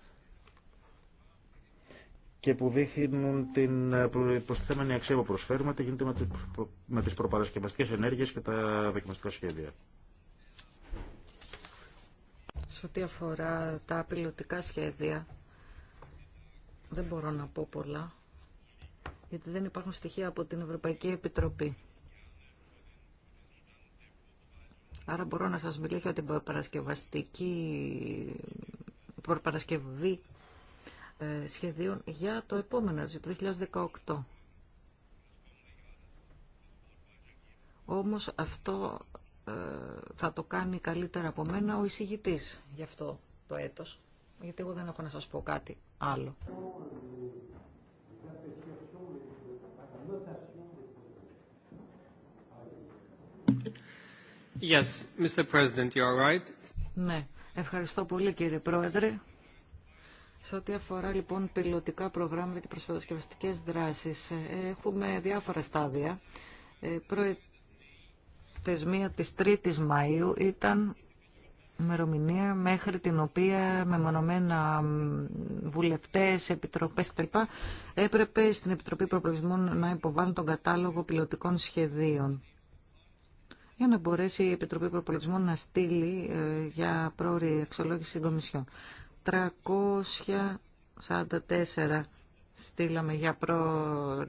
και που δείχνουν την προστιθέμενη αξία που προσφέρουμε, τι γίνεται με τις προπαρασκευαστικές ενέργειες και τα δοκιμαστικά σχέδια σε ό,τι αφορά τα πιλωτικά σχέδια, δεν μπορώ να πω πολλά, γιατί δεν υπάρχουν στοιχεία από την Ευρωπαϊκή Επιτροπή. Άρα μπορώ να σας μιλήσω για την προπαρασκευαστική προπαρασκευή ε, σχεδίων για το επόμενο, για το 2018. Όμως αυτό ε, θα το κάνει καλύτερα από μένα ο εισηγητή γι' αυτό το έτο. γιατί εγώ δεν έχω να σας πω κάτι άλλο. Yes, Mr. President, you are right. Ναι, ευχαριστώ πολύ κύριε Πρόεδρε. Σε ό,τι αφορά λοιπόν πιλωτικά προγράμματα και προσφατασκευαστικές δράσεις, ε, έχουμε διάφορα στάδια. Ε, θεσμία της 3ης Μαΐου ήταν ημερομηνία μέχρι την οποία μεμονωμένα βουλευτές, επιτροπές κτλ. έπρεπε στην Επιτροπή προπολογισμού να υποβάλουν τον κατάλογο πιλωτικών σχεδίων για να μπορέσει η Επιτροπή Προπολογισμού να στείλει ε, για πρόορη αξιολόγηση συγκομισιών. 344 στείλαμε για προ...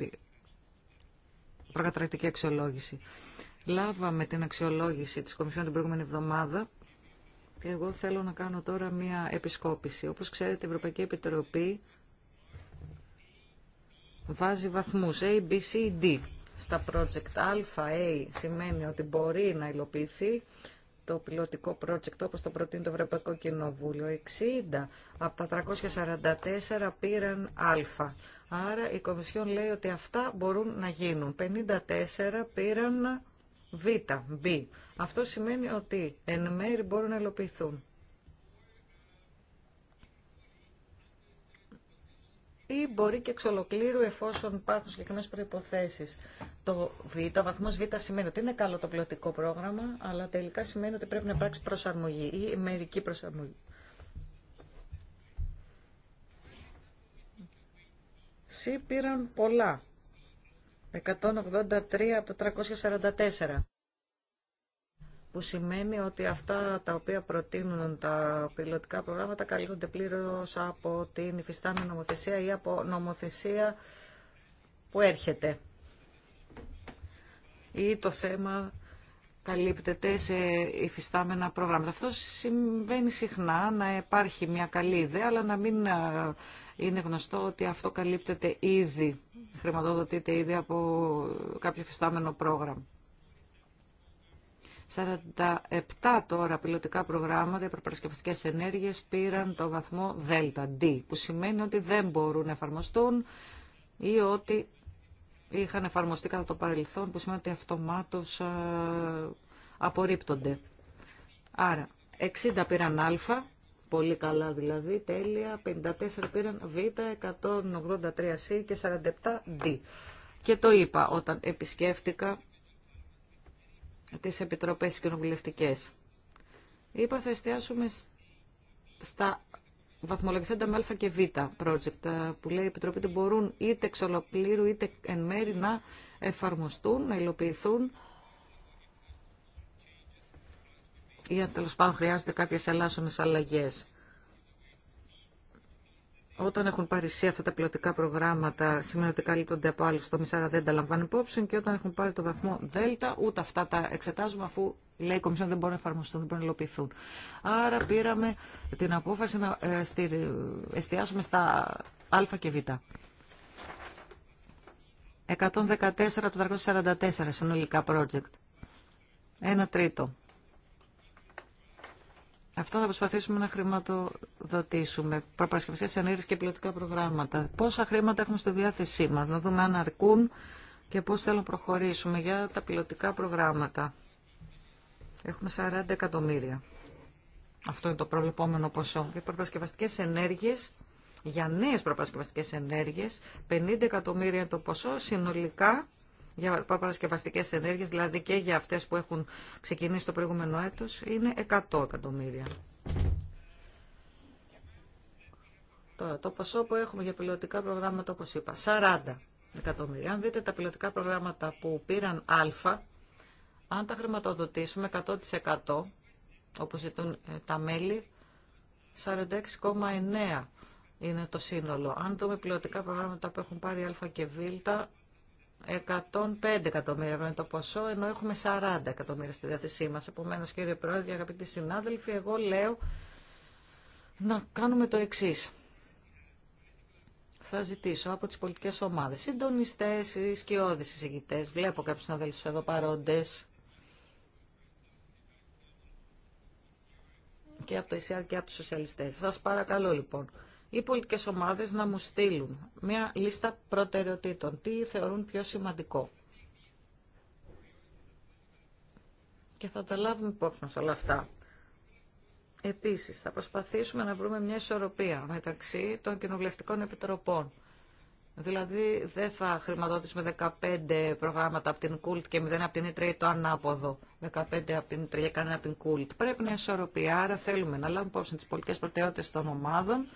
προκατρακτική αξιολόγηση. Λάβαμε την αξιολόγηση της Κομισιόν την προηγούμενη εβδομάδα και εγώ θέλω να κάνω τώρα μία επισκόπηση. Όπως ξέρετε, η Ευρωπαϊκή Επιτροπή βάζει βαθμούς A, B, C, D στα project Α, A σημαίνει ότι μπορεί να υλοποιηθεί το πιλωτικό project όπως το προτείνει το Ευρωπαϊκό Κοινοβούλιο. 60 από τα 344 πήραν Α. Άρα η Κομισιόν λέει ότι αυτά μπορούν να γίνουν. 54 πήραν Β, B. Αυτό σημαίνει ότι εν μέρη μπορούν να υλοποιηθούν. Ή μπορεί και εξ ολοκλήρου εφόσον υπάρχουν συγκεκριμένε προποθέσει. Το Β, ο βαθμό Β σημαίνει ότι είναι καλό το πλωτικό πρόγραμμα, αλλά τελικά σημαίνει ότι πρέπει να υπάρξει προσαρμογή ή μερική προσαρμογή. Σύ πήραν πολλά 183 από το 344 που σημαίνει ότι αυτά τα οποία προτείνουν τα πιλωτικά προγράμματα καλύπτονται πλήρως από την υφιστάμενη νομοθεσία ή από νομοθεσία που έρχεται. Ή το θέμα καλύπτεται σε υφιστάμενα προγράμματα. Αυτό συμβαίνει συχνά να υπάρχει μια καλή ιδέα, αλλά να μην είναι γνωστό ότι αυτό καλύπτεται ήδη, χρηματοδοτείται ήδη από κάποιο υφιστάμενο πρόγραμμα. 47 τώρα πιλωτικά προγράμματα προπαρασκευαστικές ενέργειες πήραν το βαθμό ΔΕΛΤΑ, D, που σημαίνει ότι δεν μπορούν να εφαρμοστούν ή ότι είχαν εφαρμοστεί κατά το παρελθόν, που σημαίνει ότι αυτομάτως ε, απορρίπτονται. Άρα, 60 πήραν α, πολύ καλά δηλαδή, τέλεια, 54 πήραν β, 183 σ και 47 δ. Και το είπα όταν επισκέφτηκα τις επιτροπές κοινοβουλευτικές. Είπα θα εστιάσουμε στα βαθμολογηθέντα με α και β project ε, που λέει η Επιτροπή ότι μπορούν είτε εξ ολοκλήρου είτε εν μέρη να εφαρμοστούν, να υλοποιηθούν ή αν τέλο πάντων χρειάζονται κάποιες ελάσσονες αλλαγές. Όταν έχουν πάρει σε αυτά τα πιλωτικά προγράμματα, σημαίνει ότι καλύπτονται από άλλου τομεί, άρα δεν τα λαμβάνουν υπόψη. Και όταν έχουν πάρει το βαθμό δέλτα ούτε αυτά τα εξετάζουμε, αφού λέει η Κομισιόν δεν μπορούν να εφαρμοστούν, δεν μπορούν να υλοποιηθούν. Άρα πήραμε την απόφαση να ε, εστιάσουμε στα α και β. 114 από 344 συνολικά project. Ένα τρίτο. Αυτό θα προσπαθήσουμε να χρηματοδοτήσουμε. Προπαρασκευασίε ενέργειε και πιλωτικά προγράμματα. Πόσα χρήματα έχουμε στη διάθεσή μα, να δούμε αν αρκούν και πώ θέλουν να προχωρήσουμε για τα πιλωτικά προγράμματα. Έχουμε 40 εκατομμύρια. Αυτό είναι το προβλεπόμενο ποσό. Για προπασκευαστικέ ενέργειε, για νέε προπαρασκευαστικέ ενέργειε, 50 εκατομμύρια είναι το ποσό συνολικά για προπαρασκευαστικέ ενέργειε, δηλαδή και για αυτέ που έχουν ξεκινήσει το προηγούμενο έτο, είναι 100 εκατομμύρια. Τώρα, το ποσό που έχουμε για πιλωτικά προγράμματα, όπω είπα, 40 εκατομμύρια. Αν δείτε τα πιλωτικά προγράμματα που πήραν Α, αν τα χρηματοδοτήσουμε 100% όπως ζητούν ε, τα μέλη, 46,9 είναι το σύνολο. Αν δούμε πλειοτικά προγράμματα που έχουν πάρει Α και Β, 105 εκατομμύρια είναι το ποσό, ενώ έχουμε 40 εκατομμύρια στη διάθεσή μας. Επομένως, κύριε Πρόεδρε, αγαπητοί συνάδελφοι, εγώ λέω να κάνουμε το εξή. Θα ζητήσω από τις πολιτικές ομάδες, συντονιστές, σκιώδεις συζητητές, βλέπω κάποιους συναδέλφους εδώ παρόντες, και από το ΕΣΥΑΡ και από τους σοσιαλιστές. Σας παρακαλώ λοιπόν οι πολιτικές ομάδες να μου στείλουν μια λίστα προτεραιοτήτων. Τι θεωρούν πιο σημαντικό. Και θα τα λάβουμε υπόψη μας όλα αυτά. Επίσης, θα προσπαθήσουμε να βρούμε μια ισορροπία μεταξύ των κοινοβουλευτικών επιτροπών Δηλαδή δεν θα χρηματοδοτήσουμε 15 προγράμματα από την Κούλτ και 0 από την ίτρια ή το ανάποδο. 15 από την ίτρια και κανένα από την Κούλτ. Πρέπει να ισορροπεί, Άρα θέλουμε να λάβουμε υπόψη τι πολιτικέ προτεραιότητε των ομάδων.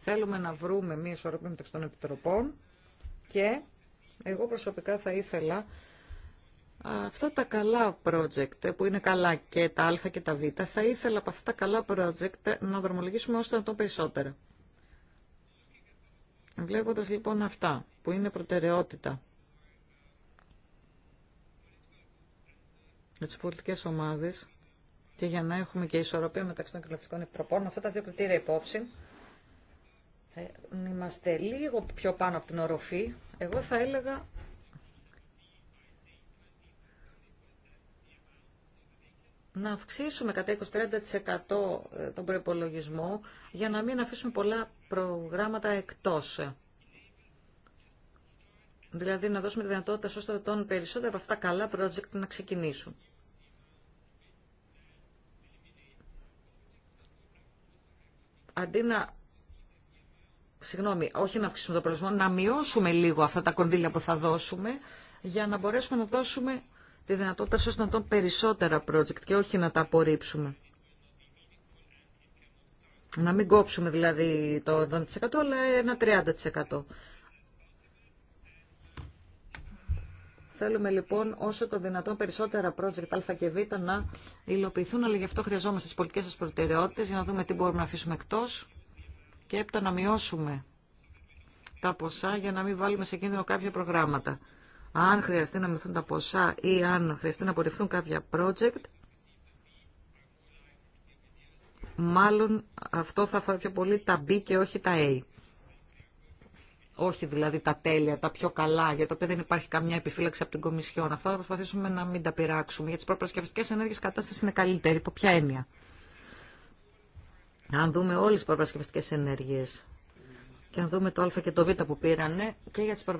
Θέλουμε να βρούμε μια ισορροπία μεταξύ των επιτροπών. Και εγώ προσωπικά θα ήθελα αυτά τα καλά project που είναι καλά και τα α και τα β, θα ήθελα από αυτά τα καλά project να δρομολογήσουμε ώστε να το περισσότερα. Βλέποντας λοιπόν αυτά που είναι προτεραιότητα για τις πολιτικές ομάδες και για να έχουμε και ισορροπία μεταξύ των κοινωνικών επιτροπών, αυτά τα δύο κριτήρια υπόψη, ε, είμαστε λίγο πιο πάνω από την οροφή, εγώ θα έλεγα να αυξήσουμε κατά 20-30% ε, τον προπολογισμό για να μην αφήσουμε πολλά προγράμματα εκτός. Δηλαδή να δώσουμε τη δυνατότητα σωστά περισσότερα από αυτά καλά project να ξεκινήσουν. Αντί να συγγνώμη, όχι να αυξήσουμε τον προϋπολογισμό, να μειώσουμε λίγο αυτά τα κονδύλια που θα δώσουμε για να μπορέσουμε να δώσουμε τη δυνατότητα ώστε να τον περισσότερα project και όχι να τα απορρίψουμε. Να μην κόψουμε δηλαδή το 20% αλλά ένα 30%. Θέλουμε λοιπόν όσο το δυνατόν περισσότερα project Α και Β να υλοποιηθούν, αλλά γι' αυτό χρειαζόμαστε τι πολιτικέ σα προτεραιότητε για να δούμε τι μπορούμε να αφήσουμε εκτό και έπειτα να μειώσουμε τα ποσά για να μην βάλουμε σε κίνδυνο κάποια προγράμματα αν χρειαστεί να μειωθούν τα ποσά ή αν χρειαστεί να απορριφθούν κάποια project, μάλλον αυτό θα αφορά πιο πολύ τα B και όχι τα A. Όχι δηλαδή τα τέλεια, τα πιο καλά, για τα οποία δεν υπάρχει καμιά επιφύλαξη από την Κομισιόν. Αυτό θα προσπαθήσουμε να μην τα πειράξουμε. Για τις προπαρασκευαστικέ ενέργειες η κατάσταση είναι καλύτερη. Υπό ποια έννοια. Αν δούμε όλες τι προπαρασκευαστικέ ενέργειες, και να δούμε το Α και το Β που πήρανε και για τις ε,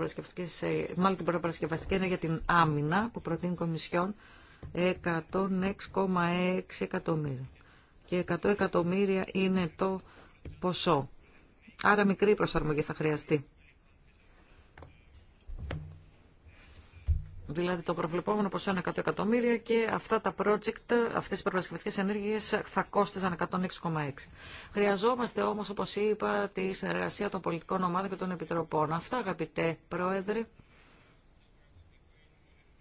μάλλον την είναι για την άμυνα που προτείνει η Κομισιόν 106,6 εκατομμύρια. Και 100 εκατομμύρια είναι το ποσό. Άρα μικρή προσαρμογή θα χρειαστεί. Δηλαδή το προβλεπόμενο ποσό είναι 100 εκατομμύρια και αυτά τα project, αυτές οι προβλεπτικές ενέργειες θα κόστιζαν 106,6. Χρειαζόμαστε όμως, όπως είπα, τη συνεργασία των πολιτικών ομάδων και των επιτροπών. Αυτά, αγαπητέ Πρόεδρε,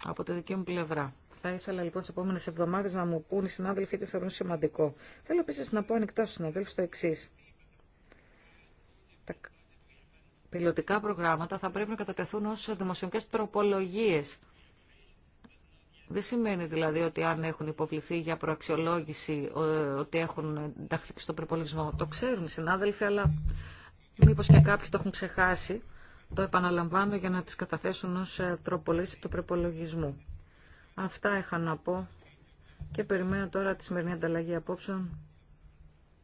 από τη δική μου πλευρά. Θα ήθελα λοιπόν τι επόμενε εβδομάδε να μου πούν οι συνάδελφοι τι θεωρούν σημαντικό. Θέλω επίση να πω ανοιχτά στου συναδέλφου το εξή. Τα πιλωτικά προγράμματα θα πρέπει να κατατεθούν ω δημοσιονομικέ τροπολογίε δεν σημαίνει δηλαδή ότι αν έχουν υποβληθεί για προαξιολόγηση ότι έχουν ενταχθεί στον προπολογισμό. Το ξέρουν οι συνάδελφοι, αλλά μήπως και κάποιοι το έχουν ξεχάσει. Το επαναλαμβάνω για να τις καταθέσουν ως ε, τροπολίσεις του προπολογισμού. Αυτά είχα να πω και περιμένω τώρα τη σημερινή ανταλλαγή απόψεων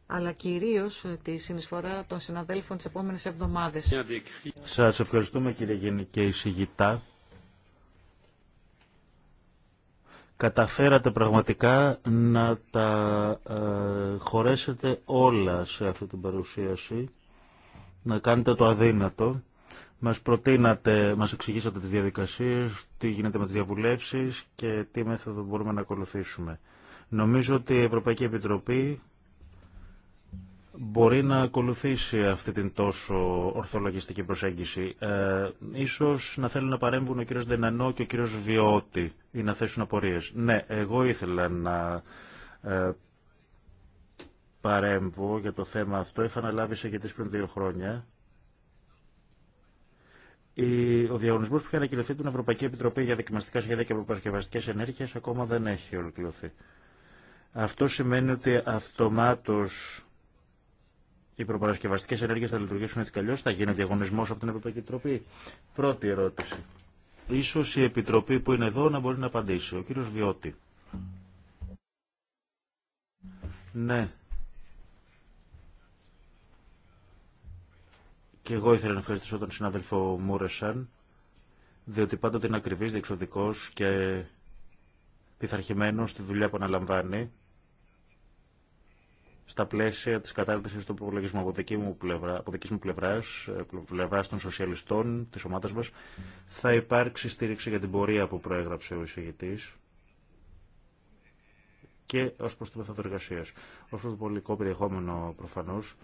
αλλά κυρίως ε, τη συνεισφορά των συναδέλφων τις επόμενες εβδομάδες. Σας ευχαριστούμε κύριε Γενική Εισηγητά. καταφέρατε πραγματικά να τα ε, χωρέσετε όλα σε αυτή την παρουσίαση, να κάνετε το αδύνατο. Μας προτείνατε, μας εξηγήσατε τις διαδικασίες, τι γίνεται με τις διαβουλεύσεις και τι μέθοδο μπορούμε να ακολουθήσουμε. Νομίζω ότι η Ευρωπαϊκή Επιτροπή μπορεί να ακολουθήσει αυτή την τόσο ορθολογιστική προσέγγιση. Ε, ίσως να θέλουν να παρέμβουν ο κύριος Δενανό και ο κύριος Βιώτη ή να θέσουν απορίες. Ναι, εγώ ήθελα να ε, παρέμβω για το θέμα αυτό. Είχα αναλάβει σε γιατί πριν δύο χρόνια. Ο διαγωνισμό που είχε ανακοινωθεί την Ευρωπαϊκή Επιτροπή για δοκιμαστικά σχέδια και προπαρασκευαστικέ ενέργειε ακόμα δεν έχει ολοκληρωθεί. Αυτό σημαίνει ότι αυτομάτω οι προπαρασκευαστικέ ενέργειε θα λειτουργήσουν έτσι κι θα γίνει διαγωνισμό από την Ευρωπαϊκή Επιτροπή. Πρώτη ερώτηση. Ίσως η Επιτροπή που είναι εδώ να μπορεί να απαντήσει. Ο κύριο Βιώτη. Ναι. Και εγώ ήθελα να ευχαριστήσω τον συνάδελφο Μούρεσαν, διότι πάντοτε είναι ακριβής, διεξοδικός και πειθαρχημένος στη δουλειά που αναλαμβάνει στα πλαίσια της κατάρτισης του προπολογισμού από δική μου πλευρά, από πλευράς, ε, πλευράς των σοσιαλιστών της ομάδας μας, θα υπάρξει στήριξη για την πορεία που προέγραψε ο εισηγητής και ως προς το μεθόδο εργασίας. Ως προς το πολιτικό περιεχόμενο προφανώς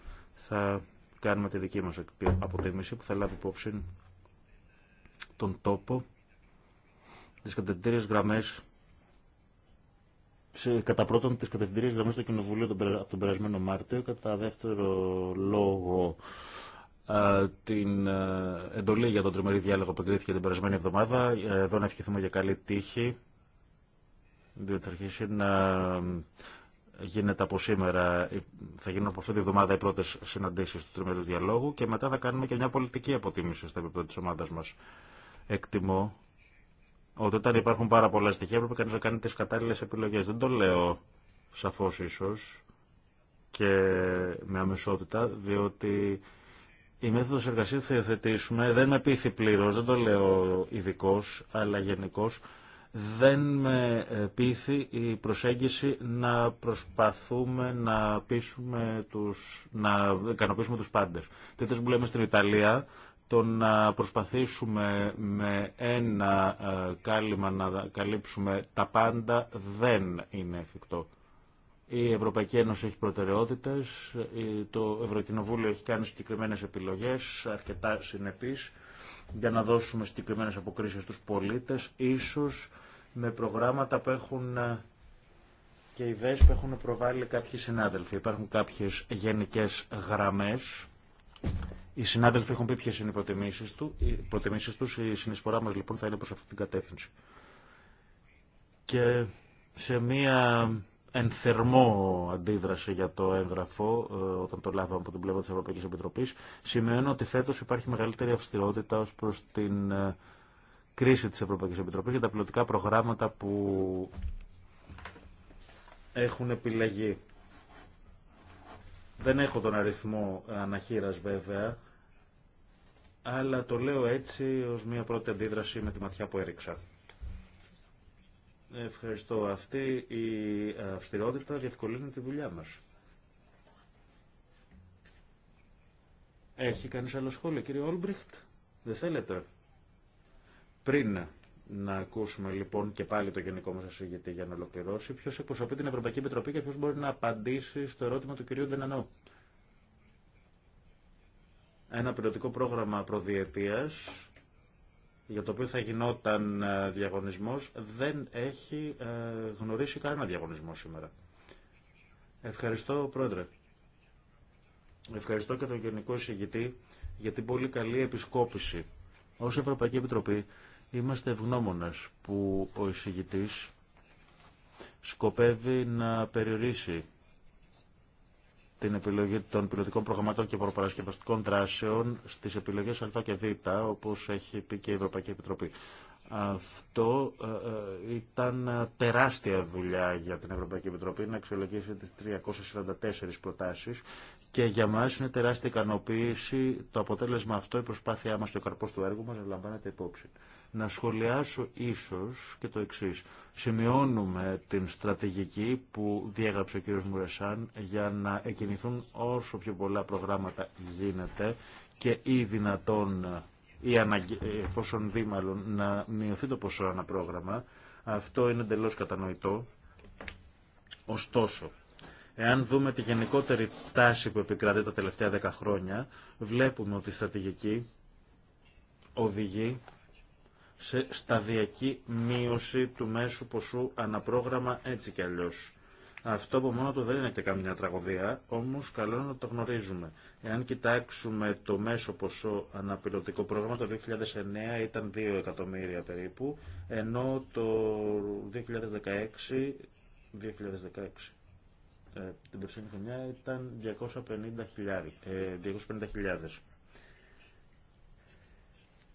θα κάνουμε τη δική μας αποτίμηση που θα λάβει υπόψη τον τόπο, τι κατευθυντήριες γραμμές σε, κατά πρώτον τις κατευθυντήριες γραμμές στο Κοινοβουλίο τον, από τον περασμένο Μάρτιο, κατά δεύτερο λόγο την εντολή για τον τριμερή διάλογο που εγκρίθηκε την περασμένη εβδομάδα. Ε, εδώ να ευχηθούμε για καλή τύχη, διότι θα αρχίσει να γίνεται από σήμερα, θα γίνουν από αυτή τη εβδομάδα οι πρώτε συναντήσει του τριμερού διαλόγου και μετά θα κάνουμε και μια πολιτική αποτίμηση στα επίπεδα τη ομάδα μα. Εκτιμώ ότι όταν υπάρχουν πάρα πολλά στοιχεία πρέπει κανείς να κάνει τις κατάλληλες επιλογές. Δεν το λέω σαφώς ίσως και με αμεσότητα, διότι η μέθοδος εργασίας που θα υιοθετήσουμε δεν με πείθει πλήρως, δεν το λέω ειδικό, αλλά γενικώ. Δεν με ε, πείθει η προσέγγιση να προσπαθούμε να τους, να ικανοποιήσουμε τους πάντες. Τέτοιες που λέμε στην Ιταλία, το να προσπαθήσουμε με ένα ε, κάλυμα να καλύψουμε τα πάντα δεν είναι εφικτό. Η Ευρωπαϊκή Ένωση έχει προτεραιότητες, το Ευρωκοινοβούλιο έχει κάνει συγκεκριμένε επιλογές, αρκετά συνεπείς, για να δώσουμε συγκεκριμένε αποκρίσεις στους πολίτες, ίσως με προγράμματα που έχουν ε, και ιδέες που έχουν προβάλλει κάποιοι συνάδελφοι. Υπάρχουν κάποιες γενικές γραμμές οι συνάδελφοι έχουν πει ποιε είναι οι προτιμήσει του. η συνεισφορά μα λοιπόν θα είναι προ αυτή την κατεύθυνση. Και σε μία ενθερμό αντίδραση για το έγγραφο, ε, όταν το λάβαμε από την πλευρά τη Ευρωπαϊκή Επιτροπή, σημαίνω ότι φέτο υπάρχει μεγαλύτερη αυστηρότητα ω προ την ε, κρίση τη Ευρωπαϊκή Επιτροπή για τα πιλωτικά προγράμματα που έχουν επιλεγεί. Δεν έχω τον αριθμό αναχείρας βέβαια, αλλά το λέω έτσι ως μια πρώτη αντίδραση με τη ματιά που έριξα. Ευχαριστώ. Αυτή η αυστηρότητα διευκολύνει τη δουλειά μας. Έχει κανείς άλλο σχόλιο, κύριε Όλμπριχτ. Δεν θέλετε. Πριν να ακούσουμε λοιπόν και πάλι το γενικό μας ασύγητη για να ολοκληρώσει, ποιος εκπροσωπεί την Ευρωπαϊκή Επιτροπή και ποιος μπορεί να απαντήσει στο ερώτημα του κυρίου Ντενανό ένα πιλωτικό πρόγραμμα προδιετίας για το οποίο θα γινόταν ε, διαγωνισμός δεν έχει ε, γνωρίσει κανένα διαγωνισμό σήμερα. Ευχαριστώ, Πρόεδρε. Ευχαριστώ και τον Γενικό Εισηγητή για την πολύ καλή επισκόπηση. Ως Ευρωπαϊκή Επιτροπή είμαστε ευγνώμονες που ο εισηγητής σκοπεύει να περιορίσει την επιλογή των πιλωτικών προγραμματών και προπαρασκευαστικών δράσεων στις επιλογές Α και Β, όπως έχει πει και η Ευρωπαϊκή Επιτροπή. Αυτό ε, ε, ήταν τεράστια δουλειά για την Ευρωπαϊκή Επιτροπή να αξιολογήσει τις 344 προτάσεις και για μας είναι τεράστια ικανοποίηση. Το αποτέλεσμα αυτό, η προσπάθειά μας και ο καρπός του έργου μας λαμβάνεται υπόψη. Να σχολιάσω ίσως και το εξής. Σημειώνουμε την στρατηγική που διέγραψε ο κ. Μουρεσάν για να εκκινηθούν όσο πιο πολλά προγράμματα γίνεται και ή δυνατόν ή εφόσον δει μάλλον, να μειωθεί το ποσό ένα πρόγραμμα. Αυτό είναι εντελώ κατανοητό. Ωστόσο, εάν δούμε τη γενικότερη τάση που επικρατεί τα τελευταία δέκα χρόνια, βλέπουμε ότι η δυνατον η εφοσον δει να μειωθει το ποσο ενα προγραμμα αυτο ειναι εντελως κατανοητο ωστοσο οδηγεί σε σταδιακή μείωση του μέσου ποσού αναπρόγραμμα έτσι κι αλλιώ. Αυτό από μόνο του δεν είναι και καμία τραγωδία, όμως καλό είναι να το γνωρίζουμε. Εάν κοιτάξουμε το μέσο ποσό αναπληρωτικό πρόγραμμα, το 2009 ήταν 2 εκατομμύρια περίπου, ενώ το 2016, 2016 ε, την περσίνη χρονιά ήταν 250.000.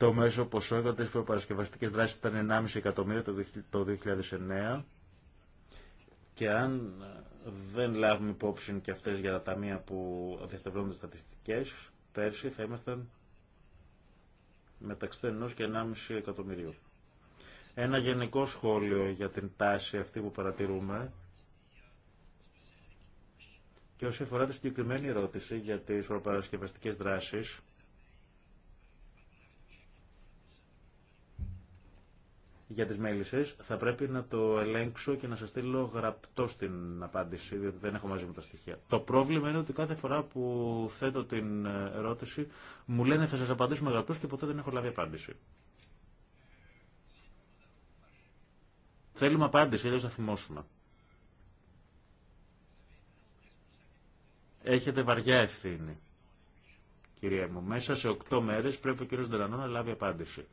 Το μέσο ποσό για τις προπαρασκευαστικέ ήταν 1,5 εκατομμύρια το 2009 και αν δεν λάβουμε υπόψη και αυτές για τα ταμεία που τι στατιστικές, πέρσι θα ήμασταν μεταξύ του 1 και 1,5 εκατομμυρίου. Ένα γενικό σχόλιο για την τάση αυτή που παρατηρούμε και όσοι αφορά τη συγκεκριμένη ερώτηση για τις προπαρασκευαστικές δράσεις, για τις μέλησες θα πρέπει να το ελέγξω και να σας στείλω γραπτό στην απάντηση, διότι δεν έχω μαζί μου τα στοιχεία. Το πρόβλημα είναι ότι κάθε φορά που θέτω την ερώτηση μου λένε θα σας απαντήσουμε γραπτός και ποτέ δεν έχω λάβει απάντηση. Θέλουμε απάντηση, αλλιώς θα θυμώσουμε. Έχετε βαριά ευθύνη, κυρία μου. Μέσα σε οκτώ μέρες πρέπει ο κύριος Ντελανό να λάβει απάντηση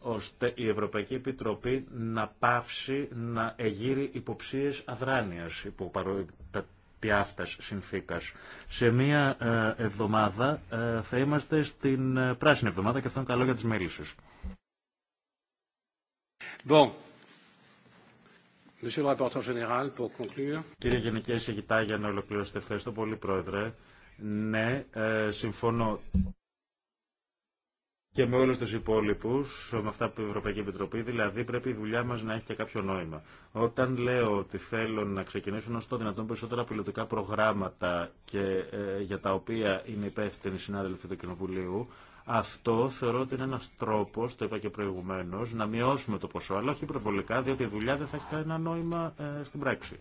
ώστε η Ευρωπαϊκή Επιτροπή να πάψει να εγείρει υποψίες αδράνειας υπό αυτάς συνθήκας. Σε μία ε, εβδομάδα ε, θα είμαστε στην ε, πράσινη εβδομάδα και αυτό είναι καλό για τις μέλησες. Bon. Monsieur Κύριε Γενική Εισηγητά, για να ολοκληρώσετε, ευχαριστώ πολύ, Πρόεδρε. Ναι, ε, συμφωνώ και με όλου του υπόλοιπου, με αυτά που η Ευρωπαϊκή Επιτροπή, δηλαδή πρέπει η δουλειά μα να έχει και κάποιο νόημα. Όταν λέω ότι θέλω να ξεκινήσουν ω το δυνατόν περισσότερα πιλωτικά προγράμματα και ε, για τα οποία είναι υπεύθυνοι συνάδελφοι του Κοινοβουλίου, αυτό θεωρώ ότι είναι ένα τρόπο, το είπα και προηγουμένω, να μειώσουμε το ποσό, αλλά όχι προβολικά, διότι η δουλειά δεν θα έχει κανένα νόημα ε, στην πράξη.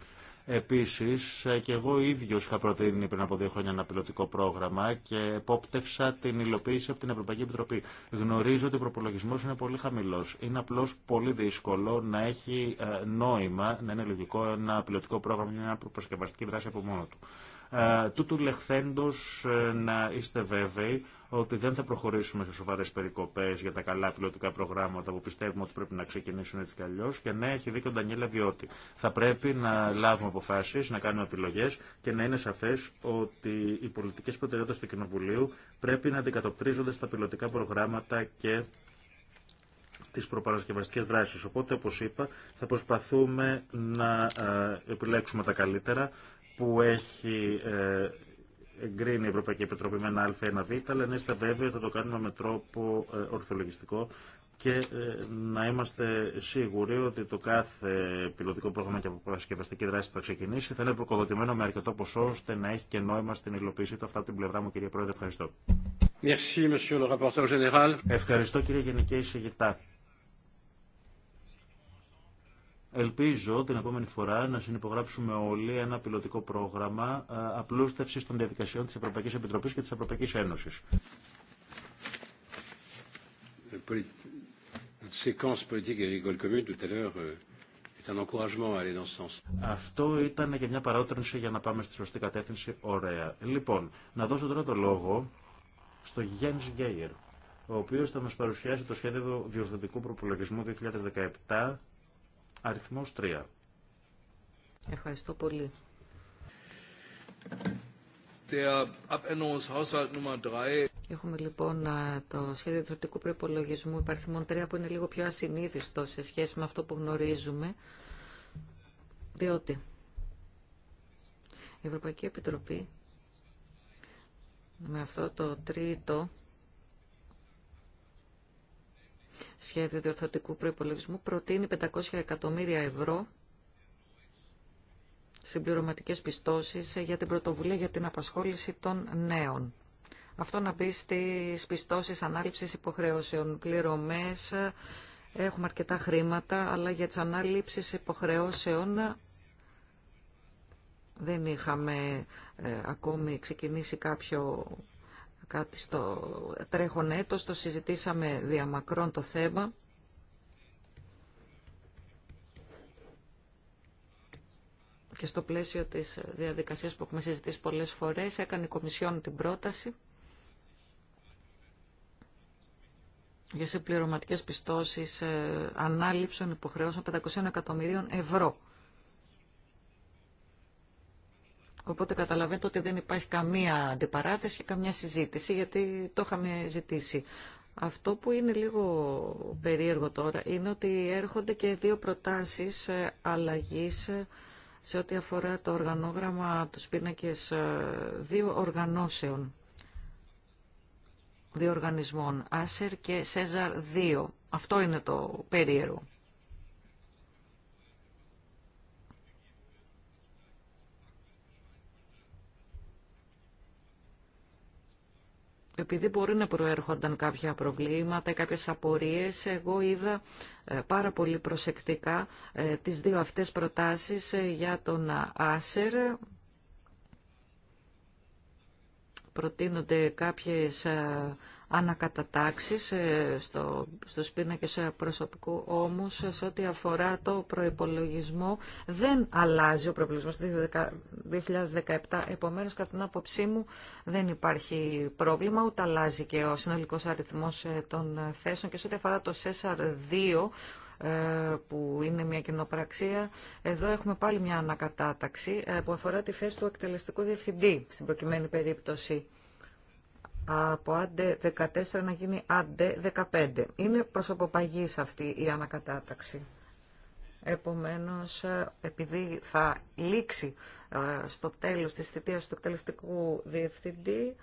Επίσης, και εγώ ίδιος είχα προτείνει πριν από δύο χρόνια ένα πιλωτικό πρόγραμμα και επόπτευσα την υλοποίηση από την Ευρωπαϊκή Επιτροπή. Γνωρίζω ότι ο προπολογισμό είναι πολύ χαμηλός. Είναι απλώ πολύ δύσκολο να έχει ε, νόημα, να είναι λογικό ένα πιλωτικό πρόγραμμα, μια προσκευαστική δράση από μόνο του. Ε, τούτου λεχθέντος ε, να είστε βέβαιοι ότι δεν θα προχωρήσουμε σε σοβαρέ περικοπέ για τα καλά πιλωτικά προγράμματα που πιστεύουμε ότι πρέπει να ξεκινήσουν έτσι κι αλλιώ. Και ναι, έχει δίκιο ο Ντανιέλα, διότι θα πρέπει να λάβουμε αποφάσει, να κάνουμε επιλογέ και να είναι σαφέ ότι οι πολιτικέ προτεραιότητε του Κοινοβουλίου πρέπει να αντικατοπτρίζονται στα πιλωτικά προγράμματα και τι προπαρασκευαστικές δράσεις. Οπότε, όπως είπα, θα προσπαθούμε να ε, επιλέξουμε τα καλύτερα που έχει ε, εγκρίνει η Ευρωπαϊκή Επιτροπή με ένα α1β, αλλά να είστε βέβαιοι θα το κάνουμε με τρόπο ε, ορθολογιστικό και ε, να είμαστε σίγουροι ότι το κάθε πιλωτικό πρόγραμμα και αποπαρασκευαστική δράση που θα ξεκινήσει θα είναι προκοδοτημένο με αρκετό ποσό ώστε να έχει και νόημα στην υλοποίησή του. Αυτά από την πλευρά μου, κύριε Πρόεδρε. Ευχαριστώ. Merci, monsieur le rapporteur général. Ευχαριστώ, κύριε Γενική Εισηγητά. Ελπίζω την επόμενη φορά να συνυπογράψουμε όλοι ένα πιλωτικό πρόγραμμα ε, απλούστευσης των διαδικασιών της Ευρωπαϊκής Επιτροπής και της Ευρωπαϊκής Ένωσης. Euh, Αυτό ήταν και μια παρότρινση για να πάμε στη σωστή κατεύθυνση. Ωραία. Λοιπόν, να δώσω τώρα το λόγο στο Γιάννης Γκέιερ, ο οποίος θα μας παρουσιάσει το σχέδιο διορθωτικού προπολογισμού 2017 Αριθμός 3. Ευχαριστώ πολύ. Έχουμε λοιπόν το σχέδιο δροτικού προπολογισμού υπαριθμών 3 που είναι λίγο πιο ασυνήθιστο σε σχέση με αυτό που γνωρίζουμε, διότι η Ευρωπαϊκή Επιτροπή με αυτό το τρίτο σχέδιο διορθωτικού προϋπολογισμού προτείνει 500 εκατομμύρια ευρώ συμπληρωματικές πιστώσεις για την πρωτοβουλία για την απασχόληση των νέων. Αυτό να μπει στις πιστώσεις ανάληψης υποχρεώσεων, πληρωμές, έχουμε αρκετά χρήματα, αλλά για τις ανάληψεις υποχρεώσεων δεν είχαμε ε, ακόμη ξεκινήσει κάποιο κάτι στο τρέχον έτος, το συζητήσαμε διαμακρόν το θέμα. Και στο πλαίσιο της διαδικασίας που έχουμε συζητήσει πολλές φορές, έκανε η Κομισιόν την πρόταση για συμπληρωματικές πιστώσεις ε, ανάληψων υποχρεώσεων 500 εκατομμυρίων ευρώ. Οπότε καταλαβαίνετε ότι δεν υπάρχει καμία αντιπαράθεση και καμία συζήτηση, γιατί το είχαμε ζητήσει. Αυτό που είναι λίγο περίεργο τώρα είναι ότι έρχονται και δύο προτάσεις ε, αλλαγής ε, σε ό,τι αφορά το οργανόγραμμα, τους πίνακες ε, δύο οργανώσεων, δύο οργανισμών, Άσερ και Σέζαρ 2. Αυτό είναι το περίεργο. επειδή μπορεί να προέρχονταν κάποια προβλήματα ή κάποιες απορίες, εγώ είδα ε, πάρα πολύ προσεκτικά ε, τις δύο αυτές προτάσεις ε, για τον Άσερ. Προτείνονται κάποιες ανακατατάξεις ε, στο, και σε προσωπικού, όμως ε, σε ό,τι αφορά το προϋπολογισμό δεν αλλάζει ο προϋπολογισμός του 2017, επομένως κατά την άποψή μου δεν υπάρχει πρόβλημα, ούτε αλλάζει και ο συνολικός αριθμός ε, των θέσεων και σε ό,τι αφορά το ΣΕΣΑΡ 2, που είναι μια κοινοπραξία. Εδώ έχουμε πάλι μια ανακατάταξη που αφορά τη θέση του εκτελεστικού διευθυντή στην προκειμένη περίπτωση από άντε 14 να γίνει άντε 15. Είναι προσωποπαγής αυτή η ανακατάταξη. Επομένως, ε, επειδή θα λήξει ε, στο τέλος της θητείας του εκτελεστικού διευθυντή,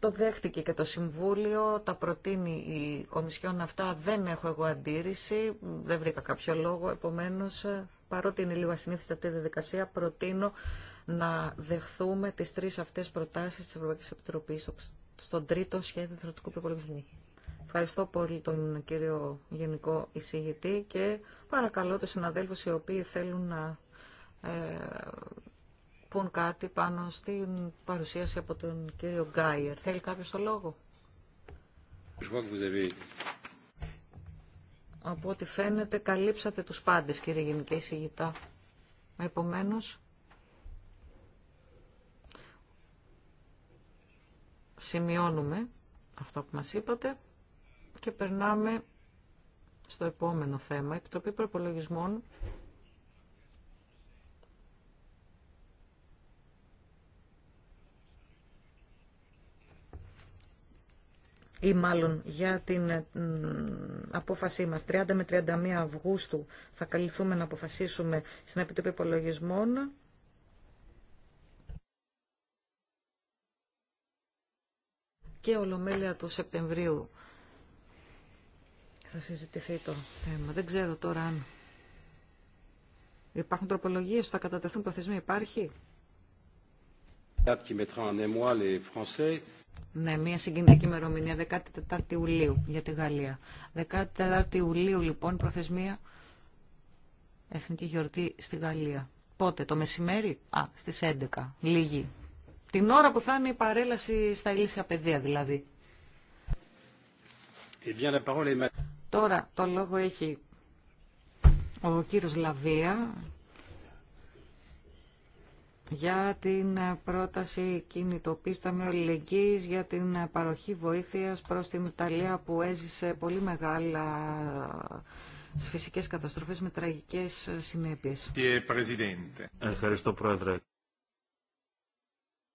το δέχτηκε και το Συμβούλιο, τα προτείνει η Κομισιόν αυτά, δεν έχω εγώ αντίρρηση, δεν βρήκα κάποιο λόγο, επομένως, ε, παρότι είναι λίγο ασυνήθιστα αυτή η διαδικασία, προτείνω να δεχθούμε τις τρεις αυτές προτάσεις της Ευρωπαϊκής Επιτροπής στον τρίτο σχέδιο θεωρητικού προπολογισμού. Ευχαριστώ πολύ τον κύριο Γενικό Εισηγητή και παρακαλώ τους συναδέλφους οι οποίοι θέλουν να ε, πούν κάτι πάνω στην παρουσίαση από τον κύριο Γκάιερ. Θέλει κάποιος το λόγο? Από ό,τι φαίνεται καλύψατε τους πάντες κύριε Γενική Εισηγητά. Επομένως, σημειώνουμε αυτό που μας είπατε και περνάμε στο επόμενο θέμα, επιτροπή προπολογισμών. ή μάλλον για την ε, απόφασή μας 30 με 31 Αυγούστου θα καλυφθούμε να αποφασίσουμε στην Επιτροπή Υπολογισμών και ολομέλεια του Σεπτεμβρίου θα συζητηθεί το θέμα. Δεν ξέρω τώρα αν υπάρχουν τροπολογίες που θα κατατεθούν προθεσμοί. Υπάρχει. Ναι, μια συγκινητική ημερομηνία 14 Ιουλίου για τη Γαλλία. 14 Ιουλίου λοιπόν προθεσμία εθνική γιορτή στη Γαλλία. Πότε, το μεσημέρι, α, στις 11, λίγη την ώρα που θα είναι η παρέλαση στα ηλίσια παιδεία δηλαδή. Eh Τώρα το λόγο έχει ο κύριος Λαβία για την πρόταση κινητοποίηση του Αλληλεγγύης για την παροχή βοήθειας προς την Ιταλία που έζησε πολύ μεγάλα στις φυσικές καταστροφές με τραγικές συνέπειες. Ευχαριστώ Πρόεδρε.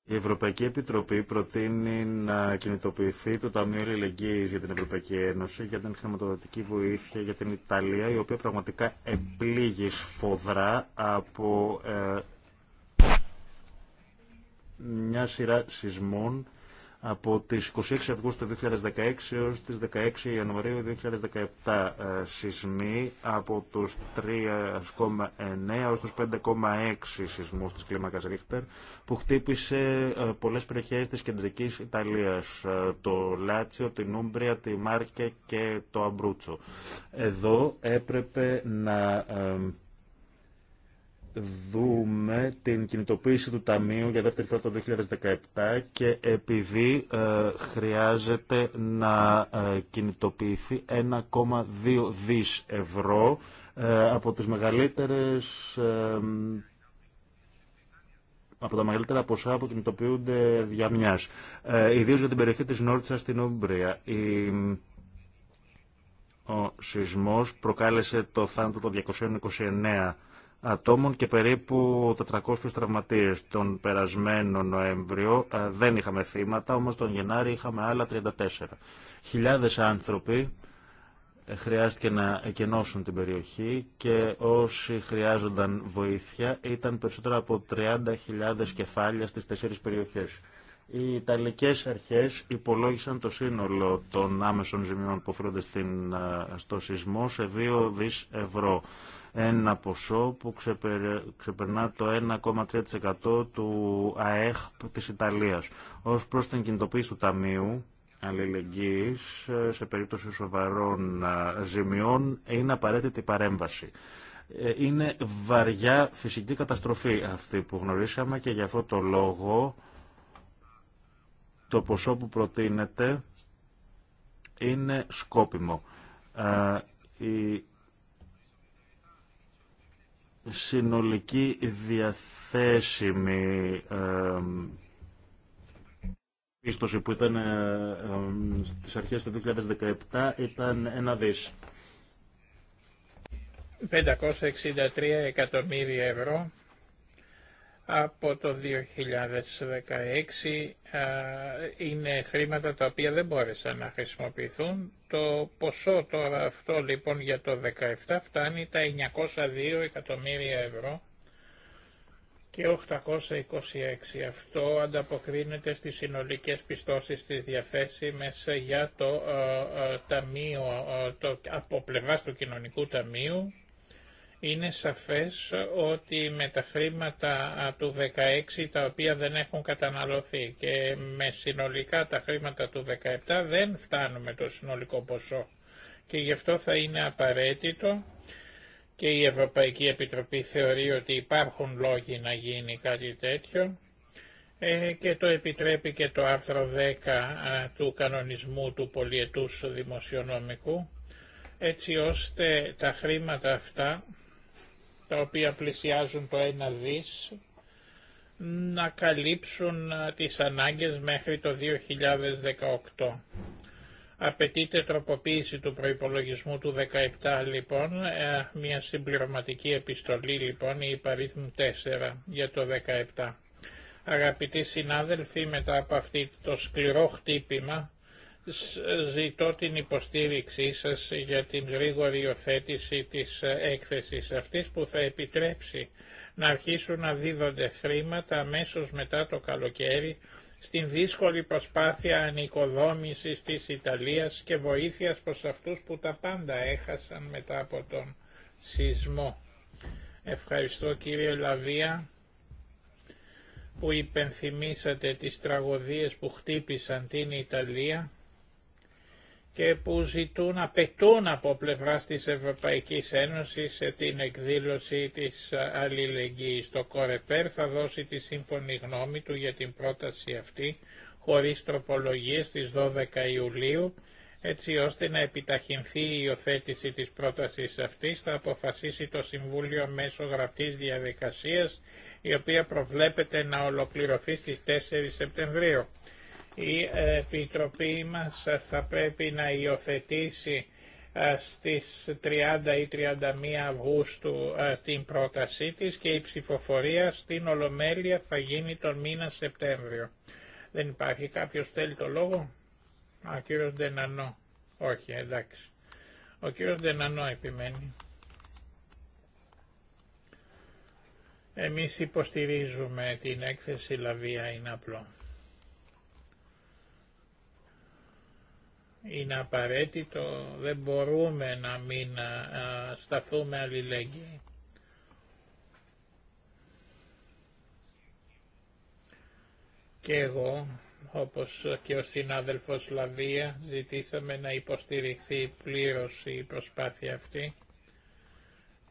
Η Ευρωπαϊκή Επιτροπή προτείνει να κινητοποιηθεί το Ταμείο Ελληνική για την Ευρωπαϊκή Ένωση για την χρηματοδοτική βοήθεια για την Ιταλία, η οποία πραγματικά επλήγει σφοδρά από ε, μια σειρά σεισμών από τις 26 Αυγούστου 2016 έως τις 16 Ιανουαρίου 2017 ε, σεισμοί από τους 3,9 έως τους 5,6 σεισμούς της κλίμακας Ρίχτερ που χτύπησε ε, πολλές περιοχές της κεντρικής Ιταλίας ε, το Λάτσιο, την Ούμπρια, τη Μάρκε και το Αμπρούτσο. Εδώ έπρεπε να δούμε την κινητοποίηση του Ταμείου για δεύτερη φορά το 2017 και επειδή ε, χρειάζεται να ε, κινητοποιηθεί 1,2 δις ευρώ ε, από τις μεγαλύτερες ε, από τα μεγαλύτερα ποσά που κινητοποιούνται για μιας. ιδίως για την περιοχή της Νόρτσα στην Ούμπρια. ο σεισμός προκάλεσε το θάνατο των 229 ατόμων και περίπου 400 τραυματίες. Τον περασμένο Νοέμβριο ε, δεν είχαμε θύματα, όμως τον Γενάρη είχαμε άλλα 34. Χιλιάδες άνθρωποι ε, χρειάστηκε να εκενώσουν την περιοχή και όσοι χρειάζονταν βοήθεια ήταν περισσότερα από 30.000 κεφάλια στις τέσσερις περιοχές. Οι Ιταλικές αρχές υπολόγισαν το σύνολο των άμεσων ζημιών που φρούνται ε, στο σεισμό σε 2 δις ευρώ ένα ποσό που ξεπερνά το 1,3% του ΑΕΧ της Ιταλίας. Ως προς την κινητοποίηση του Ταμείου, αλληλεγγύης σε περίπτωση σοβαρών ζημιών είναι απαραίτητη παρέμβαση. Ε, είναι βαριά φυσική καταστροφή αυτή που γνωρίσαμε και για αυτό το λόγο το ποσό που προτείνεται είναι σκόπιμο συνολική διαθέσιμη πίστοση που ήταν στις αρχές του 2017 ήταν ένα δις. 563 εκατομμύρια ευρώ από το 2016 είναι χρήματα τα οποία δεν μπόρεσαν να χρησιμοποιηθούν. Το ποσό τώρα αυτό λοιπόν για το 2017 φτάνει τα 902 εκατομμύρια ευρώ και 826. Αυτό ανταποκρίνεται στις συνολικές πιστώσεις της διαθέσιμες για το ταμείο, το, από πλευράς του Κοινωνικού Ταμείου είναι σαφές ότι με τα χρήματα του 16 τα οποία δεν έχουν καταναλωθεί και με συνολικά τα χρήματα του 17 δεν φτάνουμε το συνολικό ποσό και γι' αυτό θα είναι απαραίτητο και η Ευρωπαϊκή Επιτροπή θεωρεί ότι υπάρχουν λόγοι να γίνει κάτι τέτοιο ε, και το επιτρέπει και το άρθρο 10 του κανονισμού του πολιετούς δημοσιονομικού έτσι ώστε τα χρήματα αυτά τα οποία πλησιάζουν το 1 δις να καλύψουν τις ανάγκες μέχρι το 2018. Απαιτείται τροποποίηση του προϋπολογισμού του 17 λοιπόν, ε, μια συμπληρωματική επιστολή λοιπόν, η υπαρίθμου 4 για το 17. Αγαπητοί συνάδελφοι, μετά από αυτή το σκληρό χτύπημα ζητώ την υποστήριξή σας για την γρήγορη υιοθέτηση της ε, έκθεσης αυτής που θα επιτρέψει να αρχίσουν να δίδονται χρήματα αμέσω μετά το καλοκαίρι στην δύσκολη προσπάθεια ανοικοδόμησης της Ιταλίας και βοήθειας προς αυτούς που τα πάντα έχασαν μετά από τον σεισμό. Ευχαριστώ κύριε Λαβία που υπενθυμίσατε τις τραγωδίες που χτύπησαν την Ιταλία και που ζητούν, απαιτούν από πλευράς της Ευρωπαϊκής Ένωσης ε, την εκδήλωση της ε, αλληλεγγύης. Το Κορεπέρ θα δώσει τη σύμφωνη γνώμη του για την πρόταση αυτή χωρίς τροπολογίες στις 12 Ιουλίου, έτσι ώστε να επιταχυνθεί η υιοθέτηση της πρότασης αυτής, θα αποφασίσει το Συμβούλιο μέσω γραπτής διαδικασίας, η οποία προβλέπεται να ολοκληρωθεί στις 4 Σεπτεμβρίου. Η Επιτροπή μας θα πρέπει να υιοθετήσει ε, στις 30 ή 31 Αυγούστου ε, την πρότασή της και η ψηφοφορία στην Ολομέλεια θα γίνει τον μήνα Σεπτέμβριο. Δεν υπάρχει κάποιος θέλει το λόγο. Α, ο κύριος Ντενανό. Όχι, εντάξει. Ο κύριος Ντενανό επιμένει. Εμείς υποστηρίζουμε την έκθεση Λαβία είναι απλό. είναι απαραίτητο, δεν μπορούμε να μην σταθούμε αλληλέγγυοι. Και εγώ, όπως και ο συνάδελφος Λαβία, ζητήσαμε να υποστηριχθεί πλήρως η προσπάθεια αυτή.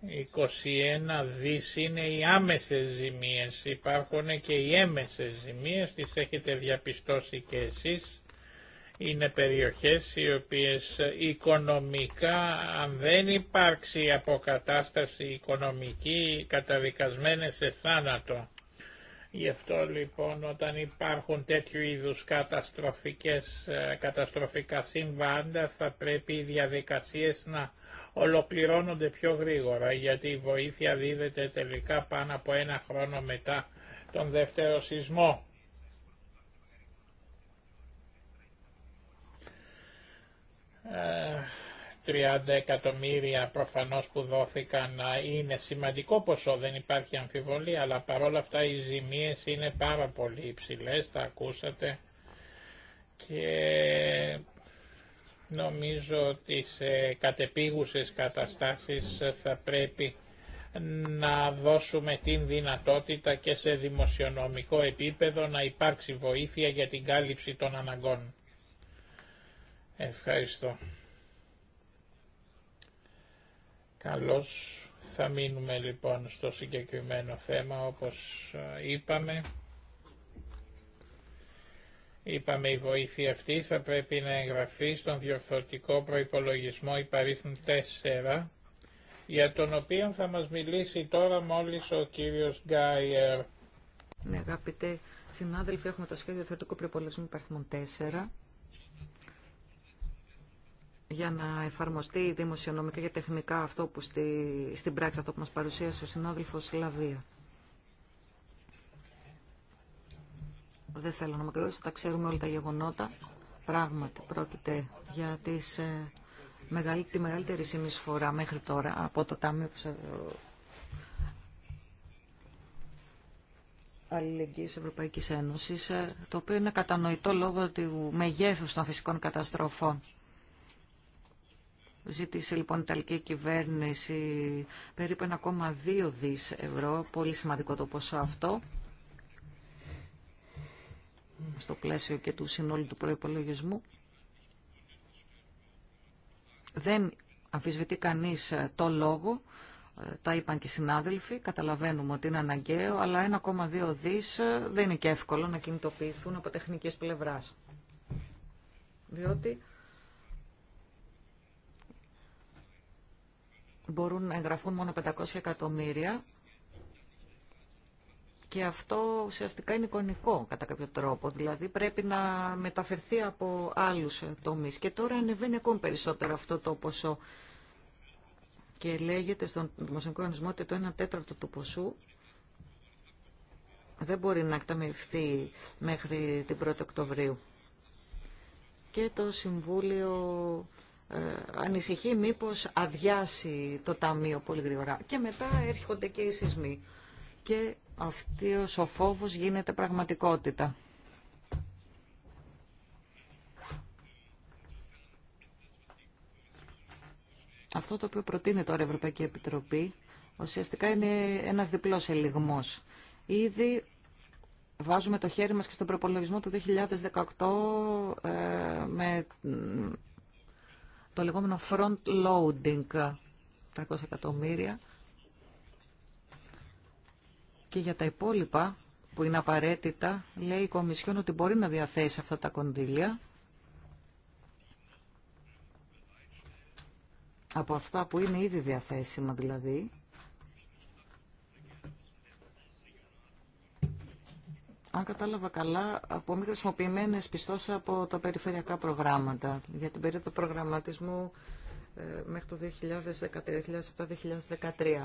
21 δις είναι οι άμεσες ζημίες, υπάρχουν και οι έμεσες ζημίες, τις έχετε διαπιστώσει και εσείς είναι περιοχές οι οποίες ε, οικονομικά, αν δεν υπάρξει αποκατάσταση οικονομική, καταδικασμένες σε θάνατο. Γι' αυτό λοιπόν όταν υπάρχουν τέτοιου είδους καταστροφικές, ε, καταστροφικά συμβάντα θα πρέπει οι διαδικασίες να ολοκληρώνονται πιο γρήγορα γιατί η βοήθεια δίδεται τελικά πάνω από ένα χρόνο μετά τον δεύτερο σεισμό. 30 ε, εκατομμύρια προφανώς που δόθηκαν είναι σημαντικό ποσό, δεν υπάρχει αμφιβολία, αλλά παρόλα αυτά οι ζημίες είναι πάρα πολύ υψηλές, τα ακούσατε και νομίζω ότι σε κατεπίγουσες καταστάσεις θα πρέπει να δώσουμε την δυνατότητα και σε δημοσιονομικό επίπεδο να υπάρξει βοήθεια για την κάλυψη των αναγκών. Ευχαριστώ. Καλώς θα μείνουμε λοιπόν στο συγκεκριμένο θέμα όπως είπαμε. Είπαμε η βοήθεια αυτή θα πρέπει να εγγραφεί στον διορθωτικό προϋπολογισμό υπαρίθμων 4 για τον οποίο θα μας μιλήσει τώρα μόλις ο κύριος Γκάιερ. Ναι, αγαπητέ συνάδελφοι, έχουμε το σχέδιο Διορθωτικού Προϋπολογισμού υπαριθμών 4 για να εφαρμοστεί δημοσιονομικά και τεχνικά αυτό που στη, στην πράξη αυτό που μας παρουσίασε ο συνάδελφος Λαβία. Δεν θέλω να μακρύνω, τα ξέρουμε όλα τα γεγονότα. Πράγματι, πρόκειται για τις, ε, τη μεγαλύτερη συνεισφορά μέχρι τώρα από το Τάμιο Αλληλεγγύης Ευρωπαϊκής Ένωσης, ε, το οποίο είναι κατανοητό λόγω του μεγέθους των φυσικών καταστροφών. Ζήτησε λοιπόν η Ιταλική κυβέρνηση περίπου 1,2 δις ευρώ, πολύ σημαντικό το ποσό αυτό, στο πλαίσιο και του συνόλου του προϋπολογισμού. Δεν αμφισβητεί κανείς ε, το λόγο, ε, τα είπαν και οι συνάδελφοι, καταλαβαίνουμε ότι είναι αναγκαίο, αλλά 1,2 δις ε, δεν είναι και εύκολο να κινητοποιηθούν από τεχνικής πλευράς. Διότι μπορούν να εγγραφούν μόνο 500 εκατομμύρια και αυτό ουσιαστικά είναι εικονικό κατά κάποιο τρόπο. Δηλαδή πρέπει να μεταφερθεί από άλλους τομείς. Και τώρα ανεβαίνει ακόμη περισσότερο αυτό το ποσό. Και λέγεται στον δημοσιονικό οργανισμό ότι το 1 τέταρτο του ποσού δεν μπορεί να εκταμιευθεί μέχρι την 1η Οκτωβρίου. Και το Συμβούλιο ε, ανησυχεί μήπως αδειάσει το ταμείο πολύ γρήγορα. Και μετά έρχονται και οι σεισμοί. Και αυτός ο φόβος γίνεται πραγματικότητα. Αυτό το οποίο προτείνει τώρα η Ευρωπαϊκή Επιτροπή ουσιαστικά είναι ένας διπλός ελιγμός. Ήδη βάζουμε το χέρι μας και στον προπολογισμό του 2018 ε, με το λεγόμενο front loading, 300 εκατομμύρια. Και για τα υπόλοιπα που είναι απαραίτητα, λέει η Κομισιόν ότι μπορεί να διαθέσει αυτά τα κονδύλια από αυτά που είναι ήδη διαθέσιμα δηλαδή αν κατάλαβα καλά, από μη χρησιμοποιημένε πιστώσει από τα περιφερειακά προγράμματα για την περίοδο προγραμματισμού ε, μέχρι το 2013-2013.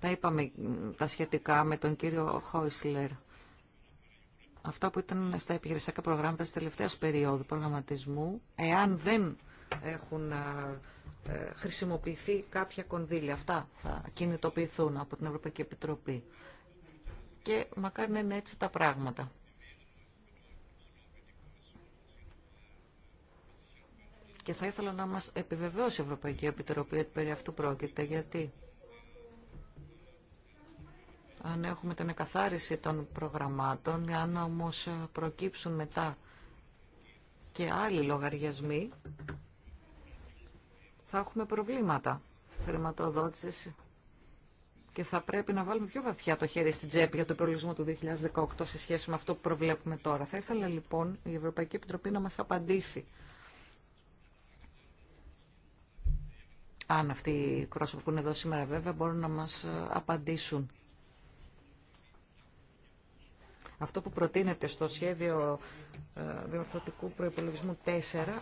Τα είπαμε τα σχετικά με τον κύριο Χόισλερ. Αυτά που ήταν στα επιχειρησιακά προγράμματα της τελευταία περίοδου προγραμματισμού, εάν δεν έχουν ε, ε, χρησιμοποιηθεί κάποια κονδύλια, αυτά θα κινητοποιηθούν από την Ευρωπαϊκή Επιτροπή και μακάρι να είναι έτσι τα πράγματα. Και θα ήθελα να μας επιβεβαιώσει η Ευρωπαϊκή Επιτροπή ότι περί αυτού πρόκειται. Γιατί αν έχουμε την εκαθάριση των προγραμμάτων, αν όμως προκύψουν μετά και άλλοι λογαριασμοί, θα έχουμε προβλήματα χρηματοδότησης και θα πρέπει να βάλουμε πιο βαθιά το χέρι στην τσέπη για το προβλησμό του 2018 σε σχέση με αυτό που προβλέπουμε τώρα. Θα ήθελα λοιπόν η Ευρωπαϊκή Επιτροπή να μας απαντήσει αν αυτοί οι πρόσωποι που είναι εδώ σήμερα βέβαια μπορούν να μας ε, απαντήσουν. Αυτό που προτείνεται στο σχέδιο ε, διορθωτικού προϋπολογισμού 4,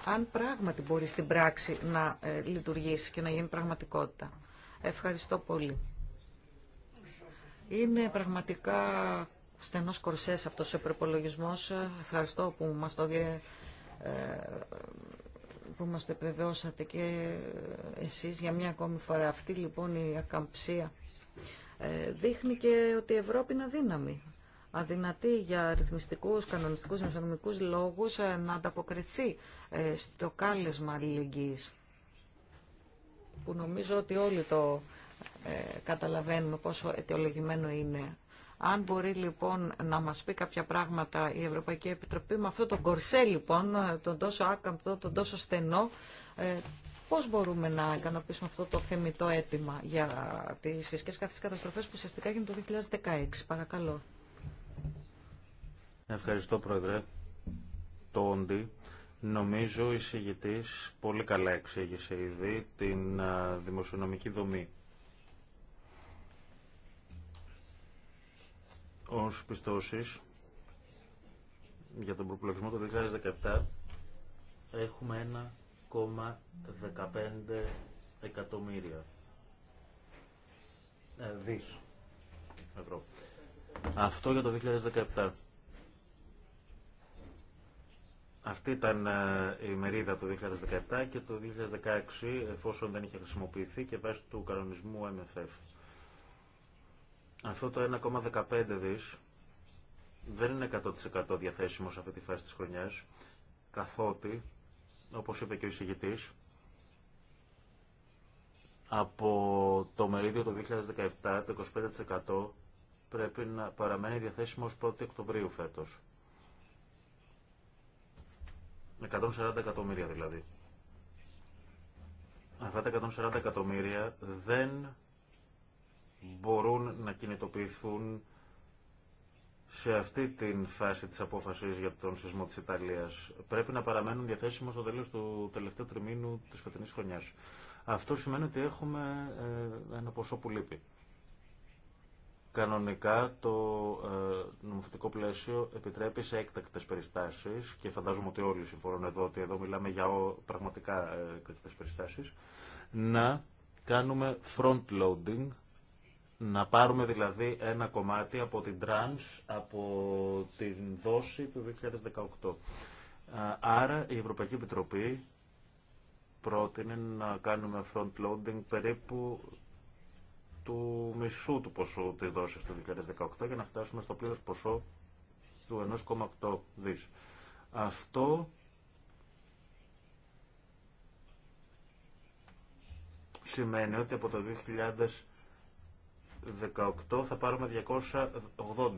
αν πράγματι μπορεί στην πράξη να ε, λειτουργήσει και να γίνει πραγματικότητα. Ευχαριστώ πολύ. Είναι πραγματικά στενός κορσές αυτό ο προπολογισμό. Ευχαριστώ ε, που μας το, επιβεβαιώσατε και εσείς για μια ακόμη φορά. Αυτή λοιπόν η ακαμψία ε, δείχνει και ότι η Ευρώπη είναι αδύναμη. Αδυνατή για ρυθμιστικούς, κανονιστικούς, νοσονομικούς λόγους ε, να ανταποκριθεί στο κάλεσμα αλληλεγγύης που νομίζω ότι όλοι το ε, καταλαβαίνουμε πόσο αιτιολογημένο είναι. Αν μπορεί λοιπόν να μας πει κάποια πράγματα η Ευρωπαϊκή Επιτροπή με αυτό το κορσέ λοιπόν, ε, τον τόσο άκαμπτο, τον τόσο στενό, ε, πώς μπορούμε να ικανοποιήσουμε αυτό το θεμητό αίτημα για τις φυσικές καθείς καταστροφές που ουσιαστικά έγινε το 2016. Παρακαλώ. Ευχαριστώ Πρόεδρε. Το όντι. Νομίζω η συγητής πολύ καλά εξήγησε ήδη την δημοσιονομική δομή ως πιστώσεις για τον προπολογισμό το 2017 έχουμε 1,15 εκατομμύρια ε, δις ευρώ. Αυτό για το 2017. Αυτή ήταν ε, η μερίδα του 2017 και το 2016 εφόσον δεν είχε χρησιμοποιηθεί και βάσει του κανονισμού MFF. Αυτό το 1,15 δις δεν είναι 100% διαθέσιμο σε αυτή τη φάση της χρονιάς, καθότι, όπως είπε και ο εισηγητής, από το μερίδιο του 2017 το 25% πρέπει να παραμένει διαθέσιμο ως 1η Οκτωβρίου φέτος. 140 εκατομμύρια δηλαδή. Αυτά τα 140 εκατομμύρια δεν μπορούν να κινητοποιηθούν σε αυτή την φάση της απόφασης για τον σεισμό της Ιταλίας. Πρέπει να παραμένουν διαθέσιμο στο τέλος του τελευταίου τριμήνου της φετινής χρονιάς. Αυτό σημαίνει ότι έχουμε ε, ένα ποσό που λείπει. Κανονικά το ε, νομοθετικό πλαίσιο επιτρέπει σε έκτακτες περιστάσεις και φαντάζομαι ότι όλοι συμφωνούν εδώ ότι εδώ μιλάμε για πραγματικά ε, έκτακτες περιστάσεις να κάνουμε front loading να πάρουμε δηλαδή ένα κομμάτι από την τρανς, από την δόση του 2018. Άρα η Ευρωπαϊκή Επιτροπή πρότεινε να κάνουμε front-loading περίπου του μισού του ποσού της δόσης του 2018 για να φτάσουμε στο πλήρως ποσό του 1,8 δις. Αυτό σημαίνει ότι από το 18 θα πάρουμε 280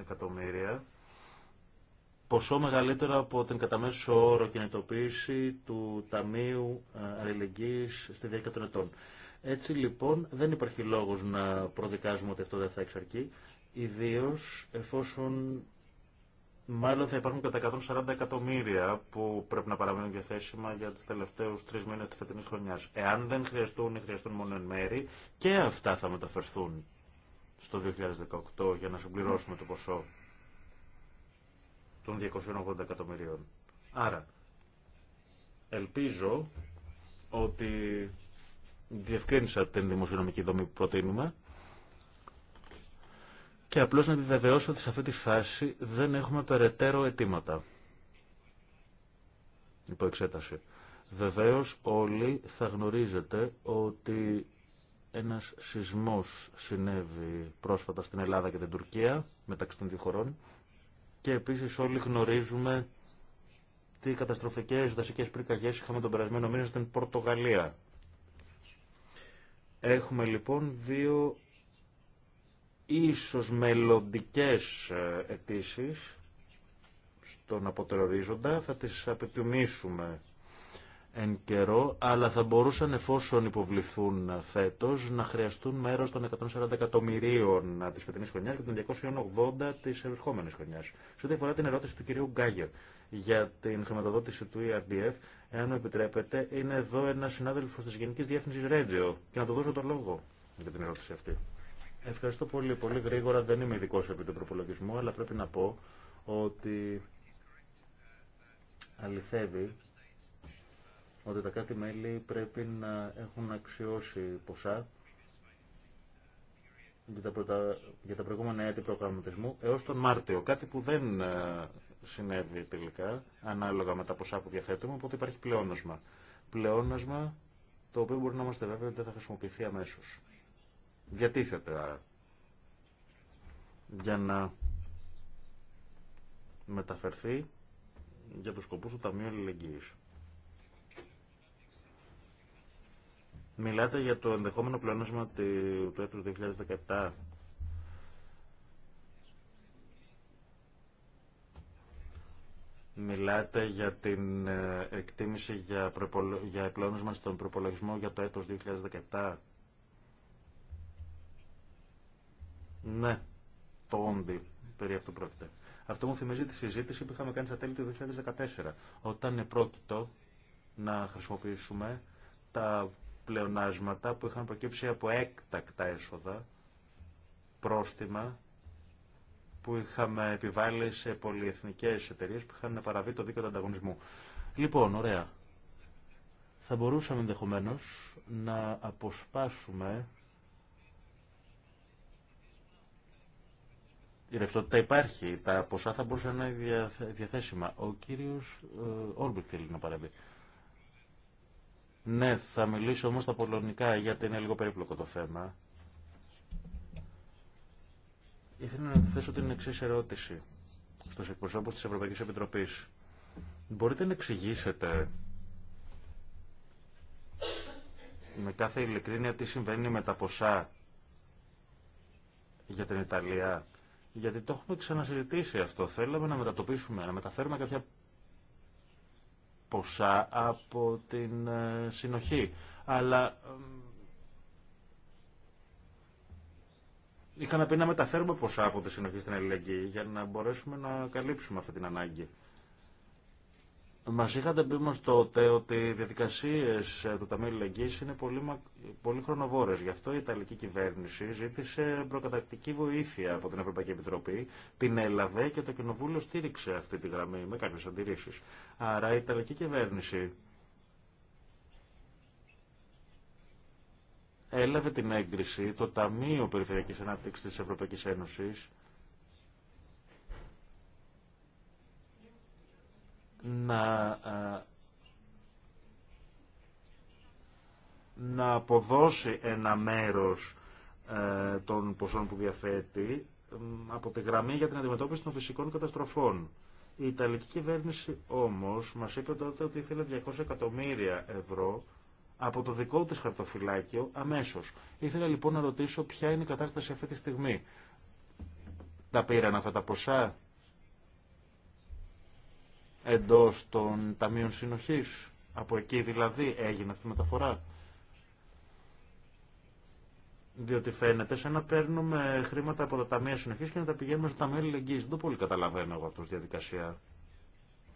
εκατομμύρια, ποσό μεγαλύτερο από την κατά μέσο όρο κινητοποίηση του Ταμείου ε, Αλληλεγγύης στη διάρκεια των ετών. Έτσι λοιπόν δεν υπάρχει λόγος να προδικάζουμε ότι αυτό δεν θα εξαρκεί, ιδίως εφόσον Μάλλον θα υπάρχουν κατά 140 εκατομμύρια που πρέπει να παραμείνουν διαθέσιμα για τι τελευταίου τρει μήνε τη φετινή χρονιά. Εάν δεν χρειαστούν ή χρειαστούν μόνο εν μέρη, και αυτά θα μεταφερθούν στο 2018 για να συμπληρώσουμε το ποσό των 280 εκατομμυρίων. Άρα, ελπίζω ότι διευκρίνησα την δημοσιονομική δομή που προτείνουμε και απλώς να επιβεβαιώσω ότι σε αυτή τη φάση δεν έχουμε περαιτέρω αιτήματα υπό εξέταση. Βεβαίως όλοι θα γνωρίζετε ότι ένας σεισμός συνέβη πρόσφατα στην Ελλάδα και την Τουρκία μεταξύ των δύο χωρών και επίσης όλοι γνωρίζουμε τι καταστροφικές δασικές πρικαγιές είχαμε τον περασμένο μήνα στην Πορτογαλία. Έχουμε λοιπόν δύο ίσως μελλοντικές ε, αιτήσει στον αποτερορίζοντα θα τις απαιτημίσουμε εν καιρό, αλλά θα μπορούσαν εφόσον υποβληθούν φέτος να χρειαστούν μέρος των 140 εκατομμυρίων της φετινής χρονιάς και των 280 της ερχόμενης χρονιάς. Σε ό,τι αφορά την ερώτηση του κυρίου Γκάγερ για την χρηματοδότηση του ERDF, εάν μου επιτρέπετε, είναι εδώ ένα συνάδελφος της Γενικής Διεύθυνσης Ρέτζιο και να του δώσω τον λόγο για την ερώτηση αυτή. Ευχαριστώ πολύ. Πολύ γρήγορα δεν είμαι ειδικό επί του προπολογισμού, αλλά πρέπει να πω ότι αληθεύει ότι τα κάτι μέλη πρέπει να έχουν αξιώσει ποσά για τα, προηγούμενα έτη προγραμματισμού έως τον Μάρτιο. Κάτι που δεν ε, συνέβη τελικά, ανάλογα με τα ποσά που διαθέτουμε, οπότε υπάρχει πλεόνασμα. Πλεόνασμα το οποίο μπορεί να είμαστε βέβαιοι ότι δεν θα χρησιμοποιηθεί αμέσως. Διατίθεται άρα. Για να μεταφερθεί για τους σκοπούς του Ταμείου Αλληλεγγύης. Μιλάτε για το ενδεχόμενο πλεονέσμα του έτους 2017. Μιλάτε για την ε, εκτίμηση για, προπολο... για στον προπολογισμό για το έτος 2017. Ναι, το όντι περί αυτού πρόκειται. Αυτό μου θυμίζει τη συζήτηση που είχαμε κάνει στα τέλη του 2014, όταν επρόκειτο να χρησιμοποιήσουμε τα πλεονάσματα που είχαν προκύψει από έκτακτα έσοδα, πρόστιμα που είχαμε επιβάλλει σε πολυεθνικές εταιρείε που είχαν παραβεί το δίκαιο του ανταγωνισμού. Λοιπόν, ωραία. Θα μπορούσαμε ενδεχομένω να αποσπάσουμε Η ρευστότητα υπάρχει. Τα ποσά θα μπορούσαν να είναι διαθέσιμα. Ο κύριο ε, Όρμπικ θέλει να παραμπεί. Ναι, θα μιλήσω όμω στα πολωνικά γιατί είναι λίγο περίπλοκο το θέμα. Ήθελα να θέσω την εξή ερώτηση στου εκπροσώπου τη Ευρωπαϊκή Επιτροπή. Μπορείτε να εξηγήσετε με κάθε ειλικρίνεια τι συμβαίνει με τα ποσά για την Ιταλία γιατί το έχουμε ξανασυζητήσει αυτό. Θέλαμε να μετατοπίσουμε, να μεταφέρουμε κάποια ποσά από την ε, συνοχή. Αλλά είχαμε πει να μεταφέρουμε ποσά από τη συνοχή στην αλληλεγγύη για να μπορέσουμε να καλύψουμε αυτή την ανάγκη. Μα είχατε πει όμω τότε ότι οι διαδικασίε ε, του Ταμείου Λεγγύη είναι πολύ, πολύ χρονοβόρε. Γι' αυτό η Ιταλική κυβέρνηση ζήτησε προκατακτική βοήθεια από την Ευρωπαϊκή Επιτροπή, την έλαβε και το Κοινοβούλιο στήριξε αυτή τη γραμμή με κάποιε αντιρρήσει. Άρα η Ιταλική κυβέρνηση έλαβε την έγκριση το Ταμείο Περιφερειακής Ανάπτυξης της Ευρωπαϊκής Ένωσης να, ε, να αποδώσει ένα μέρος ε, των ποσών που διαθέτει από τη γραμμή για την αντιμετώπιση των φυσικών καταστροφών. Η Ιταλική κυβέρνηση όμως μας είπε τότε ότι ήθελε 200 εκατομμύρια ευρώ από το δικό της χαρτοφυλάκιο αμέσως. Ήθελα λοιπόν να ρωτήσω ποια είναι η κατάσταση αυτή τη στιγμή. Τα πήραν αυτά τα ποσά εντός των Ταμείων Συνοχής. Από εκεί δηλαδή έγινε αυτή η μεταφορά. Διότι φαίνεται σαν να παίρνουμε χρήματα από τα Ταμεία Συνοχής και να τα πηγαίνουμε στο Ταμείο Λεγγύης. Δεν το πολύ καταλαβαίνω εγώ αυτό διαδικασία.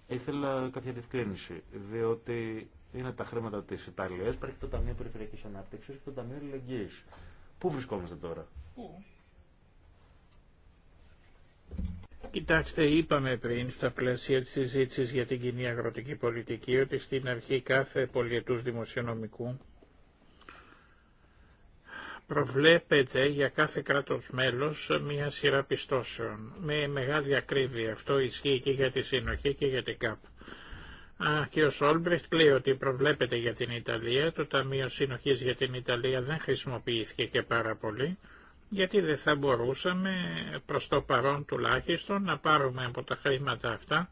Ήθελα κάποια διευκρίνηση, διότι είναι τα χρήματα της Ιταλίας, υπάρχει το Ταμείο Περιφερειακής Ανάπτυξης και το Ταμείο Λεγγύης. Πού βρισκόμαστε τώρα. Πού. Κοιτάξτε, είπαμε πριν στα πλαίσια της συζήτηση για την κοινή αγροτική πολιτική ότι στην αρχή κάθε πολιετούς δημοσιονομικού προβλέπεται για κάθε κράτος μέλος μια σειρά πιστώσεων. Με μεγάλη ακρίβεια αυτό ισχύει και για τη συνοχή και για την ΚΑΠ. Α, και ο Σόλμπρεχτ λέει ότι προβλέπεται για την Ιταλία, το Ταμείο Συνοχής για την Ιταλία δεν χρησιμοποιήθηκε και πάρα πολύ γιατί δεν θα μπορούσαμε προς το παρόν τουλάχιστον να πάρουμε από τα χρήματα αυτά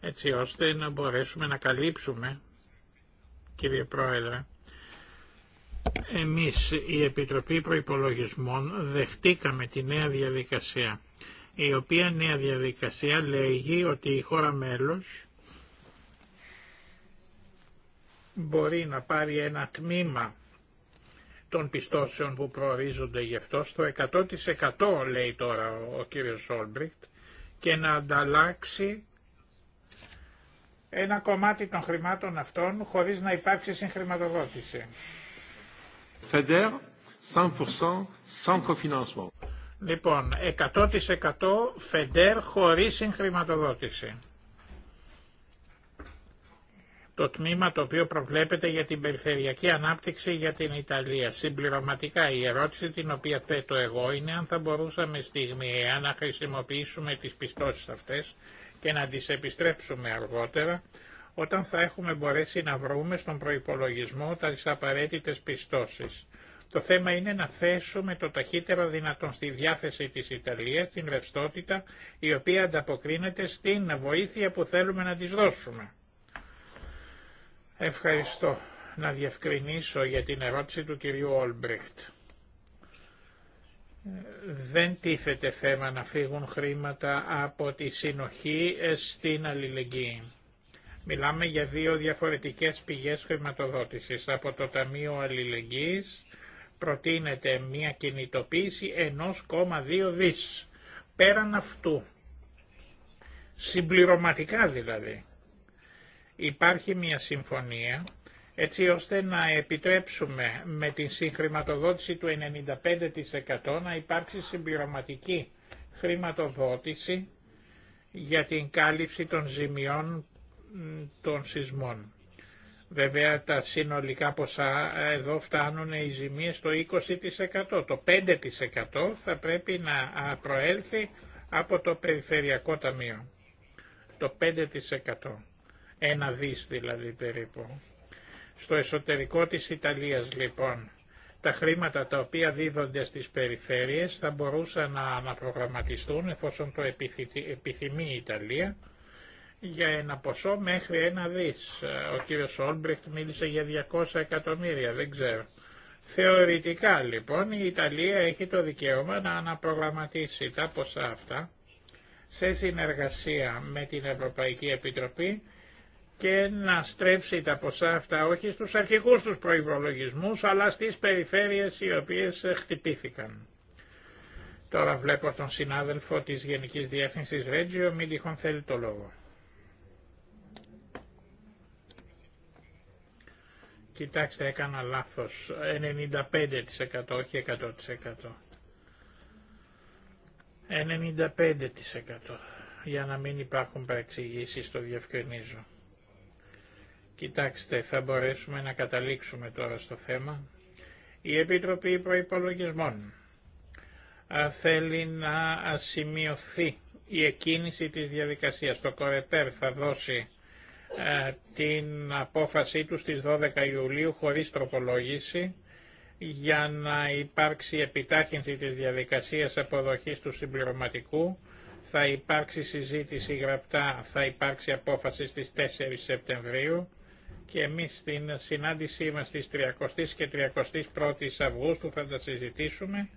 έτσι ώστε να μπορέσουμε να καλύψουμε κύριε Πρόεδρε εμείς η Επιτροπή Προϋπολογισμών δεχτήκαμε τη νέα διαδικασία η οποία νέα διαδικασία λέγει ότι η χώρα μέλος μπορεί να πάρει ένα τμήμα των πιστώσεων που προορίζονται γι' αυτό στο 100% λέει τώρα ο κύριος Όλμπριχτ και να ανταλλάξει ένα κομμάτι των χρημάτων αυτών χωρίς να υπάρξει συγχρηματοδότηση. Φεντέρ 100%, sans cofinancement. Λοιπόν, 100% ΦΕΝΤΕΡ χωρίς συγχρηματοδότηση το τμήμα το οποίο προβλέπεται για την περιφερειακή ανάπτυξη για την Ιταλία. Συμπληρωματικά η ερώτηση την οποία θέτω εγώ είναι αν θα μπορούσαμε στιγμιαία να χρησιμοποιήσουμε τις πιστώσεις αυτές και να τις επιστρέψουμε αργότερα όταν θα έχουμε μπορέσει να βρούμε στον προϋπολογισμό τα απαραίτητες πιστώσεις. Το θέμα είναι να θέσουμε το ταχύτερο δυνατόν στη διάθεση της Ιταλίας την ρευστότητα η οποία ανταποκρίνεται στην βοήθεια που θέλουμε να της δώσουμε. Ευχαριστώ. Να διευκρινίσω για την ερώτηση του κυρίου Όλμπριχτ. Δεν τίθεται θέμα να φύγουν χρήματα από τη συνοχή ε, στην αλληλεγγύη. Μιλάμε για δύο διαφορετικές πηγές χρηματοδότησης. Από το Ταμείο Αλληλεγγύης προτείνεται μια κινητοποίηση 1,2 δις. Πέραν αυτού, συμπληρωματικά δηλαδή, υπάρχει μια συμφωνία έτσι ώστε να επιτρέψουμε με την συγχρηματοδότηση του 95% να υπάρξει συμπληρωματική χρηματοδότηση για την κάλυψη των ζημιών των σεισμών. Βέβαια τα συνολικά ποσά ε, εδώ φτάνουν οι ζημίες στο 20%. Το 5% θα πρέπει να προέλθει από το Περιφερειακό Ταμείο. Το 5%. Ένα δις δηλαδή περίπου. Στο εσωτερικό της Ιταλίας λοιπόν, τα χρήματα τα οποία δίδονται στις περιφέρειες θα μπορούσαν να αναπρογραμματιστούν εφόσον το επιθυμεί η Ιταλία για ένα ποσό μέχρι ένα δις. Ο κύριος Όλμπρεχτ μίλησε για 200 εκατομμύρια, δεν ξέρω. Θεωρητικά λοιπόν η Ιταλία έχει το δικαίωμα να αναπρογραμματίσει τα ποσά αυτά σε συνεργασία με την Ευρωπαϊκή Επιτροπή και να στρέψει τα ποσά αυτά όχι στους αρχικούς τους προϋπολογισμούς αλλά στις περιφέρειες οι οποίες χτυπήθηκαν. Τώρα βλέπω τον συνάδελφο της Γενικής Διεύθυνσης Ρέτζιο, μην τυχόν θέλει το λόγο. Κοιτάξτε, έκανα λάθος. 95% όχι 100%. 95% για να μην υπάρχουν παρεξηγήσεις, το διευκρινίζω. Κοιτάξτε, θα μπορέσουμε να καταλήξουμε τώρα στο θέμα. Η Επιτροπή Προϋπολογισμών θέλει να σημειωθεί η εκκίνηση της διαδικασίας. Το ΚΟΡΕΠΕΡ θα δώσει την απόφασή του στις 12 Ιουλίου χωρίς τροπολόγηση για να υπάρξει επιτάχυνση της διαδικασίας αποδοχής του συμπληρωματικού. Θα υπάρξει συζήτηση γραπτά, θα υπάρξει απόφαση στις 4 Σεπτεμβρίου και εμείς στην συνάντησή μας στις 30 και 31 Αυγούστου θα τα συζητήσουμε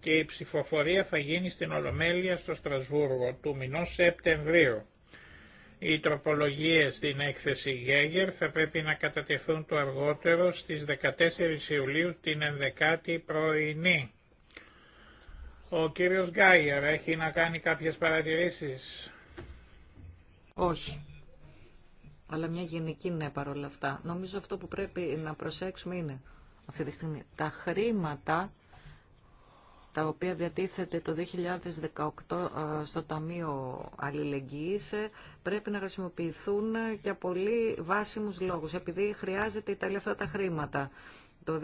και η ψηφοφορία θα γίνει στην Ολομέλεια στο Στρασβούργο του μηνός Σεπτεμβρίου. Οι τροπολογίες στην έκθεση Γέγερ θα πρέπει να κατατεθούν το αργότερο στις 14 Ιουλίου την 11η πρωινή. Ο κύριος Γκάιερ έχει να κάνει κάποιες παρατηρήσεις. Όχι αλλά μια γενική ναι παρόλα αυτά. Νομίζω αυτό που πρέπει να προσέξουμε είναι αυτή τη στιγμή τα χρήματα τα οποία διατίθεται το 2018 ε, στο Ταμείο Αλληλεγγύης ε, πρέπει να χρησιμοποιηθούν για πολύ βάσιμους λόγους, επειδή χρειάζεται η Ιταλία αυτά τα χρήματα. Το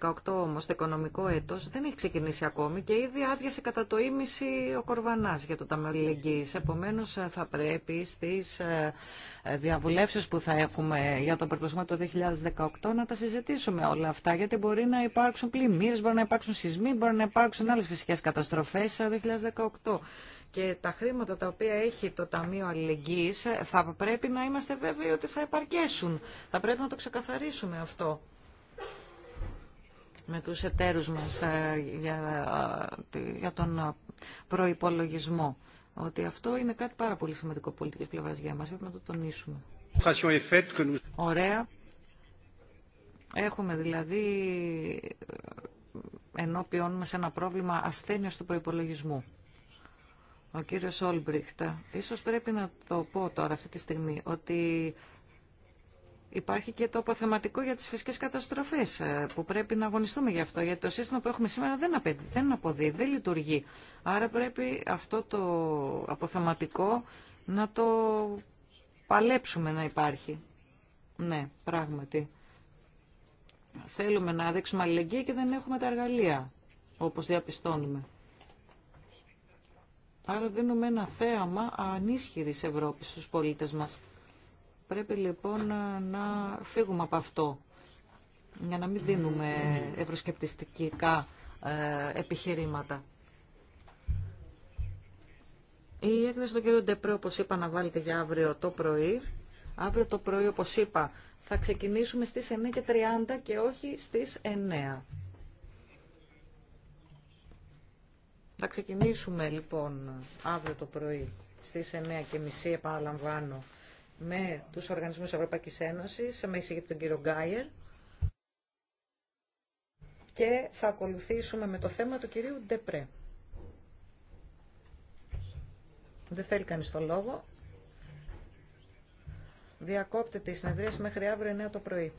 2018 όμως το οικονομικό έτος δεν έχει ξεκινήσει ακόμη και ήδη άδειασε κατά το ίμιση ο Κορβανάς για το Ταμείο Αλληλεγγύης. Επομένως ε, θα πρέπει στις ε, ε, διαβουλεύσεις που θα έχουμε για το περιπλωσμό το 2018 να τα συζητήσουμε όλα αυτά γιατί μπορεί να υπάρξουν πλημμύρες, μπορεί να υπάρξουν σεισμοί, μπορεί να υπάρξουν άλλες φυσικές καταστροφές το 2018 και τα χρήματα τα οποία έχει το Ταμείο Αλληλεγγύης θα πρέπει να είμαστε βέβαιοι ότι θα επαρκέσουν. Θα πρέπει να το ξεκαθαρίσουμε αυτό με τους εταίρους μας ε, ε, για τον ε, προϋπολογισμό. Ότι αυτό είναι κάτι πάρα πολύ σημαντικό πολιτικής πλευράς για μας. Πρέπει να το τονίσουμε. Ωραία. Έχουμε δηλαδή ενώπιον σε ένα πρόβλημα ασθένειας του προϋπολογισμού. Ο κύριος Όλμπριχτα, ίσως πρέπει να το πω τώρα αυτή τη στιγμή, ότι Υπάρχει και το αποθεματικό για τις φυσικές καταστροφές ε, που πρέπει να αγωνιστούμε γι' αυτό, γιατί το σύστημα που έχουμε σήμερα δεν, απαιδεί, δεν αποδίδει, δεν λειτουργεί. Άρα πρέπει αυτό το αποθεματικό να το παλέψουμε να υπάρχει. Ναι, πράγματι. Θέλουμε να δείξουμε αλληλεγγύη και δεν έχουμε τα εργαλεία, όπως διαπιστώνουμε. Άρα δίνουμε ένα θέαμα ανίσχυρης Ευρώπης στους πολίτες μας. Πρέπει λοιπόν ε, να φύγουμε από αυτό, για να μην δίνουμε ευρωσκεπτιστικά ε, επιχειρήματα. Η έκθεση του κ. Ντεπρέ, όπως είπα, να βάλετε για αύριο το πρωί. Αύριο το πρωί, όπω είπα, θα ξεκινήσουμε στις 9.30 και όχι στις 9. Θα ξεκινήσουμε λοιπόν αύριο το πρωί στις 9.30 επαναλαμβάνω με τους οργανισμούς της Ευρωπαϊκής Ένωσης, με εισηγητή τον κύριο Γκάιερ. Και θα ακολουθήσουμε με το θέμα του κυρίου Ντεπρέ. Δεν θέλει κανείς το λόγο. Διακόπτεται η συνεδρίαση μέχρι αύριο 9 το πρωί.